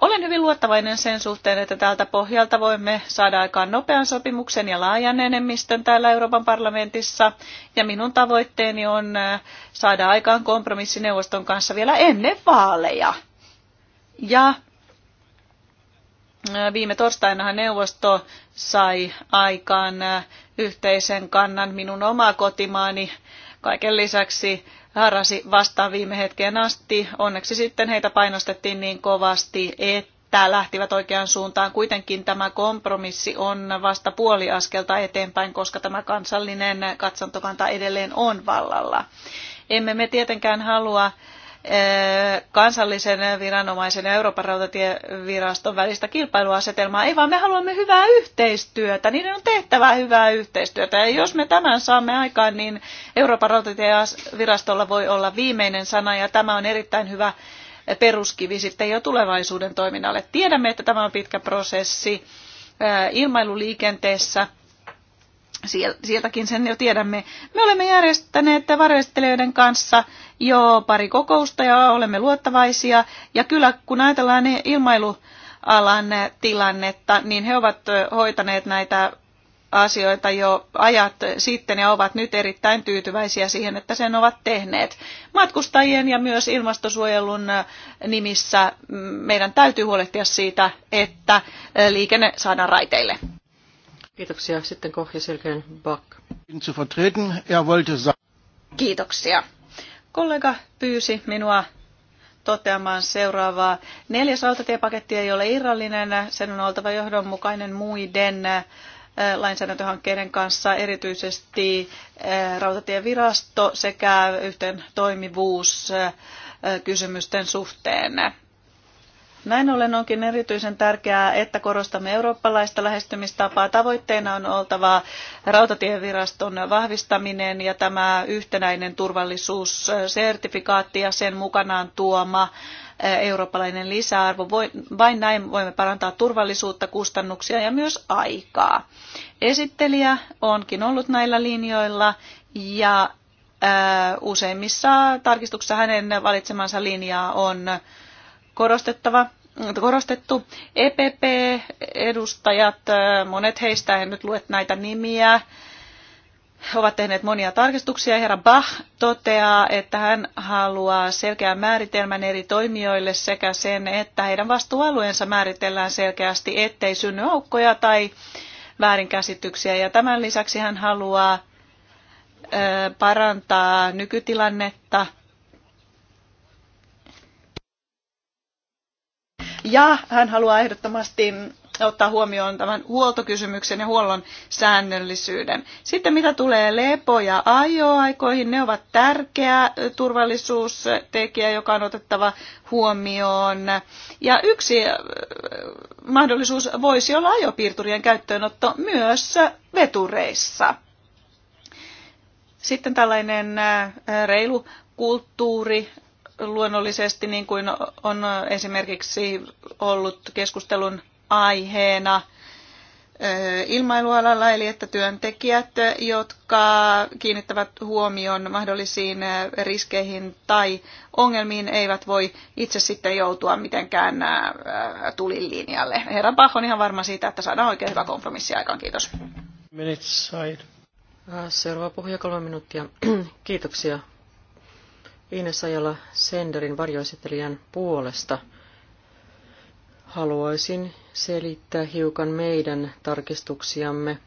Olen hyvin luottavainen sen suhteen, että tältä pohjalta voimme saada aikaan nopean sopimuksen ja laajan enemmistön täällä Euroopan parlamentissa. Ja minun tavoitteeni on saada aikaan kompromissineuvoston kanssa vielä ennen vaaleja. Ja viime torstainahan neuvosto sai aikaan yhteisen kannan minun omaa kotimaani kaiken lisäksi harrasi vastaan viime hetkeen asti. Onneksi sitten heitä painostettiin niin kovasti, että lähtivät oikeaan suuntaan. Kuitenkin tämä kompromissi on vasta puoli askelta eteenpäin, koska tämä kansallinen katsantokanta edelleen on vallalla. Emme me tietenkään halua Eh, kansallisen viranomaisen ja Euroopan rautatieviraston välistä kilpailuasetelmaa. Ei vaan me haluamme hyvää yhteistyötä, niiden on tehtävä hyvää yhteistyötä. Ja jos me tämän saamme aikaan, niin Euroopan rautatievirastolla voi olla viimeinen sana ja tämä on erittäin hyvä peruskivi sitten jo tulevaisuuden toiminnalle. Tiedämme, että tämä on pitkä prosessi eh, ilmailuliikenteessä – sieltäkin sen jo tiedämme. Me olemme järjestäneet varjostelijoiden kanssa jo pari kokousta ja olemme luottavaisia. Ja kyllä kun ajatellaan ilmailualan tilannetta, niin he ovat hoitaneet näitä asioita jo ajat sitten ja ovat nyt erittäin tyytyväisiä siihen, että sen ovat tehneet. Matkustajien ja myös ilmastosuojelun nimissä meidän täytyy huolehtia siitä, että liikenne saadaan raiteille. Kiitoksia. Sitten Kohja Selkeän Back. Er Kiitoksia. Kollega pyysi minua toteamaan seuraavaa. Neljäs rautatiepaketti ei ole irrallinen, sen on oltava johdonmukainen muiden äh, lainsäädäntöhankkeiden kanssa, erityisesti äh, rautatievirasto sekä yhteen toimivuus äh, kysymysten suhteen. Näin ollen onkin erityisen tärkeää, että korostamme eurooppalaista lähestymistapaa. Tavoitteena on oltava rautatieviraston vahvistaminen ja tämä yhtenäinen turvallisuussertifikaatti ja sen mukanaan tuoma eh, eurooppalainen lisäarvo. Vain näin voimme parantaa turvallisuutta, kustannuksia ja myös aikaa. Esittelijä onkin ollut näillä linjoilla ja eh, useimmissa tarkistuksissa hänen valitsemansa linjaa on korostettava korostettu. EPP-edustajat, äh, monet heistä, en nyt lue näitä nimiä, ovat tehneet monia tarkistuksia. Herra Bach toteaa, että hän haluaa selkeän määritelmän eri toimijoille sekä sen, että heidän vastuualueensa määritellään selkeästi, ettei synny aukkoja tai väärinkäsityksiä. Ja tämän lisäksi hän haluaa äh, parantaa nykytilannetta – Ja hän haluaa ehdottomasti ottaa huomioon tämän huoltokysymyksen ja huollon säännöllisyyden. Sitten mitä tulee lepo- ja ajoaikoihin, ne ovat tärkeä turvallisuustekijä, joka on otettava huomioon. Ja yksi äh, mahdollisuus voisi olla ajopiirturien käyttöönotto myös vetureissa. Sitten tällainen äh, reilu kulttuuri luonnollisesti, niin kuin on esimerkiksi ollut keskustelun aiheena ilmailualalla, eli että työntekijät, jotka kiinnittävät huomion mahdollisiin riskeihin tai ongelmiin, eivät voi itse sitten joutua mitenkään tulin linjalle. Herra Bach on ihan varma siitä, että saadaan oikein hyvä kompromissi aikaan. Kiitos. Seuraava puhuja kolme minuuttia. Kiitoksia Ines Ajala Senderin varjoesittelijän puolesta. Haluaisin selittää hiukan meidän tarkistuksiamme.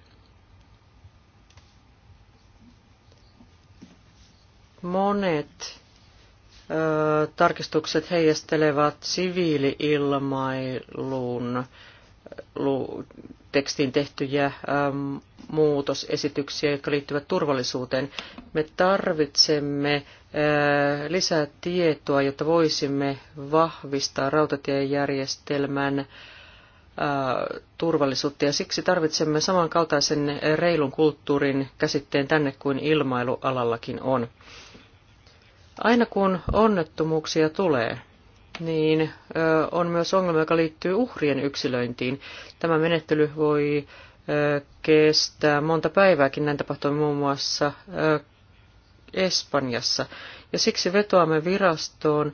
Monet ö, tarkistukset heijastelevat siviiliilmailun tekstiin tehtyjä ähm, muutosesityksiä, jotka liittyvät turvallisuuteen. Me tarvitsemme äh, lisää tietoa, jotta voisimme vahvistaa rautatiejärjestelmän äh, turvallisuutta ja siksi tarvitsemme samankaltaisen reilun kulttuurin käsitteen tänne kuin ilmailualallakin on. Aina kun onnettomuuksia tulee, niin on myös ongelma, joka liittyy uhrien yksilöintiin. Tämä menettely voi kestää monta päivääkin. Näin tapahtui muun muassa Espanjassa. Ja siksi vetoamme virastoon,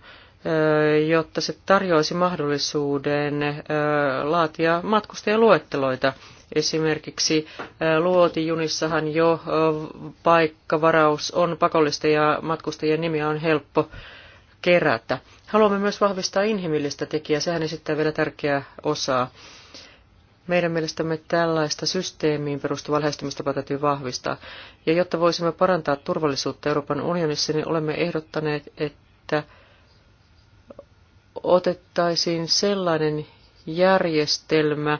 jotta se tarjoaisi mahdollisuuden laatia matkustajaluetteloita. Esimerkiksi luotijunissahan jo paikkavaraus on pakollista ja matkustajien nimi on helppo kerätä. Haluamme myös vahvistaa inhimillistä tekijää, sehän esittää vielä tärkeää osaa. Meidän mielestämme tällaista systeemiin perustuvaa lähestymistapa täytyy vahvistaa. Ja jotta voisimme parantaa turvallisuutta Euroopan unionissa, niin olemme ehdottaneet, että otettaisiin sellainen järjestelmä, äh,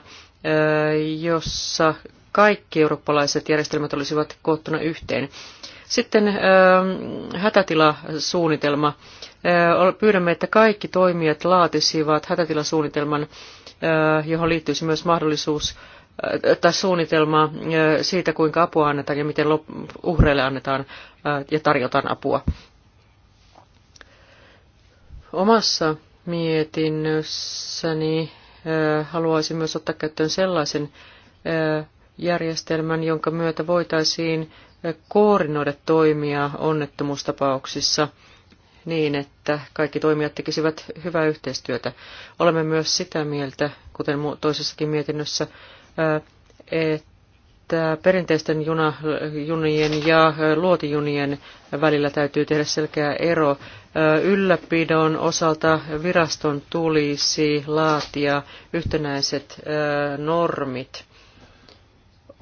jossa kaikki eurooppalaiset järjestelmät olisivat koottuna yhteen. Sitten äh, hätätilasuunnitelma. Pyydämme, että kaikki toimijat laatisivat hätätilasuunnitelman, johon liittyisi myös mahdollisuus tai suunnitelma siitä, kuinka apua annetaan ja miten uhreille annetaan ja tarjotaan apua. Omassa mietinnössäni haluaisin myös ottaa käyttöön sellaisen järjestelmän, jonka myötä voitaisiin koordinoida toimia onnettomuustapauksissa – niin, että kaikki toimijat tekisivät hyvää yhteistyötä. Olemme myös sitä mieltä, kuten toisessakin mietinnössä, että perinteisten juna, junien ja luotijunien välillä täytyy tehdä selkeä ero. Ylläpidon osalta viraston tulisi laatia yhtenäiset normit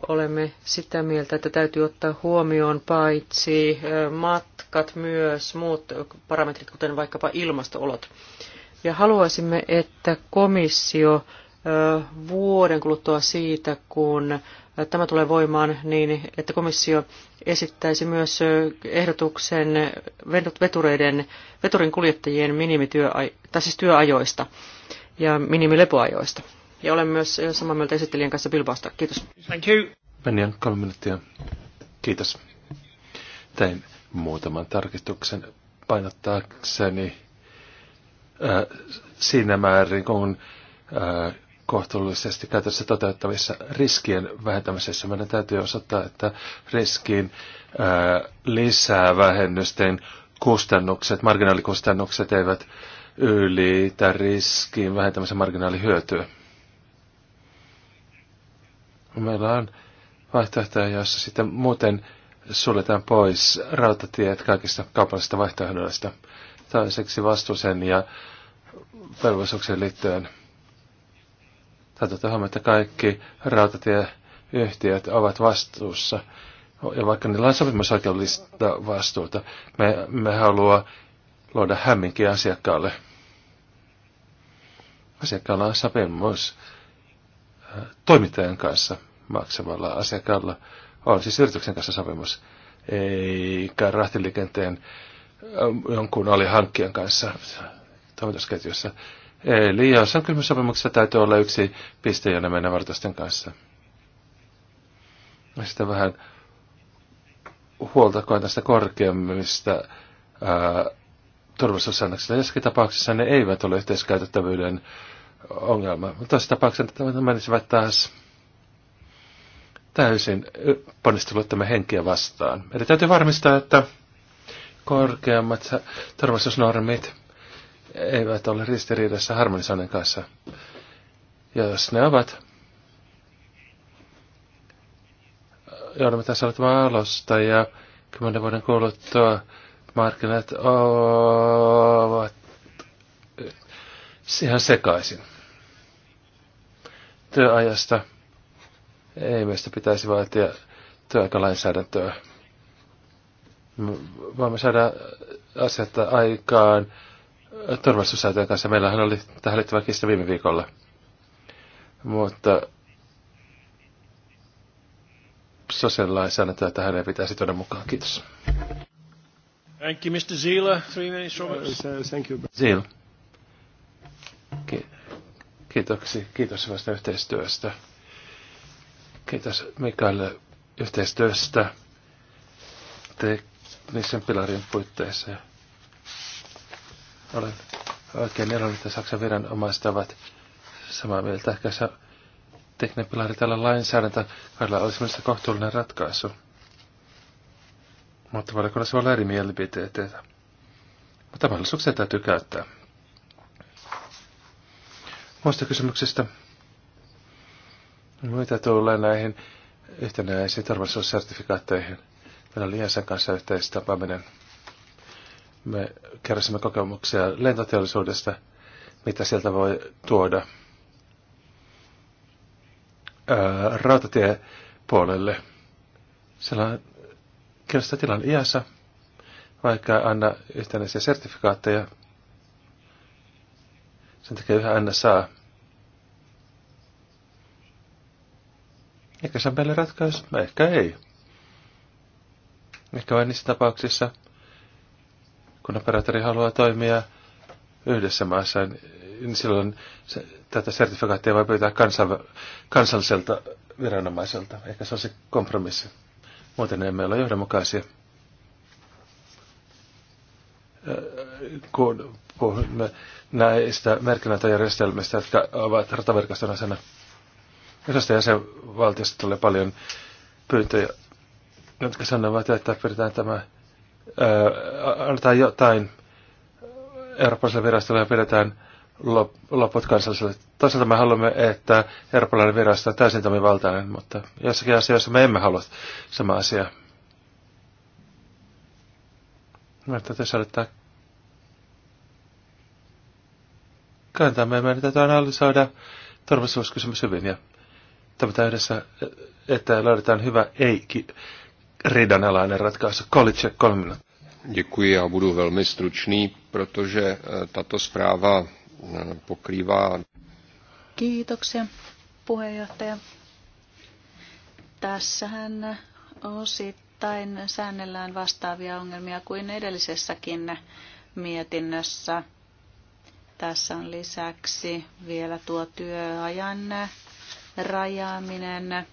olemme sitä mieltä, että täytyy ottaa huomioon paitsi mat, tarkat myös muut parametrit, kuten vaikkapa ilmastoolot. Ja haluaisimme, että komissio vuoden kuluttua siitä, kun tämä tulee voimaan, niin että komissio esittäisi myös ehdotuksen vetureiden, veturin kuljettajien minimityö, tai siis työajoista ja minimilepoajoista. Ja olen myös samaa mieltä esittelijän kanssa Bilbaasta. Kiitos. Thank you. Mennään kolme minuuttia. Kiitos. Tein muutaman tarkistuksen painottaakseni ää, äh, siinä määrin, kun ää, äh, kohtuullisesti käytössä toteuttavissa riskien vähentämisessä meidän täytyy osoittaa, että riskiin ää, äh, lisää vähennysten kustannukset, marginaalikustannukset eivät ylitä riskiin vähentämisen marginaalihyötyä. Meillä on vaihtoehtoja, joissa sitten muuten suljetaan pois rautatiet kaikista kaupallisista vaihtoehdoista. Toiseksi vastuuseen ja velvollisuuksien liittyen. Täytyy huomioon, että kaikki rautatieyhtiöt ovat vastuussa. Ja vaikka niillä on sopimusoikeudellista vastuuta, me, me haluaa luoda hämminkin asiakkaalle. Asiakkaalla on sopimus toimittajan kanssa maksavalla asiakkaalla on siis yrityksen kanssa sopimus, eikä rahtiliikenteen ähm, jonkun hankkijan kanssa toimitusketjussa. Eli jos on kysymys sopimuksessa, täytyy olla yksi piste, jonne mennä vartosten kanssa. Sitten vähän huolta koen tästä korkeammista äh, turvallisuussäännöksistä. Jossakin tapauksessa ne eivät ole yhteiskäytettävyyden ongelma. Mutta tässä tapauksessa ne menisivät taas täysin ponnisteluttamme henkiä vastaan. Eli täytyy varmistaa, että korkeammat turvallisuusnormit eivät ole ristiriidassa harmonisoinnin kanssa. Ja jos ne ovat, joudumme tässä olemaan alusta ja kymmenen vuoden kuluttua markkinat ovat ihan sekaisin työajasta – ei meistä pitäisi vaatia työaikalainsäädäntöä. Voimme saada asetta aikaan turvallisuussäätöjen kanssa. Meillähän oli tähän liittyvä kiista viime viikolla. Mutta sosiaalilainsäädäntöä tähän ei pitäisi tuoda mukaan. Kiitos. Thank you, Mr. Zila. Three minutes, Robert. Uh, thank you. Zila. Ki- kiitoksi. Kiitos hyvästä yhteistyöstä. Kiitos Mikael yhteistyöstä teknisen pilarin puitteissa. Olen oikein iloinen, että Saksan viranomaiset ovat samaa mieltä. Ehkä tekninen pilari tällä lainsäädäntökaudella olisi myös kohtuullinen ratkaisu. Mutta valiokunnassa voi olla eri mielipiteitä. Mutta mahdollisuuksia täytyy käyttää. Muista kysymyksistä. Mitä tulee näihin yhtenäisiin turvallisuussertifikaatteihin? Meillä oli Jäsen kanssa yhteistapaaminen. Me kärsimme kokemuksia lentoteollisuudesta, mitä sieltä voi tuoda rautatiepuolelle. Siellä on kirjasta tilan iässä, vaikka anna yhtenäisiä sertifikaatteja. Sen takia yhä aina saa Ehkä se on meille ratkaisu, no, ehkä ei. Ehkä vain niissä tapauksissa, kun operaattori haluaa toimia yhdessä maassa, niin silloin se, tätä sertifikaattia voi pyytää kansa, kansalliselta viranomaiselta. Ehkä se on se kompromissi. Muuten emme ole johdonmukaisia. Kun puhumme näistä merkinnäntäjärjestelmistä, jotka ovat rataverkaston asena Osasta jäsenvaltiosta tulee paljon pyyntöjä, jotka sanovat, että pyritään tämä, ää, annetaan jotain eurooppalaiselle virastolle ja pidetään loput kansalliselle. Toisaalta me haluamme, että eurooppalainen virasto on täysin toimivaltainen, mutta jossakin asioissa me emme halua sama asia. Mä täytyy saada tämä kantaa. Meidän täytyy analysoida turvallisuuskysymys hyvin ja Tämä yhdessä, että löydetään hyvä ei-ridanalainen ratkaisu. Kolitse kolme minuuttia. Děkuji, já budu velmi stručný, protože eh, tato zpráva eh, pokrývá. Kiitoksia, puheenjohtaja. Tässähän osittain säännellään vastaavia ongelmia kuin edellisessäkin mietinnössä. Tässä on lisäksi vielä tuo työajan rajaaminen.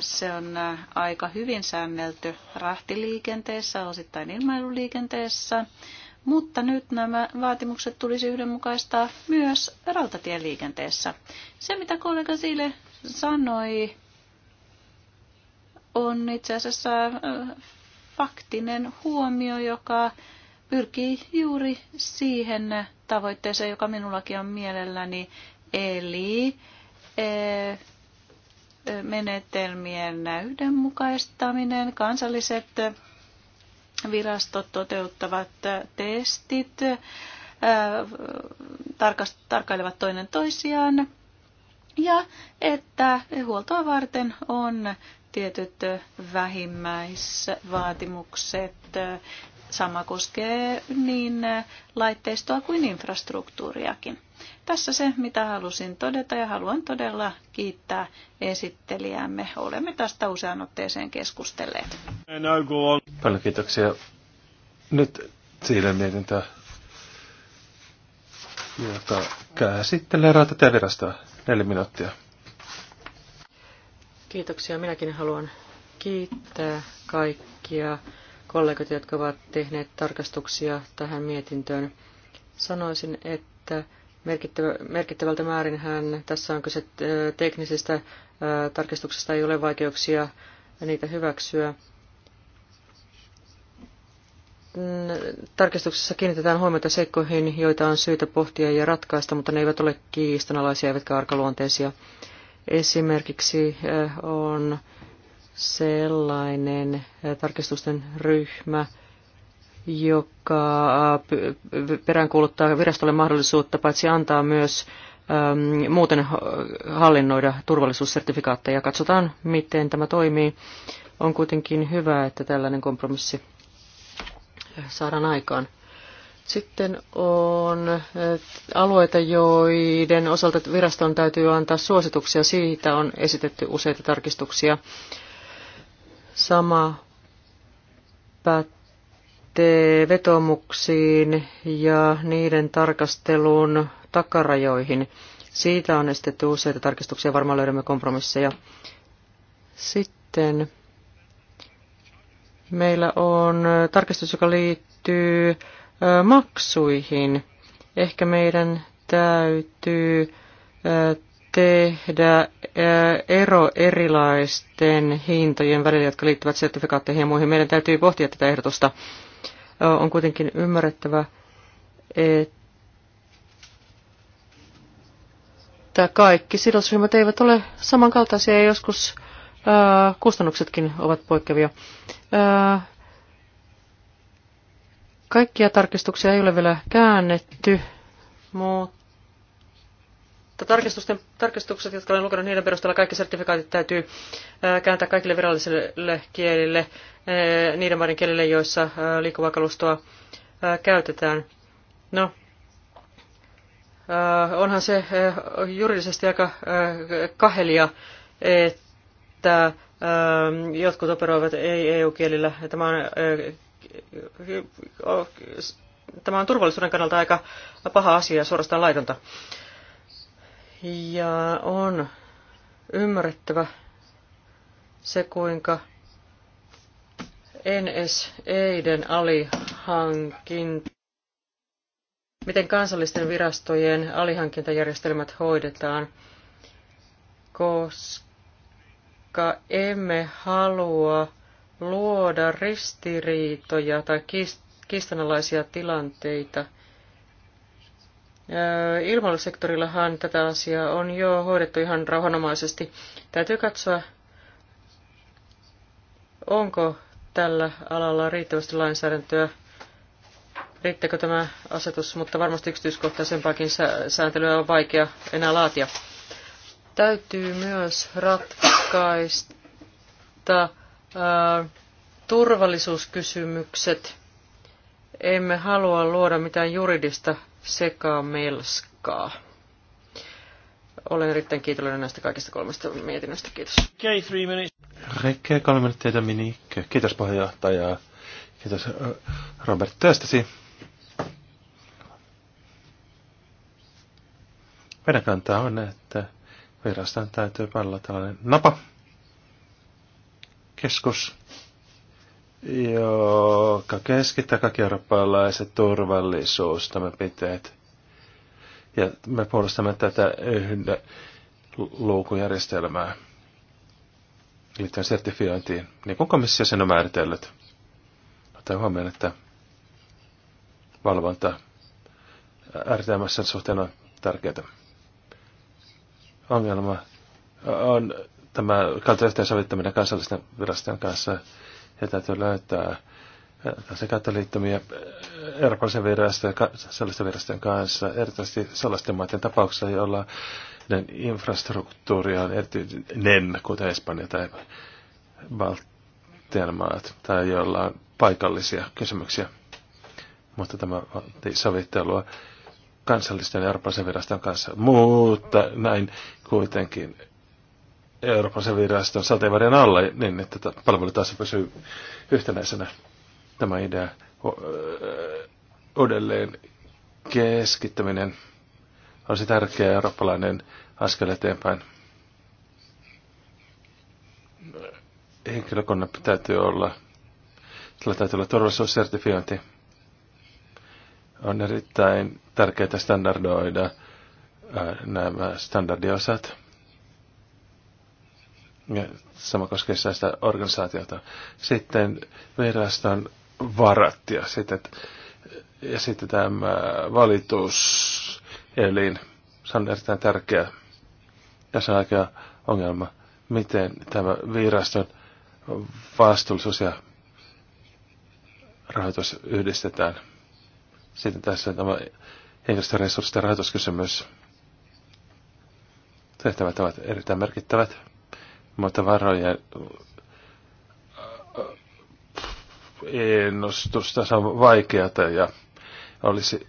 Se on aika hyvin säännelty rahtiliikenteessä, osittain ilmailuliikenteessä, mutta nyt nämä vaatimukset tulisi yhdenmukaistaa myös rautatieliikenteessä. Se, mitä kollega Sille sanoi, on itse asiassa faktinen huomio, joka pyrkii juuri siihen tavoitteeseen, joka minullakin on mielelläni, Eli e, menetelmien yhdenmukaistaminen, kansalliset virastot toteuttavat testit, e, tarkkailevat toinen toisiaan ja että huoltoa varten on tietyt vähimmäisvaatimukset Sama koskee niin laitteistoa kuin infrastruktuuriakin. Tässä se, mitä halusin todeta ja haluan todella kiittää esittelijämme. Olemme tästä usean otteeseen keskustelleet. Paljon kiitoksia. Nyt siitä mietintä, joka käsittelee rautatievirastoa. Neljä minuuttia. Kiitoksia. Minäkin haluan kiittää kaikkia kollegat, jotka ovat tehneet tarkastuksia tähän mietintöön. Sanoisin, että merkittävä, merkittävältä määrin hän, tässä on kyse teknisestä tarkistuksesta, ei ole vaikeuksia niitä hyväksyä. Tarkistuksessa kiinnitetään huomiota seikkoihin, joita on syytä pohtia ja ratkaista, mutta ne eivät ole kiistanalaisia eivätkä arkaluonteisia. Esimerkiksi on sellainen tarkistusten ryhmä, joka peräänkuuluttaa virastolle mahdollisuutta paitsi antaa myös muuten hallinnoida turvallisuussertifikaatteja. Katsotaan, miten tämä toimii. On kuitenkin hyvä, että tällainen kompromissi saadaan aikaan. Sitten on alueita, joiden osalta viraston täytyy antaa suosituksia. Siitä on esitetty useita tarkistuksia. Sama pätee vetomuksiin ja niiden tarkastelun takarajoihin. Siitä on estetty useita tarkistuksia, varmaan löydämme kompromisseja. Sitten meillä on tarkistus, joka liittyy maksuihin. Ehkä meidän täytyy tehdä eh, ero erilaisten hintojen välillä, jotka liittyvät sertifikaatteihin ja muihin. Meidän täytyy pohtia tätä ehdotusta. Eh, on kuitenkin ymmärrettävä, että kaikki sidosryhmät eivät ole samankaltaisia ja joskus eh, kustannuksetkin ovat poikkeavia. Kaikkia tarkistuksia ei ole vielä käännetty, mutta mutta tarkistusten, tarkistukset, jotka olen lukenut, niiden perusteella kaikki sertifikaatit täytyy kääntää kaikille virallisille kielille, niiden maiden kielille, joissa liikkuvaa kalustoa käytetään. No, onhan se juridisesti aika kahelia, että jotkut operoivat ei-EU-kielillä. Tämä on, tämä on turvallisuuden kannalta aika paha asia ja suorastaan laitonta. Ja on ymmärrettävä se, kuinka NSEiden alihankinta, miten kansallisten virastojen alihankintajärjestelmät hoidetaan, koska emme halua luoda ristiriitoja tai kiistanalaisia tilanteita Ilmailusektorillahan tätä asiaa on jo hoidettu ihan rauhanomaisesti. Täytyy katsoa, onko tällä alalla riittävästi lainsäädäntöä, riittääkö tämä asetus, mutta varmasti yksityiskohtaisempaakin sääntelyä on vaikea enää laatia. Täytyy myös ratkaista ää, turvallisuuskysymykset. Emme halua luoda mitään juridista sekamelskaa. Olen erittäin kiitollinen näistä kaikista kolmesta mietinnöstä. Kiitos. Okay, three minutes. kolme minuuttia meni. Kiitos puheenjohtaja. Kiitos Robert työstäsi. Meidän kantaa on, että virastaan täytyy palvella tällainen napa, keskus, joka keskittää kaikki eurooppalaiset piteet. Ja me puolustamme tätä yhden luukujärjestelmää liittyen sertifiointiin, niin kuin komissio sen on määritellyt. Ottaen huomioon, että valvonta RTMS suhteen on tärkeää. Ongelma on tämä kansainvälisten sovittaminen kansallisten virastojen kanssa ja täytyy löytää äh, se käyttöliittymiä äh, eurooppalaisen virastojen, sellaisten virastojen kanssa, erityisesti sellaisten maiden tapauksessa, joilla infrastruktuuri on erityinen, kuten Espanja tai Baltian maat, tai joilla on paikallisia kysymyksiä. Mutta tämä vaatii sovittelua kansallisten ja eurooppalaisen viraston kanssa. Mutta näin kuitenkin Euroopan sen viraston sateenvarjon alla niin, että palvelu taas pysyy yhtenäisenä. Tämä idea uudelleen keskittäminen olisi tärkeä eurooppalainen askel eteenpäin. Henkilökunnan täytyy olla, sillä täytyy olla turvallisuussertifiointi. On erittäin tärkeää standardoida nämä standardiosat ja sama koskee sitä organisaatiota. Sitten viraston varat ja sitten, ja sitten tämä valituselin. Se on erittäin tärkeä ja se on aika ongelma, miten tämä viraston vastuullisuus ja rahoitus yhdistetään. Sitten tässä on tämä henkilöstöresurssien rahoituskysymys. Tehtävät ovat erittäin merkittävät mutta varoja ennustusta on vaikeata ja olisi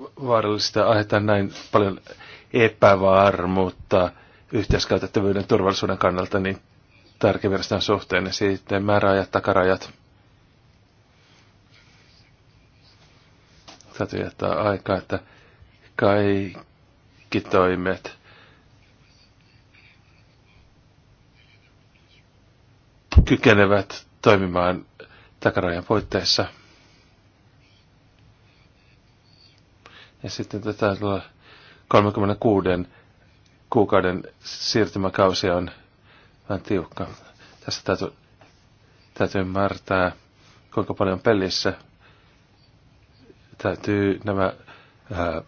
vaarallista aiheuttaa näin paljon epävarmuutta yhteiskäytettävyyden turvallisuuden kannalta niin tärkeviraston suhteen ja niin sitten määräajat, takarajat. Täytyy jättää aikaa, että kaikki toimet kykenevät toimimaan takarajan puitteissa. Ja sitten tätä 36 kuukauden siirtymäkausi on vähän tiukka. Tässä täytyy, täytyy ymmärtää, kuinka paljon pelissä täytyy nämä ää, äh,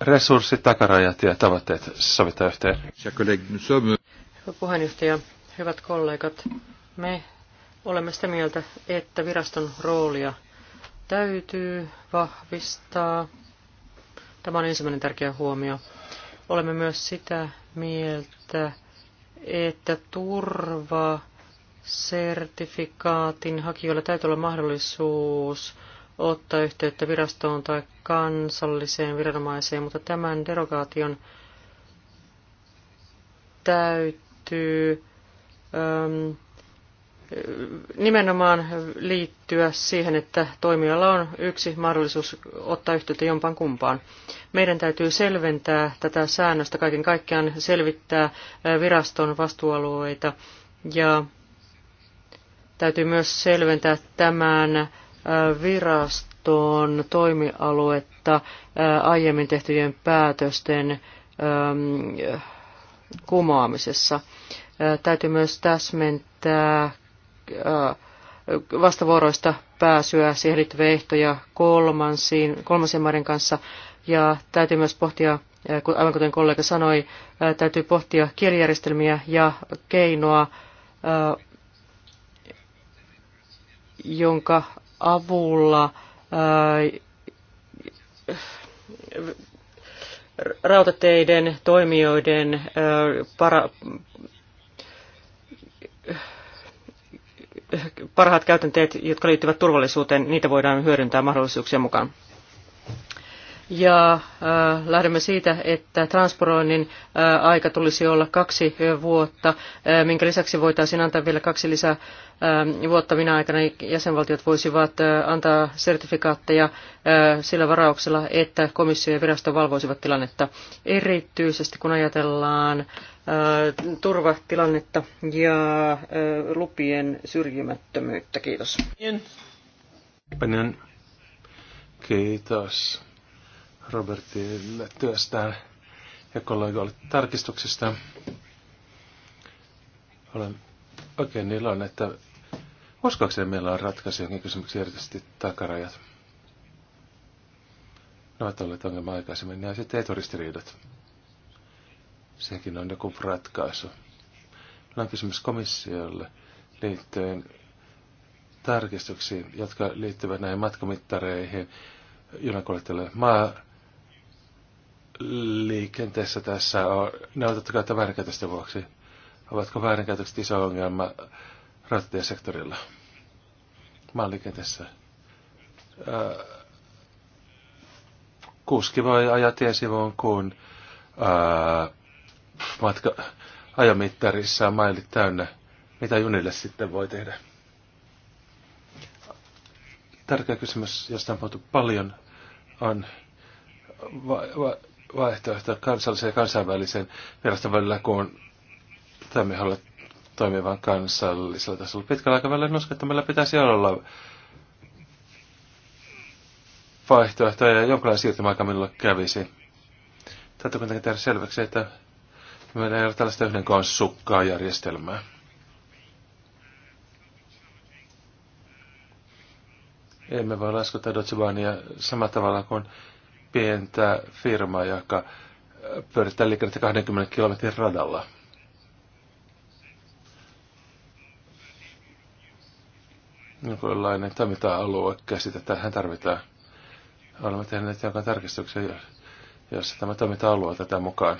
resurssit, takarajat ja tavoitteet sovittaa yhteen. Hyvä puheenjohtaja, hyvät kollegat. Me olemme sitä mieltä, että viraston roolia täytyy vahvistaa. Tämä on ensimmäinen tärkeä huomio. Olemme myös sitä mieltä, että turva sertifikaatin hakijoilla täytyy olla mahdollisuus ottaa yhteyttä virastoon tai kansalliseen viranomaiseen, mutta tämän derogaation täytyy ähm, nimenomaan liittyä siihen, että toimijalla on yksi mahdollisuus ottaa yhteyttä jompaan kumpaan. Meidän täytyy selventää tätä säännöstä kaiken kaikkiaan, selvittää viraston vastuualueita ja täytyy myös selventää tämän viraston toimialuetta aiemmin tehtyjen päätösten kumoamisessa. Täytyy myös täsmentää Äh, vastavuoroista pääsyä, siihen liittyviä ehtoja kolmansiin, kolmansien maiden kanssa. Ja täytyy myös pohtia, äh, aivan kuten kollega sanoi, äh, täytyy pohtia kielijärjestelmiä ja keinoa, jonka avulla rautateiden toimijoiden para, parhaat käytänteet, jotka liittyvät turvallisuuteen, niitä voidaan hyödyntää mahdollisuuksien mukaan ja äh, lähdemme siitä, että transporoinnin äh, aika tulisi olla kaksi äh, vuotta, minkä lisäksi voitaisiin antaa vielä kaksi lisää vuotta minä aikana jäsenvaltiot voisivat antaa sertifikaatteja sillä varauksella, että komissio ja virasto valvoisivat tilannetta erityisesti, kun ajatellaan turvatilannetta ja lupien syrjimättömyyttä. Kiitos. Kiitos. Robertille työstään ja kollegoille tarkistuksista. Olen oikein iloinen, että uskoakseni meillä on ratkaisu jonkin kysymyksiä, erityisesti takarajat. Ne ovat olleet ongelma aikaisemmin, ja sitten eturistiriidat. Sekin on joku ratkaisu. Meillä on kysymys komissiolle liittyen tarkistuksiin, jotka liittyvät näihin matkamittareihin, junakuljettajille maa liikenteessä tässä on, ne on totta kai väärinkäytöstä vuoksi. Ovatko väärinkäytökset iso ongelma rautatiesektorilla? Maan liikenteessä. Äh, kuski voi ajaa tiesivuun, kun ää, äh, matka, ajomittarissa on mailit täynnä. Mitä junille sitten voi tehdä? Tärkeä kysymys, josta on puhuttu paljon, on va- va- vaihtoehto kansallisen ja kansainvälisen viraston välillä, kun tämä ei toimivan kansallisella tasolla. Pitkällä aikavälillä uskon, että meillä pitäisi olla vaihtoehtoja ja jonkinlainen siirtymäaika minulle kävisi. Täytyy kuitenkin tehdä selväksi, että meillä ei ole tällaista yhdenkaan sukkaa järjestelmää. Emme voi laskuttaa Dodgebania samalla tavalla kuin pientä firmaa, joka pyörittää liikennettä 20 kilometrin radalla. Jonkinlainen toiminta-alue käsite tähän tarvitaan. Olemme tehneet jonkun tarkistuksen, jossa tämä toiminta-alue tätä mukaan.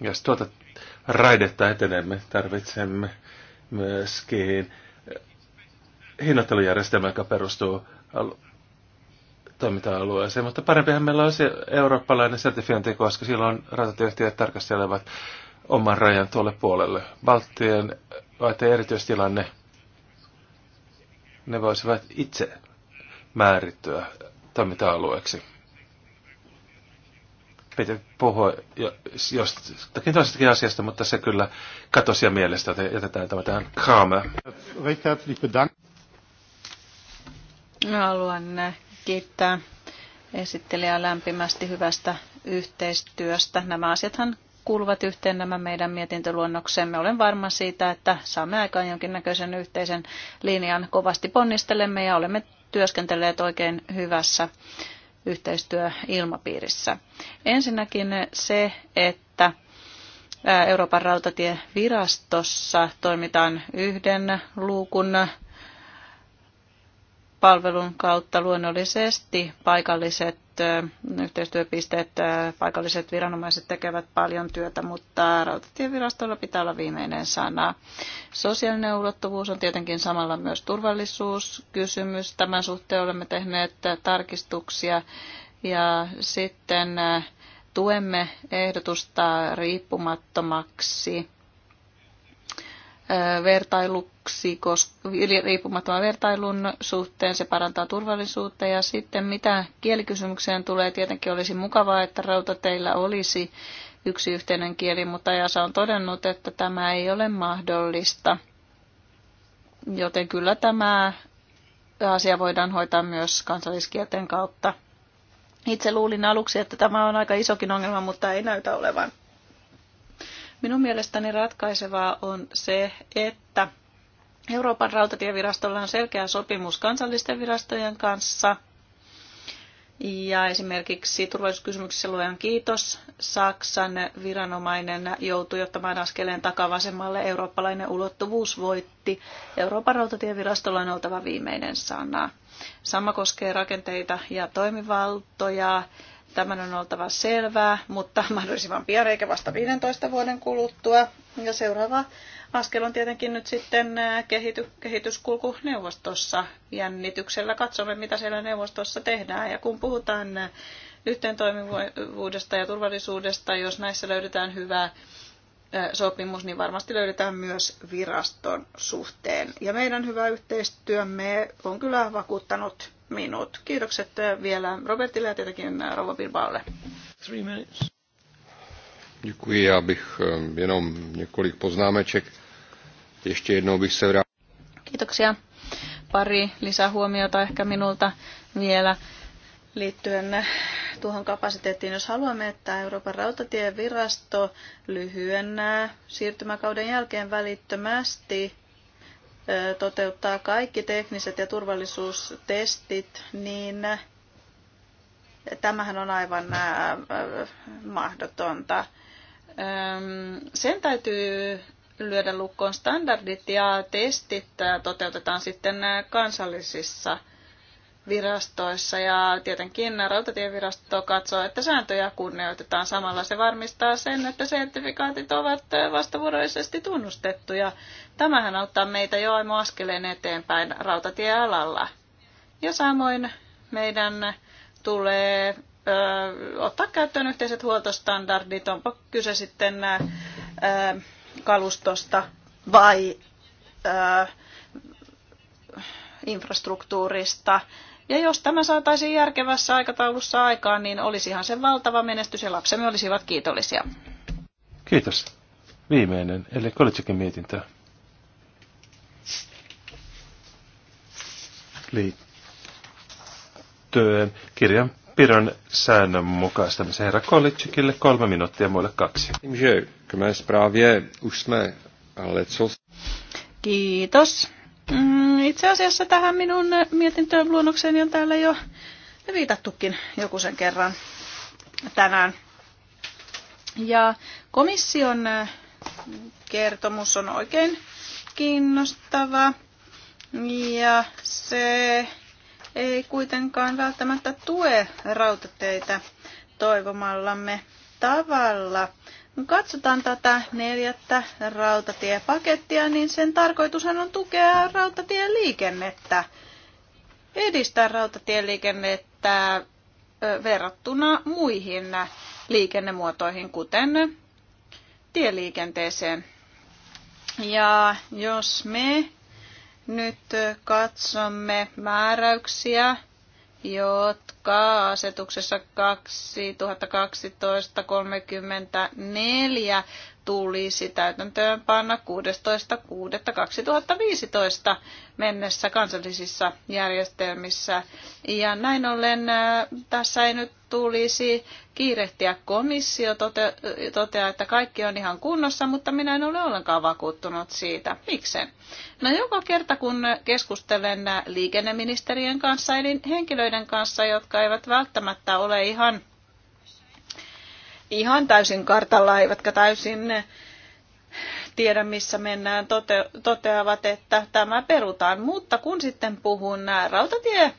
Jos tuota raidetta etenemme, tarvitsemme myöskin hinnoittelujärjestelmä, joka perustuu toiminta-alueeseen, mutta parempihan meillä olisi eurooppalainen sertifiointi, koska silloin rautatieyhtiöt tarkastelevat oman rajan tuolle puolelle. vai te erityistilanne. Ne voisivat itse määrittyä toiminta-alueeksi. Piti puhua jostakin toisestakin asiasta, mutta se kyllä katosi ja mielestä, että jätetään tämä tähän kraameen. Haluan kiittää esittelijää lämpimästi hyvästä yhteistyöstä. Nämä asiathan kuuluvat yhteen nämä meidän mietintöluonnoksemme. Olen varma siitä, että saamme aikaan jonkinnäköisen yhteisen linjan. Kovasti ponnistelemme ja olemme työskentelleet oikein hyvässä yhteistyöilmapiirissä. Ensinnäkin se, että Euroopan rautatievirastossa toimitaan yhden luukun palvelun kautta luonnollisesti paikalliset yhteistyöpisteet, paikalliset viranomaiset tekevät paljon työtä, mutta rautatievirastolla pitää olla viimeinen sana. Sosiaalinen ulottuvuus on tietenkin samalla myös turvallisuuskysymys. Tämän suhteen olemme tehneet tarkistuksia ja sitten tuemme ehdotusta riippumattomaksi vertailuksi, riippumattoman vertailun suhteen, se parantaa turvallisuutta. Ja sitten mitä kielikysymykseen tulee, tietenkin olisi mukavaa, että rautateillä olisi yksi yhteinen kieli, mutta Jasa on todennut, että tämä ei ole mahdollista. Joten kyllä tämä asia voidaan hoitaa myös kansalliskielten kautta. Itse luulin aluksi, että tämä on aika isokin ongelma, mutta ei näytä olevan. Minun mielestäni ratkaisevaa on se, että Euroopan rautatievirastolla on selkeä sopimus kansallisten virastojen kanssa. Ja esimerkiksi turvallisuuskysymyksissä luojan kiitos. Saksan viranomainen joutui ottamaan askeleen takavasemmalle. Eurooppalainen ulottuvuus voitti. Euroopan rautatievirastolla on oltava viimeinen sana. Sama koskee rakenteita ja toimivaltoja. Tämän on oltava selvää, mutta mahdollisimman pian eikä vasta 15 vuoden kuluttua. Ja seuraava askel on tietenkin nyt sitten äh, kehity, kehityskulku neuvostossa. Jännityksellä katsomme, mitä siellä neuvostossa tehdään. Ja kun puhutaan äh, toimivuudesta ja turvallisuudesta, jos näissä löydetään hyvää sopimus, niin varmasti löydetään myös viraston suhteen. Ja meidän hyvä yhteistyömme on kyllä vakuuttanut minut. Kiitokset vielä Robertille ja tietenkin Rova Bilbaalle. Děkuji, já bych jenom několik poznámeček. Ještě jednou bych se vrátil. Kiitoksia. Pari lisähuomiota ehkä minulta vielä liittyen tuohon kapasiteettiin. Jos haluamme, että Euroopan rautatievirasto lyhyennää äh, siirtymäkauden jälkeen välittömästi äh, toteuttaa kaikki tekniset ja turvallisuustestit, niin äh, tämähän on aivan mahdotonta. Ähm, sen täytyy lyödä lukkoon standardit ja testit toteutetaan sitten kansallisissa virastoissa ja tietenkin rautatievirasto katsoo, että sääntöjä kunnioitetaan. Samalla se varmistaa sen, että sertifikaatit ovat vastavuoroisesti tunnustettuja. Tämähän auttaa meitä jo aimo askeleen eteenpäin rautatiealalla. Ja samoin meidän tulee ö, ottaa käyttöön yhteiset huoltostandardit, onpa kyse sitten ö, kalustosta vai ö, infrastruktuurista. Ja jos tämä saataisiin järkevässä aikataulussa aikaan, niin olisihan se valtava menestys ja lapsemme olisivat kiitollisia. Kiitos. Viimeinen, eli Kolitsikin mietintö. Liittyen kirjan Piron säännön mukaistamiseen herra Kolitsikille kolme minuuttia, muille kaksi. Kiitos. Mm, itse asiassa tähän minun mietintöön luonnokseni on täällä jo viitattukin joku sen kerran tänään. Ja komission äh, kertomus on oikein kiinnostava ja se ei kuitenkaan välttämättä tue rautateitä toivomallamme tavalla. Kun katsotaan tätä neljättä rautatiepakettia, niin sen tarkoitushan on tukea rautatieliikennettä, edistää rautatieliikennettä verrattuna muihin liikennemuotoihin, kuten tieliikenteeseen. Ja jos me nyt katsomme määräyksiä, jotka asetuksessa 2012-34 tulisi täytäntöön panna 16.6.2015 mennessä kansallisissa järjestelmissä. Ja näin ollen tässä ei nyt tulisi kiirehtiä komissio tote- toteaa, että kaikki on ihan kunnossa, mutta minä en ole ollenkaan vakuuttunut siitä. Miksen? No joka kerta kun keskustelen liikenneministerien kanssa, eli henkilöiden kanssa, jotka eivät välttämättä ole ihan ihan täysin kartalla, eivätkä täysin eh, tiedä, missä mennään, tote, toteavat, että tämä perutaan. Mutta kun sitten puhun eh, rautatie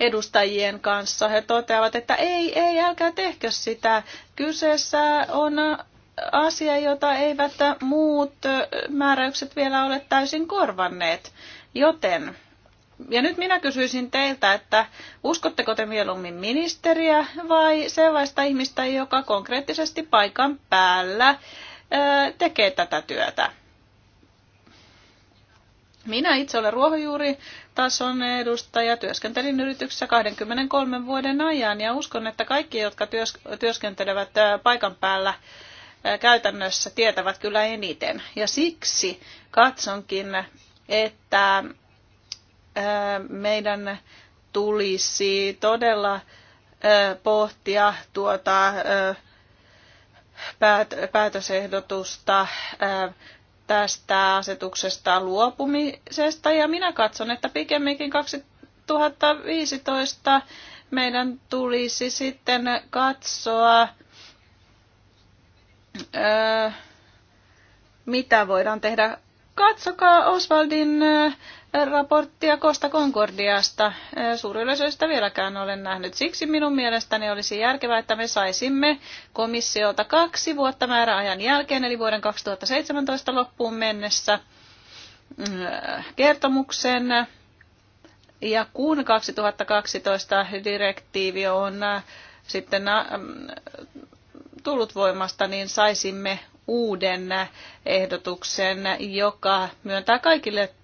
edustajien kanssa, he toteavat, että ei, ei, älkää tehkö sitä. Kyseessä on eh, asia, jota eivät muut määräykset vielä ole täysin korvanneet. Joten ja nyt minä kysyisin teiltä, että uskotteko te mieluummin ministeriä vai sellaista ihmistä, joka konkreettisesti paikan päällä tekee tätä työtä? Minä itse olen ruohonjuuritason edustaja, työskentelin yrityksessä 23 vuoden ajan ja uskon, että kaikki, jotka työskentelevät paikan päällä käytännössä, tietävät kyllä eniten. Ja siksi katsonkin, että meidän tulisi todella pohtia tuota päätösehdotusta tästä asetuksesta luopumisesta ja minä katson, että pikemminkin 2015 meidän tulisi sitten katsoa, mitä voidaan tehdä katsokaa Osvaldin äh, raporttia Costa Concordiasta. Äh, Suuryleisöistä vieläkään olen nähnyt. Siksi minun mielestäni olisi järkevää, että me saisimme komissiolta kaksi vuotta määräajan jälkeen, eli vuoden 2017 loppuun mennessä äh, kertomuksen. Ja kun 2012 direktiivi on sitten tullut voimasta, niin saisimme uuden ehdotuksen, joka myöntää kaikille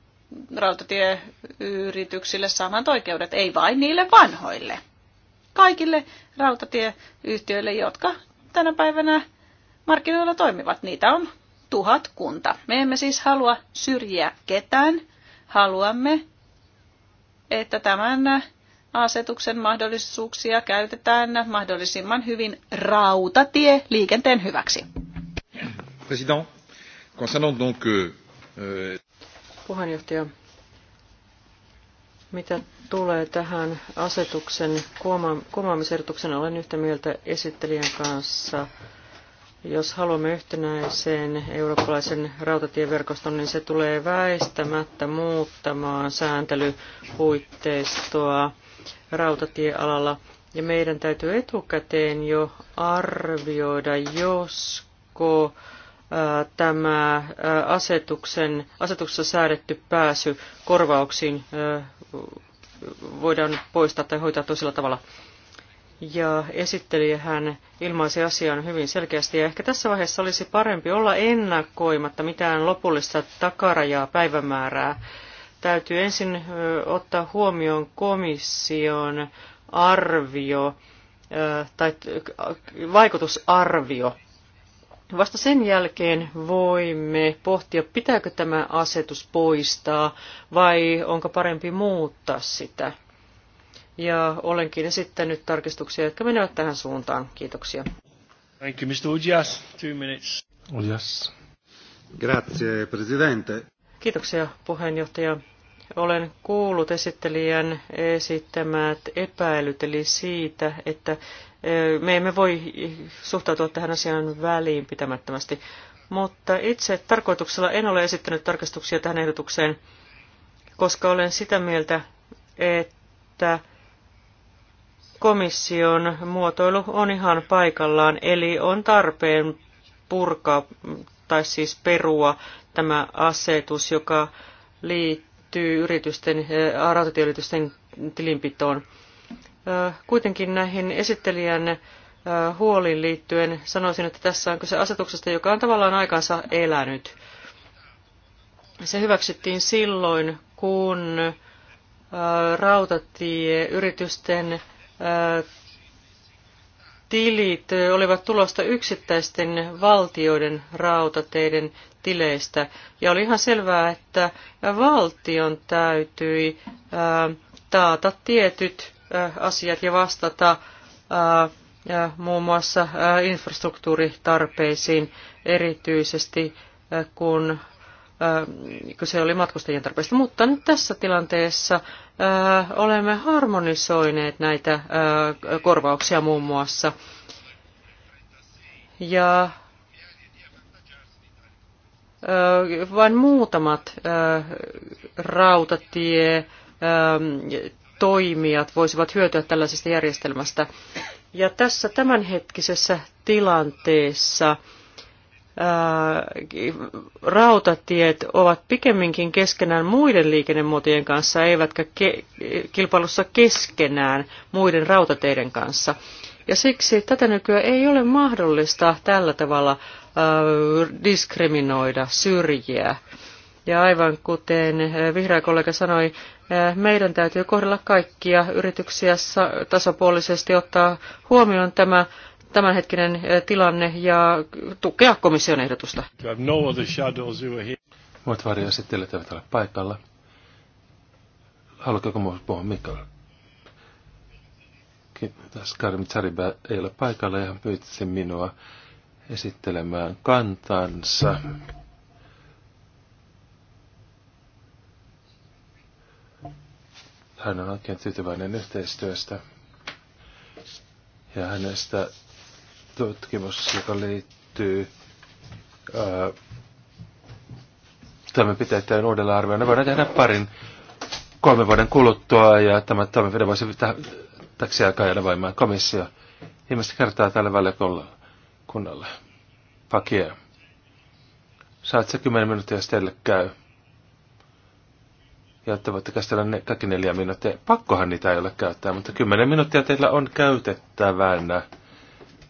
rautatieyrityksille samat oikeudet, ei vain niille vanhoille. Kaikille rautatieyhtiöille, jotka tänä päivänä markkinoilla toimivat. Niitä on tuhat kunta. Me emme siis halua syrjiä ketään. Haluamme, että tämän asetuksen mahdollisuuksia käytetään mahdollisimman hyvin rautatie liikenteen hyväksi. President, concernant donc... Euh, euh, Puheenjohtaja, mitä tulee tähän asetuksen kumoamisehdotuksen, olen yhtä mieltä esittelijän kanssa. Jos haluamme yhtenäisen eurooppalaisen rautatieverkoston, niin se tulee väistämättä muuttamaan sääntelypuitteistoa rautatiealalla. Ja meidän täytyy etukäteen jo arvioida, josko äh, tämä asetuksen, asetuksessa säädetty pääsy korvauksiin voidaan poistaa tai hoitaa toisella tavalla. Ja hän ilmaisi asian hyvin selkeästi, ja ehkä tässä vaiheessa olisi parempi olla ennakoimatta mitään lopullista takarajaa päivämäärää. Täytyy ensin ottaa huomioon komission arvio tai vaikutusarvio Vasta sen jälkeen voimme pohtia, pitääkö tämä asetus poistaa vai onko parempi muuttaa sitä. Ja olenkin esittänyt tarkistuksia, jotka menevät tähän suuntaan. Kiitoksia. Thank you, Mr. Ujias. Two minutes. Ujias. Grazie, Presidente. Kiitoksia, puheenjohtaja. Olen kuullut esittelijän esittämät epäilyt, eli siitä, että me emme voi suhtautua tähän asiaan väliinpitämättömästi. Mutta itse tarkoituksella en ole esittänyt tarkastuksia tähän ehdotukseen, koska olen sitä mieltä, että komission muotoilu on ihan paikallaan, eli on tarpeen purkaa tai siis perua tämä asetus, joka liittyy liittyy yritysten, rautatieyritysten tilinpitoon. Kuitenkin näihin esittelijän huoliin liittyen sanoisin, että tässä on kyse asetuksesta, joka on tavallaan aikansa elänyt. Se hyväksyttiin silloin, kun rautatieyritysten tilit olivat tulosta yksittäisten valtioiden rautateiden tileistä. Ja oli ihan selvää, että valtion täytyi taata tietyt asiat ja vastata muun muassa infrastruktuuritarpeisiin erityisesti, kun se oli matkustajien tarpeista. Mutta nyt tässä tilanteessa olemme harmonisoineet näitä korvauksia muun muassa. Ja vain muutamat rautatie toimijat voisivat hyötyä tällaisesta järjestelmästä. Ja tässä tämänhetkisessä tilanteessa rautatiet ovat pikemminkin keskenään muiden liikennemuotojen kanssa, eivätkä ke- kilpailussa keskenään muiden rautateiden kanssa. Ja siksi tätä nykyään ei ole mahdollista tällä tavalla Äh, diskriminoida, syrjiä. Ja aivan kuten äh, vihreä kollega sanoi, äh, meidän täytyy kohdella kaikkia yrityksiä tasapuolisesti, ottaa huomioon tämä tämänhetkinen tilanne ja tukea komission ehdotusta. No Muut varjoesittelijät eivät ole paikalla. Haluatko minua puhua Mikael? Kiitos. Karim Tsariba ei ole paikalla ja hän pyytäisi minua esittelemään kantansa. Hän on oikein tyytyväinen yhteistyöstä ja hänestä tutkimus, joka liittyy toimenpiteiden uudella Ne Voidaan tehdä parin kolmen vuoden kuluttua ja tämä toimenpide voisi täksi aikaa jäädä voimaan komissio. Ihmistä kertaa tälle välikolla kunnalle. Pakie. Saat se kymmenen minuuttia, stelle käy. Ja te voitte käsitellä ne kaikki neljä minuuttia. Pakkohan niitä ei ole käyttää, mutta kymmenen minuuttia teillä on käytettävänä.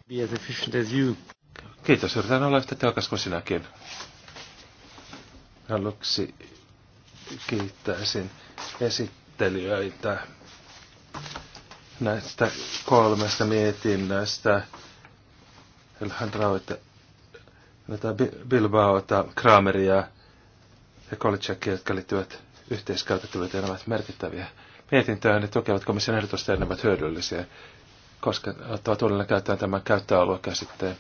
Be as efficient as you. Kiitos, yritän olla yhtä tehokas kuin sinäkin. Aluksi kiittäisin esittelijöitä näistä kolmesta mietinnöstä hän rauhoittaa näitä Bilbaota, Krameria ja Kolitsäkkiä, jotka liittyvät yhteiskäytettävyyteen, ovat merkittäviä mietintöjä, niin tukevat komission ehdotusta ja hyödyllisiä, koska ottaa uudelleen käyttöön tämän käyttöaluekäsitteen.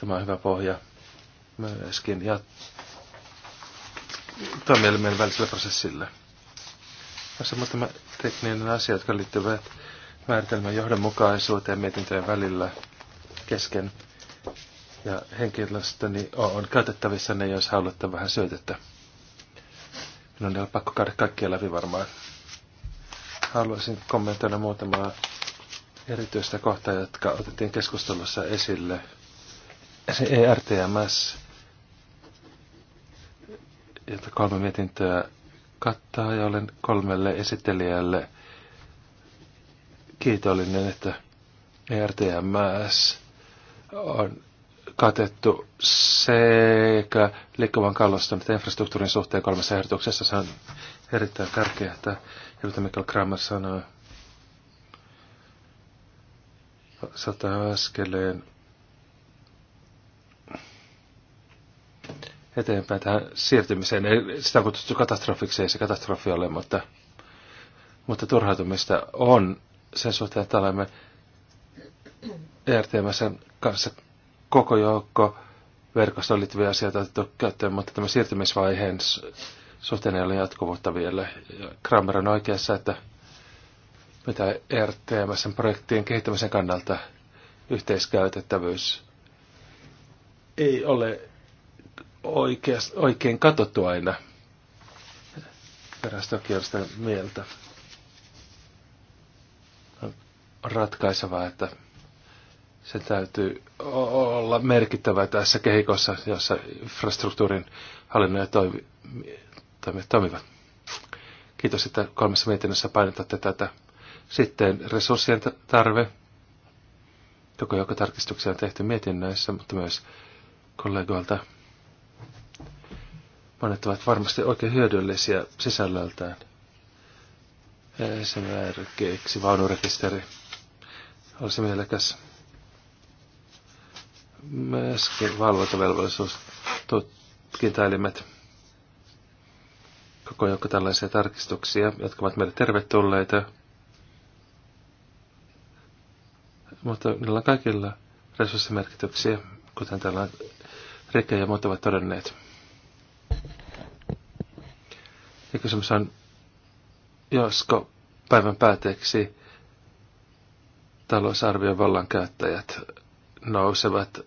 Tämä on hyvä pohja myöskin ja toimielimien väliselle prosessille. Tässä on muutama tekninen asia, jotka liittyvät määritelmän johdonmukaisuuteen mietintöjen välillä – kesken. Ja henkilöstöni on käytettävissä ne, jos haluatte vähän syötettä. Minun ei ole pakko käydä kaikkia läpi varmaan. Haluaisin kommentoida muutamaa erityistä kohtaa, jotka otettiin keskustelussa esille. Se ERTMS, jota kolme mietintöä kattaa ja olen kolmelle esittelijälle kiitollinen, että ERTMS on katettu sekä liikkuvan kallaston että infrastruktuurin suhteen kolmessa ehdotuksessa. Se on erittäin tärkeää, että mitä Michael Kramer sanoi. Sata askeleen eteenpäin tähän siirtymiseen. Sitä on kutsuttu katastrofiksi, ei se katastrofi ole, mutta, mutta turhautumista on sen suhteen, että olemme ERTMSn kanssa koko joukko verkostoon liittyviä asioita otettu käyttöön, mutta tämä siirtymisvaiheen suhteen ei ole jatkuvuutta vielä. Kramer on oikeassa, että mitä e RTMSn projektien kehittämisen kannalta yhteiskäytettävyys ei ole oikeas, oikein katsottu aina. Perästokin on sitä mieltä. On ratkaisevaa, että se täytyy olla merkittävä tässä kehikossa, jossa infrastruktuurin hallinnoja toimi, toimi, toimivat. Kiitos, että kolmessa mietinnössä painotatte tätä. Sitten resurssien tarve. Joko joka tarkistuksia on tehty mietinnöissä, mutta myös kollegoilta. Monet ovat varmasti oikein hyödyllisiä sisällöltään. Esimerkiksi vaunurekisteri olisi mielekäs myöskin valvontavelvollisuus tutkintaelimet. Koko joukko tällaisia tarkistuksia, jotka ovat meille tervetulleita. Mutta niillä kaikilla resurssimerkityksiä, kuten täällä Rikke ja muut ovat todenneet. Ja kysymys on, josko päivän päätteeksi talousarvion vallankäyttäjät nousevat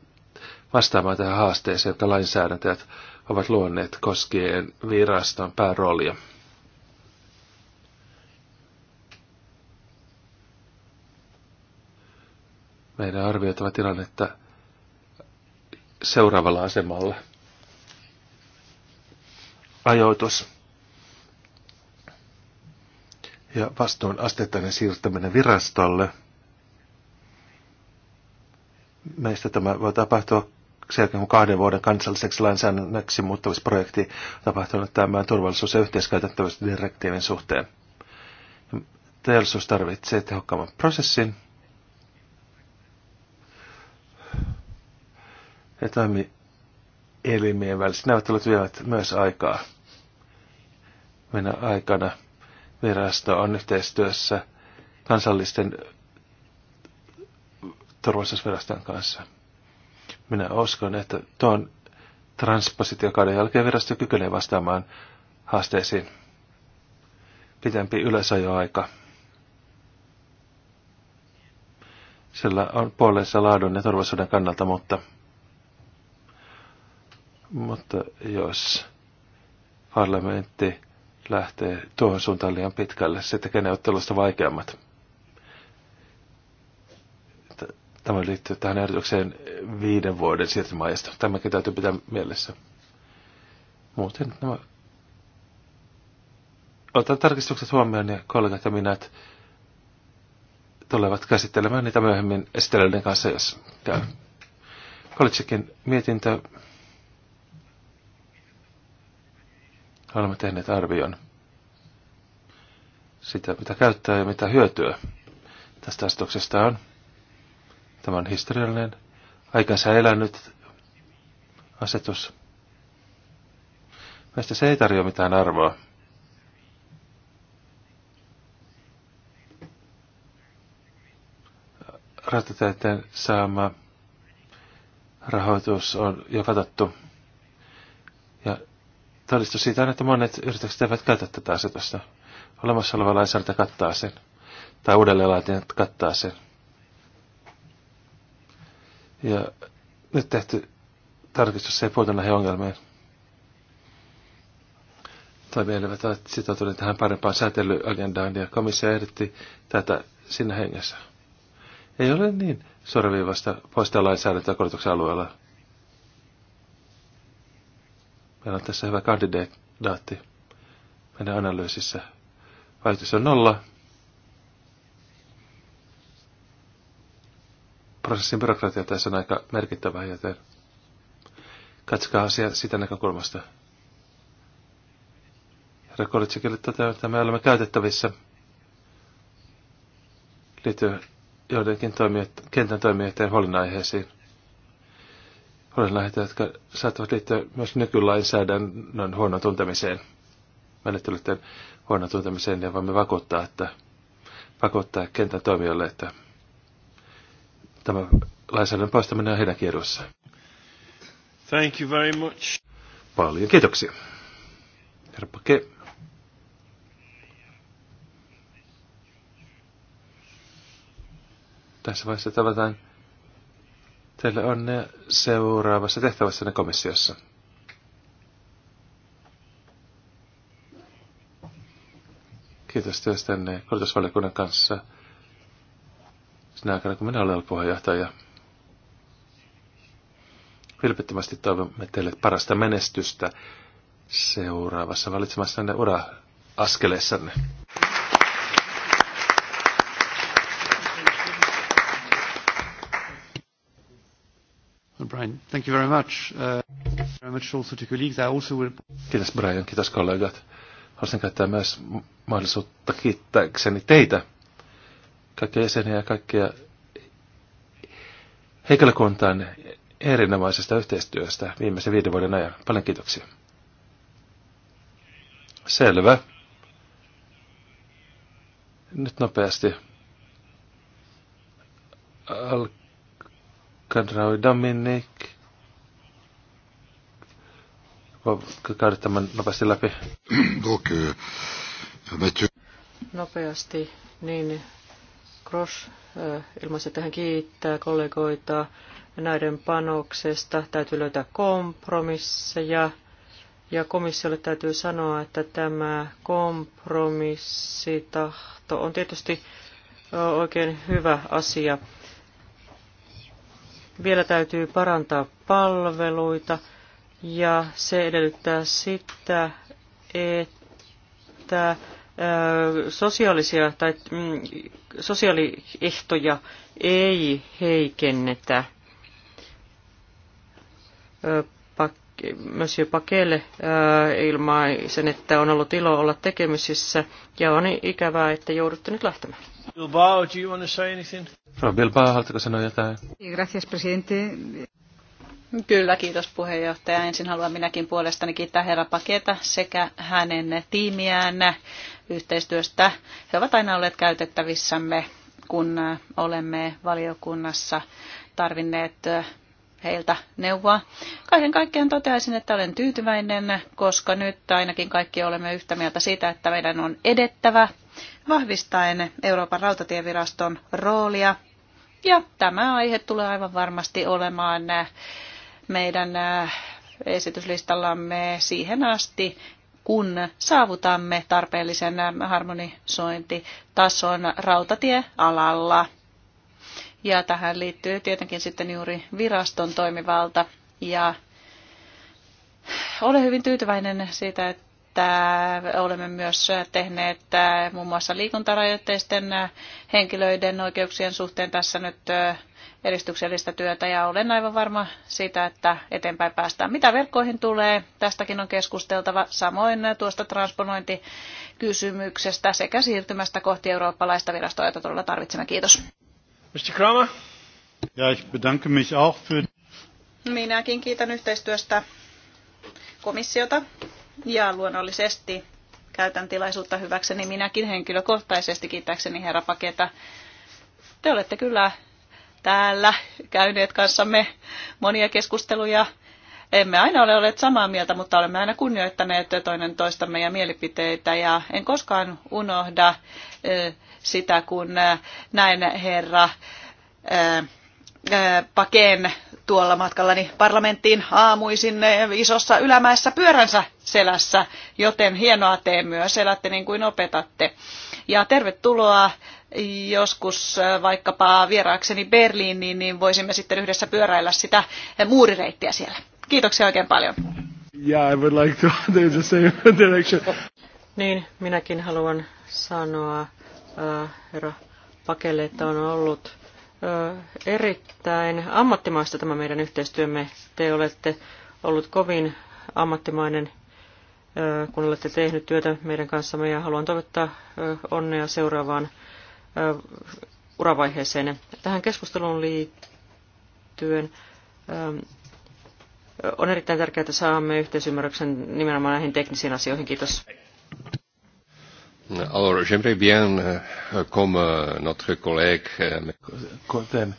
vastaamaan tähän haasteeseen, jota lainsäädäntäjät ovat luonneet koskien viraston pääroolia. Meidän arvioitava tilannetta seuraavalla asemalla. Ajoitus ja vastuun asteittainen siirtäminen virastolle – Meistä tämä voi tapahtua sen kahden vuoden kansalliseksi lainsäädännöksi projekti tapahtunut niin tämän turvallisuus- ja direktiivin suhteen. Teollisuus tarvitsee tehokkaamman prosessin ja toimielimien väliset neuvottelut vievät myös aikaa. Minä aikana virasto on yhteistyössä kansallisten turvallisuusviraston kanssa. Minä uskon, että tuon transpositiokauden jälkeen virasto kykenee vastaamaan haasteisiin. Pitempi yleisajoaika. Sillä on puolensa laadun ja turvallisuuden kannalta, mutta, mutta jos parlamentti lähtee tuohon suuntaan liian pitkälle, se tekee neuvottelusta vaikeammat. Tämä liittyy tähän ehdotukseen viiden vuoden siirtymäajasta. Tämäkin täytyy pitää mielessä. Muuten nämä... Otan tarkistukset huomioon ja kollegat ja minä tulevat käsittelemään niitä myöhemmin esittelijöiden kanssa, jos käy. Kolitsikin mietintö. Olemme tehneet arvion sitä, mitä käyttää ja mitä hyötyä tästä asetuksesta on. Tämä on historiallinen, aikansa elänyt asetus. Meistä se ei tarjoa mitään arvoa. Rautateiden saama rahoitus on jo katsottu. Ja todistus siitä on, että monet yritykset eivät käytä tätä asetusta. Olemassa oleva lainsäädäntö kattaa sen. Tai uudelleenlaatinta kattaa sen. Ja nyt tehty tarkistus ei puhuta näihin ongelmiin. että sitä tuli tähän parempaan säätelyagendaan ja komissio ehditti tätä sinne hengessä. Ei ole niin suoraviivasta poistaa lainsäädäntöä korotuksen alueella. Meillä on tässä hyvä kandidaatti meidän analyysissä. Vaikutus on nolla, prosessin byrokratia tässä on aika merkittävä, joten katsokaa asia sitä näkökulmasta. Herra Kolitsikille tätä, että me olemme käytettävissä liittyen joidenkin toimijat, kentän toimijoiden huolenaiheisiin. Huolenaiheita, jotka saattavat liittyä myös nykylainsäädännön huonon tuntemiseen, menettelyiden huonon tuntemiseen, ja voimme vakuuttaa, että vakuuttaa kentän toimijoille, että Tämä lainsäädännön poistaminen on heidän edussa. Thank you very much. Paljon kiitoksia. Herra Pake. Tässä vaiheessa tavataan teille onnea seuraavassa tehtävässänne komissiossa. Kiitos työstänne koulutusvaliokunnan kanssa sinä aikana, kun minä olen ollut puheenjohtaja. Vilpittömästi toivomme teille parasta menestystä seuraavassa valitsemassanne ura-askeleessanne. Brian, thank you very much. Uh, very much also to colleagues. I also will... Kiitos Brian, kiitos kollegat. Haluaisin käyttää myös mahdollisuutta kiittääkseni teitä kaikkia jäseniä ja kaikkia henkilökuntaan erinomaisesta yhteistyöstä viimeisen viiden vuoden ajan. Paljon kiitoksia. Selvä. Nyt nopeasti. Alkandraui Dominik. Voi käydä tämän nopeasti läpi? Nopeasti, niin Grosch ilmaisi, että hän kiittää kollegoita näiden panoksesta. Täytyy löytää kompromisseja. Ja komissiolle täytyy sanoa, että tämä kompromissitahto on tietysti oikein hyvä asia. Vielä täytyy parantaa palveluita ja se edellyttää sitä, että sosiaalisia tai mm, sosiaaliehtoja ei heikennetä. Monsieur Pakelle ilmaisen, että on ollut ilo olla tekemisissä ja on ikävää, että joudutte nyt lähtemään. Bilbao, do you want to say anything? Bilbao, haluatko sanoa jotain? Gracias, presidente. Kyllä, kiitos puheenjohtaja. Ensin haluan minäkin puolestani kiittää herra Paketa sekä hänen tiimiään yhteistyöstä. He ovat aina olleet käytettävissämme, kun olemme valiokunnassa tarvinneet heiltä neuvoa. Kaiken kaikkiaan toteaisin, että olen tyytyväinen, koska nyt ainakin kaikki olemme yhtä mieltä siitä, että meidän on edettävä vahvistaen Euroopan rautatieviraston roolia. Ja tämä aihe tulee aivan varmasti olemaan meidän äh, esityslistallamme siihen asti, kun saavutamme tarpeellisen äh, harmonisointitason rautatiealalla. Ja tähän liittyy tietenkin sitten juuri viraston toimivalta. Ja olen hyvin tyytyväinen siitä, että olemme myös tehneet äh, muun muassa liikuntarajoitteisten henkilöiden oikeuksien suhteen tässä nyt edistyksellistä työtä ja olen aivan varma siitä, että eteenpäin päästään. Mitä verkkoihin tulee, tästäkin on keskusteltava, samoin tuosta transponointikysymyksestä sekä siirtymästä kohti eurooppalaista virastoa, jota todella tarvitsemme. Kiitos. Mr. Kramer. Ja, ich bedanke mich auch für... Minäkin kiitän yhteistyöstä komissiota ja luonnollisesti käytän tilaisuutta hyväkseni minäkin henkilökohtaisesti kiittääkseni herra Paketa. Te olette kyllä täällä käyneet kanssamme monia keskusteluja. Emme aina ole olleet samaa mieltä, mutta olemme aina kunnioittaneet toinen toistamme ja mielipiteitä. Ja en koskaan unohda sitä, kun näin herra pakeen tuolla matkallani parlamenttiin aamuisin isossa ylämäessä pyöränsä selässä, joten hienoa tee myös, elätte niin kuin opetatte. Ja tervetuloa joskus vaikkapa vieraakseni Berliiniin, niin, niin voisimme sitten yhdessä pyöräillä sitä muurireittiä siellä. Kiitoksia oikein paljon. Yeah, I would like to do the same direction. Niin, minäkin haluan sanoa, äh, herra Pakelle, että on ollut äh, erittäin ammattimaista tämä meidän yhteistyömme. Te olette ollut kovin ammattimainen, äh, kun olette tehnyt työtä meidän kanssamme ja haluan toivottaa äh, onnea seuraavaan uravaiheeseen. Tähän keskusteluun liittyen on erittäin tärkeää, että saamme yhteisymmärryksen nimenomaan näihin teknisiin asioihin. Kiitos. Alors, j'aimerais bien, euh, comme euh, notre collègue... Euh, Kuten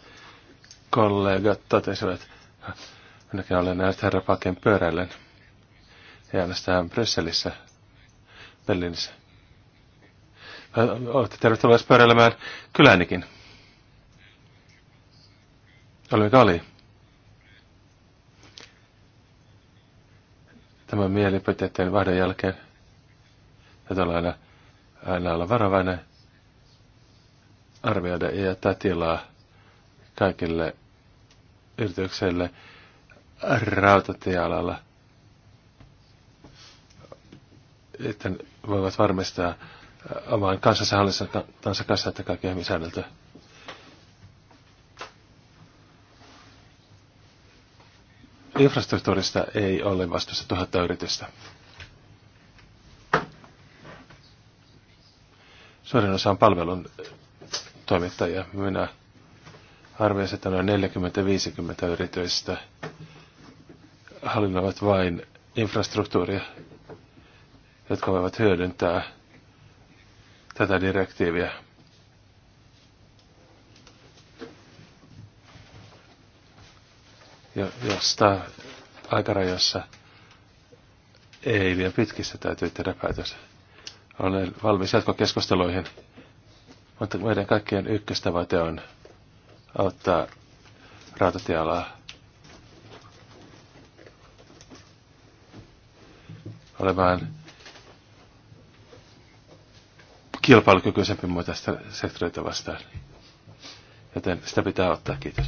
kollegat totesivat, minäkin olen näistä herra Paken pyöräillen ja äänestään Brysselissä, Berliinissä. Olette tervetuloa pöydällemään kylänikin. Oli mikä oli. Tämän mielipiteiden vaihdon jälkeen Tätä olla aina, aina olla varovainen arvioida ja jättää tilaa kaikille yritykselle rautatiealalla, että voivat varmistaa oman kansassa hallintansa kanssa, kanssa että kaikki hyvin säännelty. Infrastruktuurista ei ole vastuussa tuhatta yritystä. Suurin osa on palvelun toimittajia. Minä arvioisin, että noin 40-50 yritystä hallinnoivat vain infrastruktuuria, jotka voivat hyödyntää tätä direktiiviä. Ja, josta aikarajassa ei vielä pitkissä täytyy tehdä päätös. Olen valmis jatkokeskusteluihin, mutta meidän kaikkien ykköstavoite on auttaa rautatialaa. Olemaan kilpailukykyisempi muita sektoreita vastaan. Joten sitä pitää ottaa. Kiitos.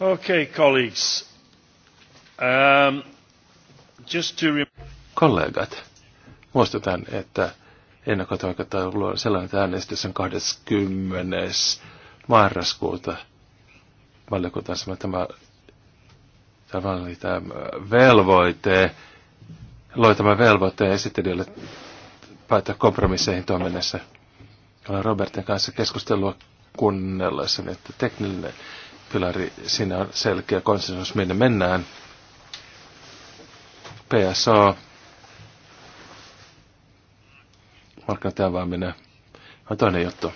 Okay, colleagues. Um, just to Kollegat, muistutan, että ennakkotoimikotaulu on sellainen, että äänestys on 20. marraskuuta. Valiokunta sanoi, tämä, tämä, tämä velvoite, loi velvoitteen esittelijöille päätä kompromisseihin tuon mennessä. Olen Robertin kanssa keskustelua kuunnellessa, niin että teknillinen pilari, siinä on selkeä konsensus, minne mennään. PSA, markkinatavaaminen, on toinen juttu.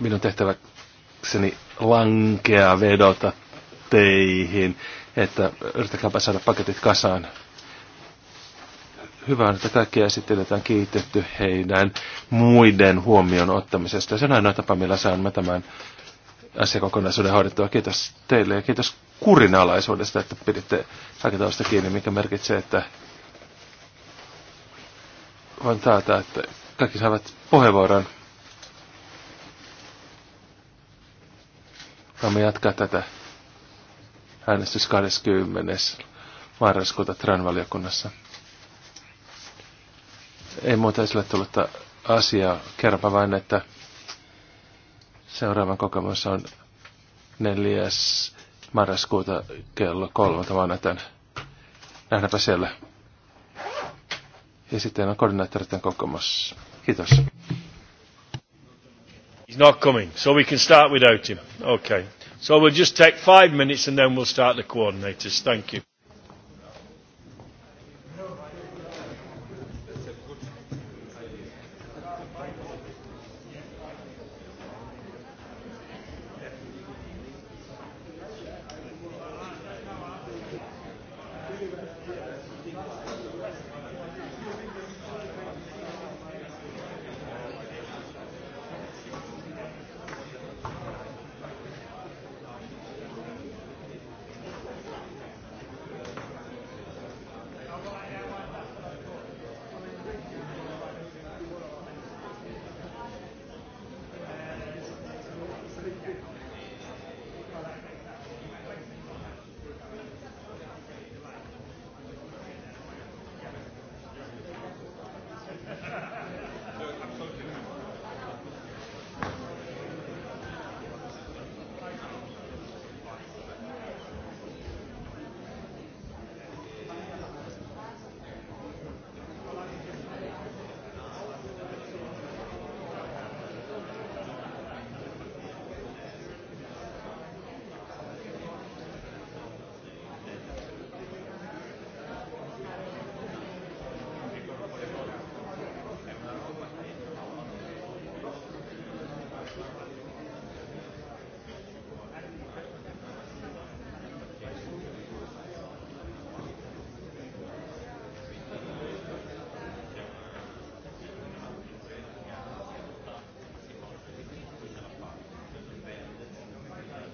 Minun tehtäväkseni lankea vedota teihin, että yrittäkääpä saada paketit kasaan hyvä on, että kaikki esittelijät on kiitetty heidän muiden huomion ottamisesta. Se on ainoa tapa, millä saamme tämän asiakokonaisuuden hoidettua. Kiitos teille ja kiitos kurinalaisuudesta, että piditte aikataulusta kiinni, mikä merkitsee, että voin taata, että kaikki saavat puheenvuoron. Voimme jatkaa tätä äänestys 20. marraskuuta Tran valiokunnassa. Ei muuta esille tullutta asiaa. Kerropa vain, että seuraavan kokemus on 4. marraskuuta kello kolmata vaan näytän. Nähdäänpä siellä. Ja sitten on koordinaattoreiden kokemus. Kiitos. He's not coming, so we can start without him. Okay. So we'll just take five minutes and then we'll start the coordinators. Thank you.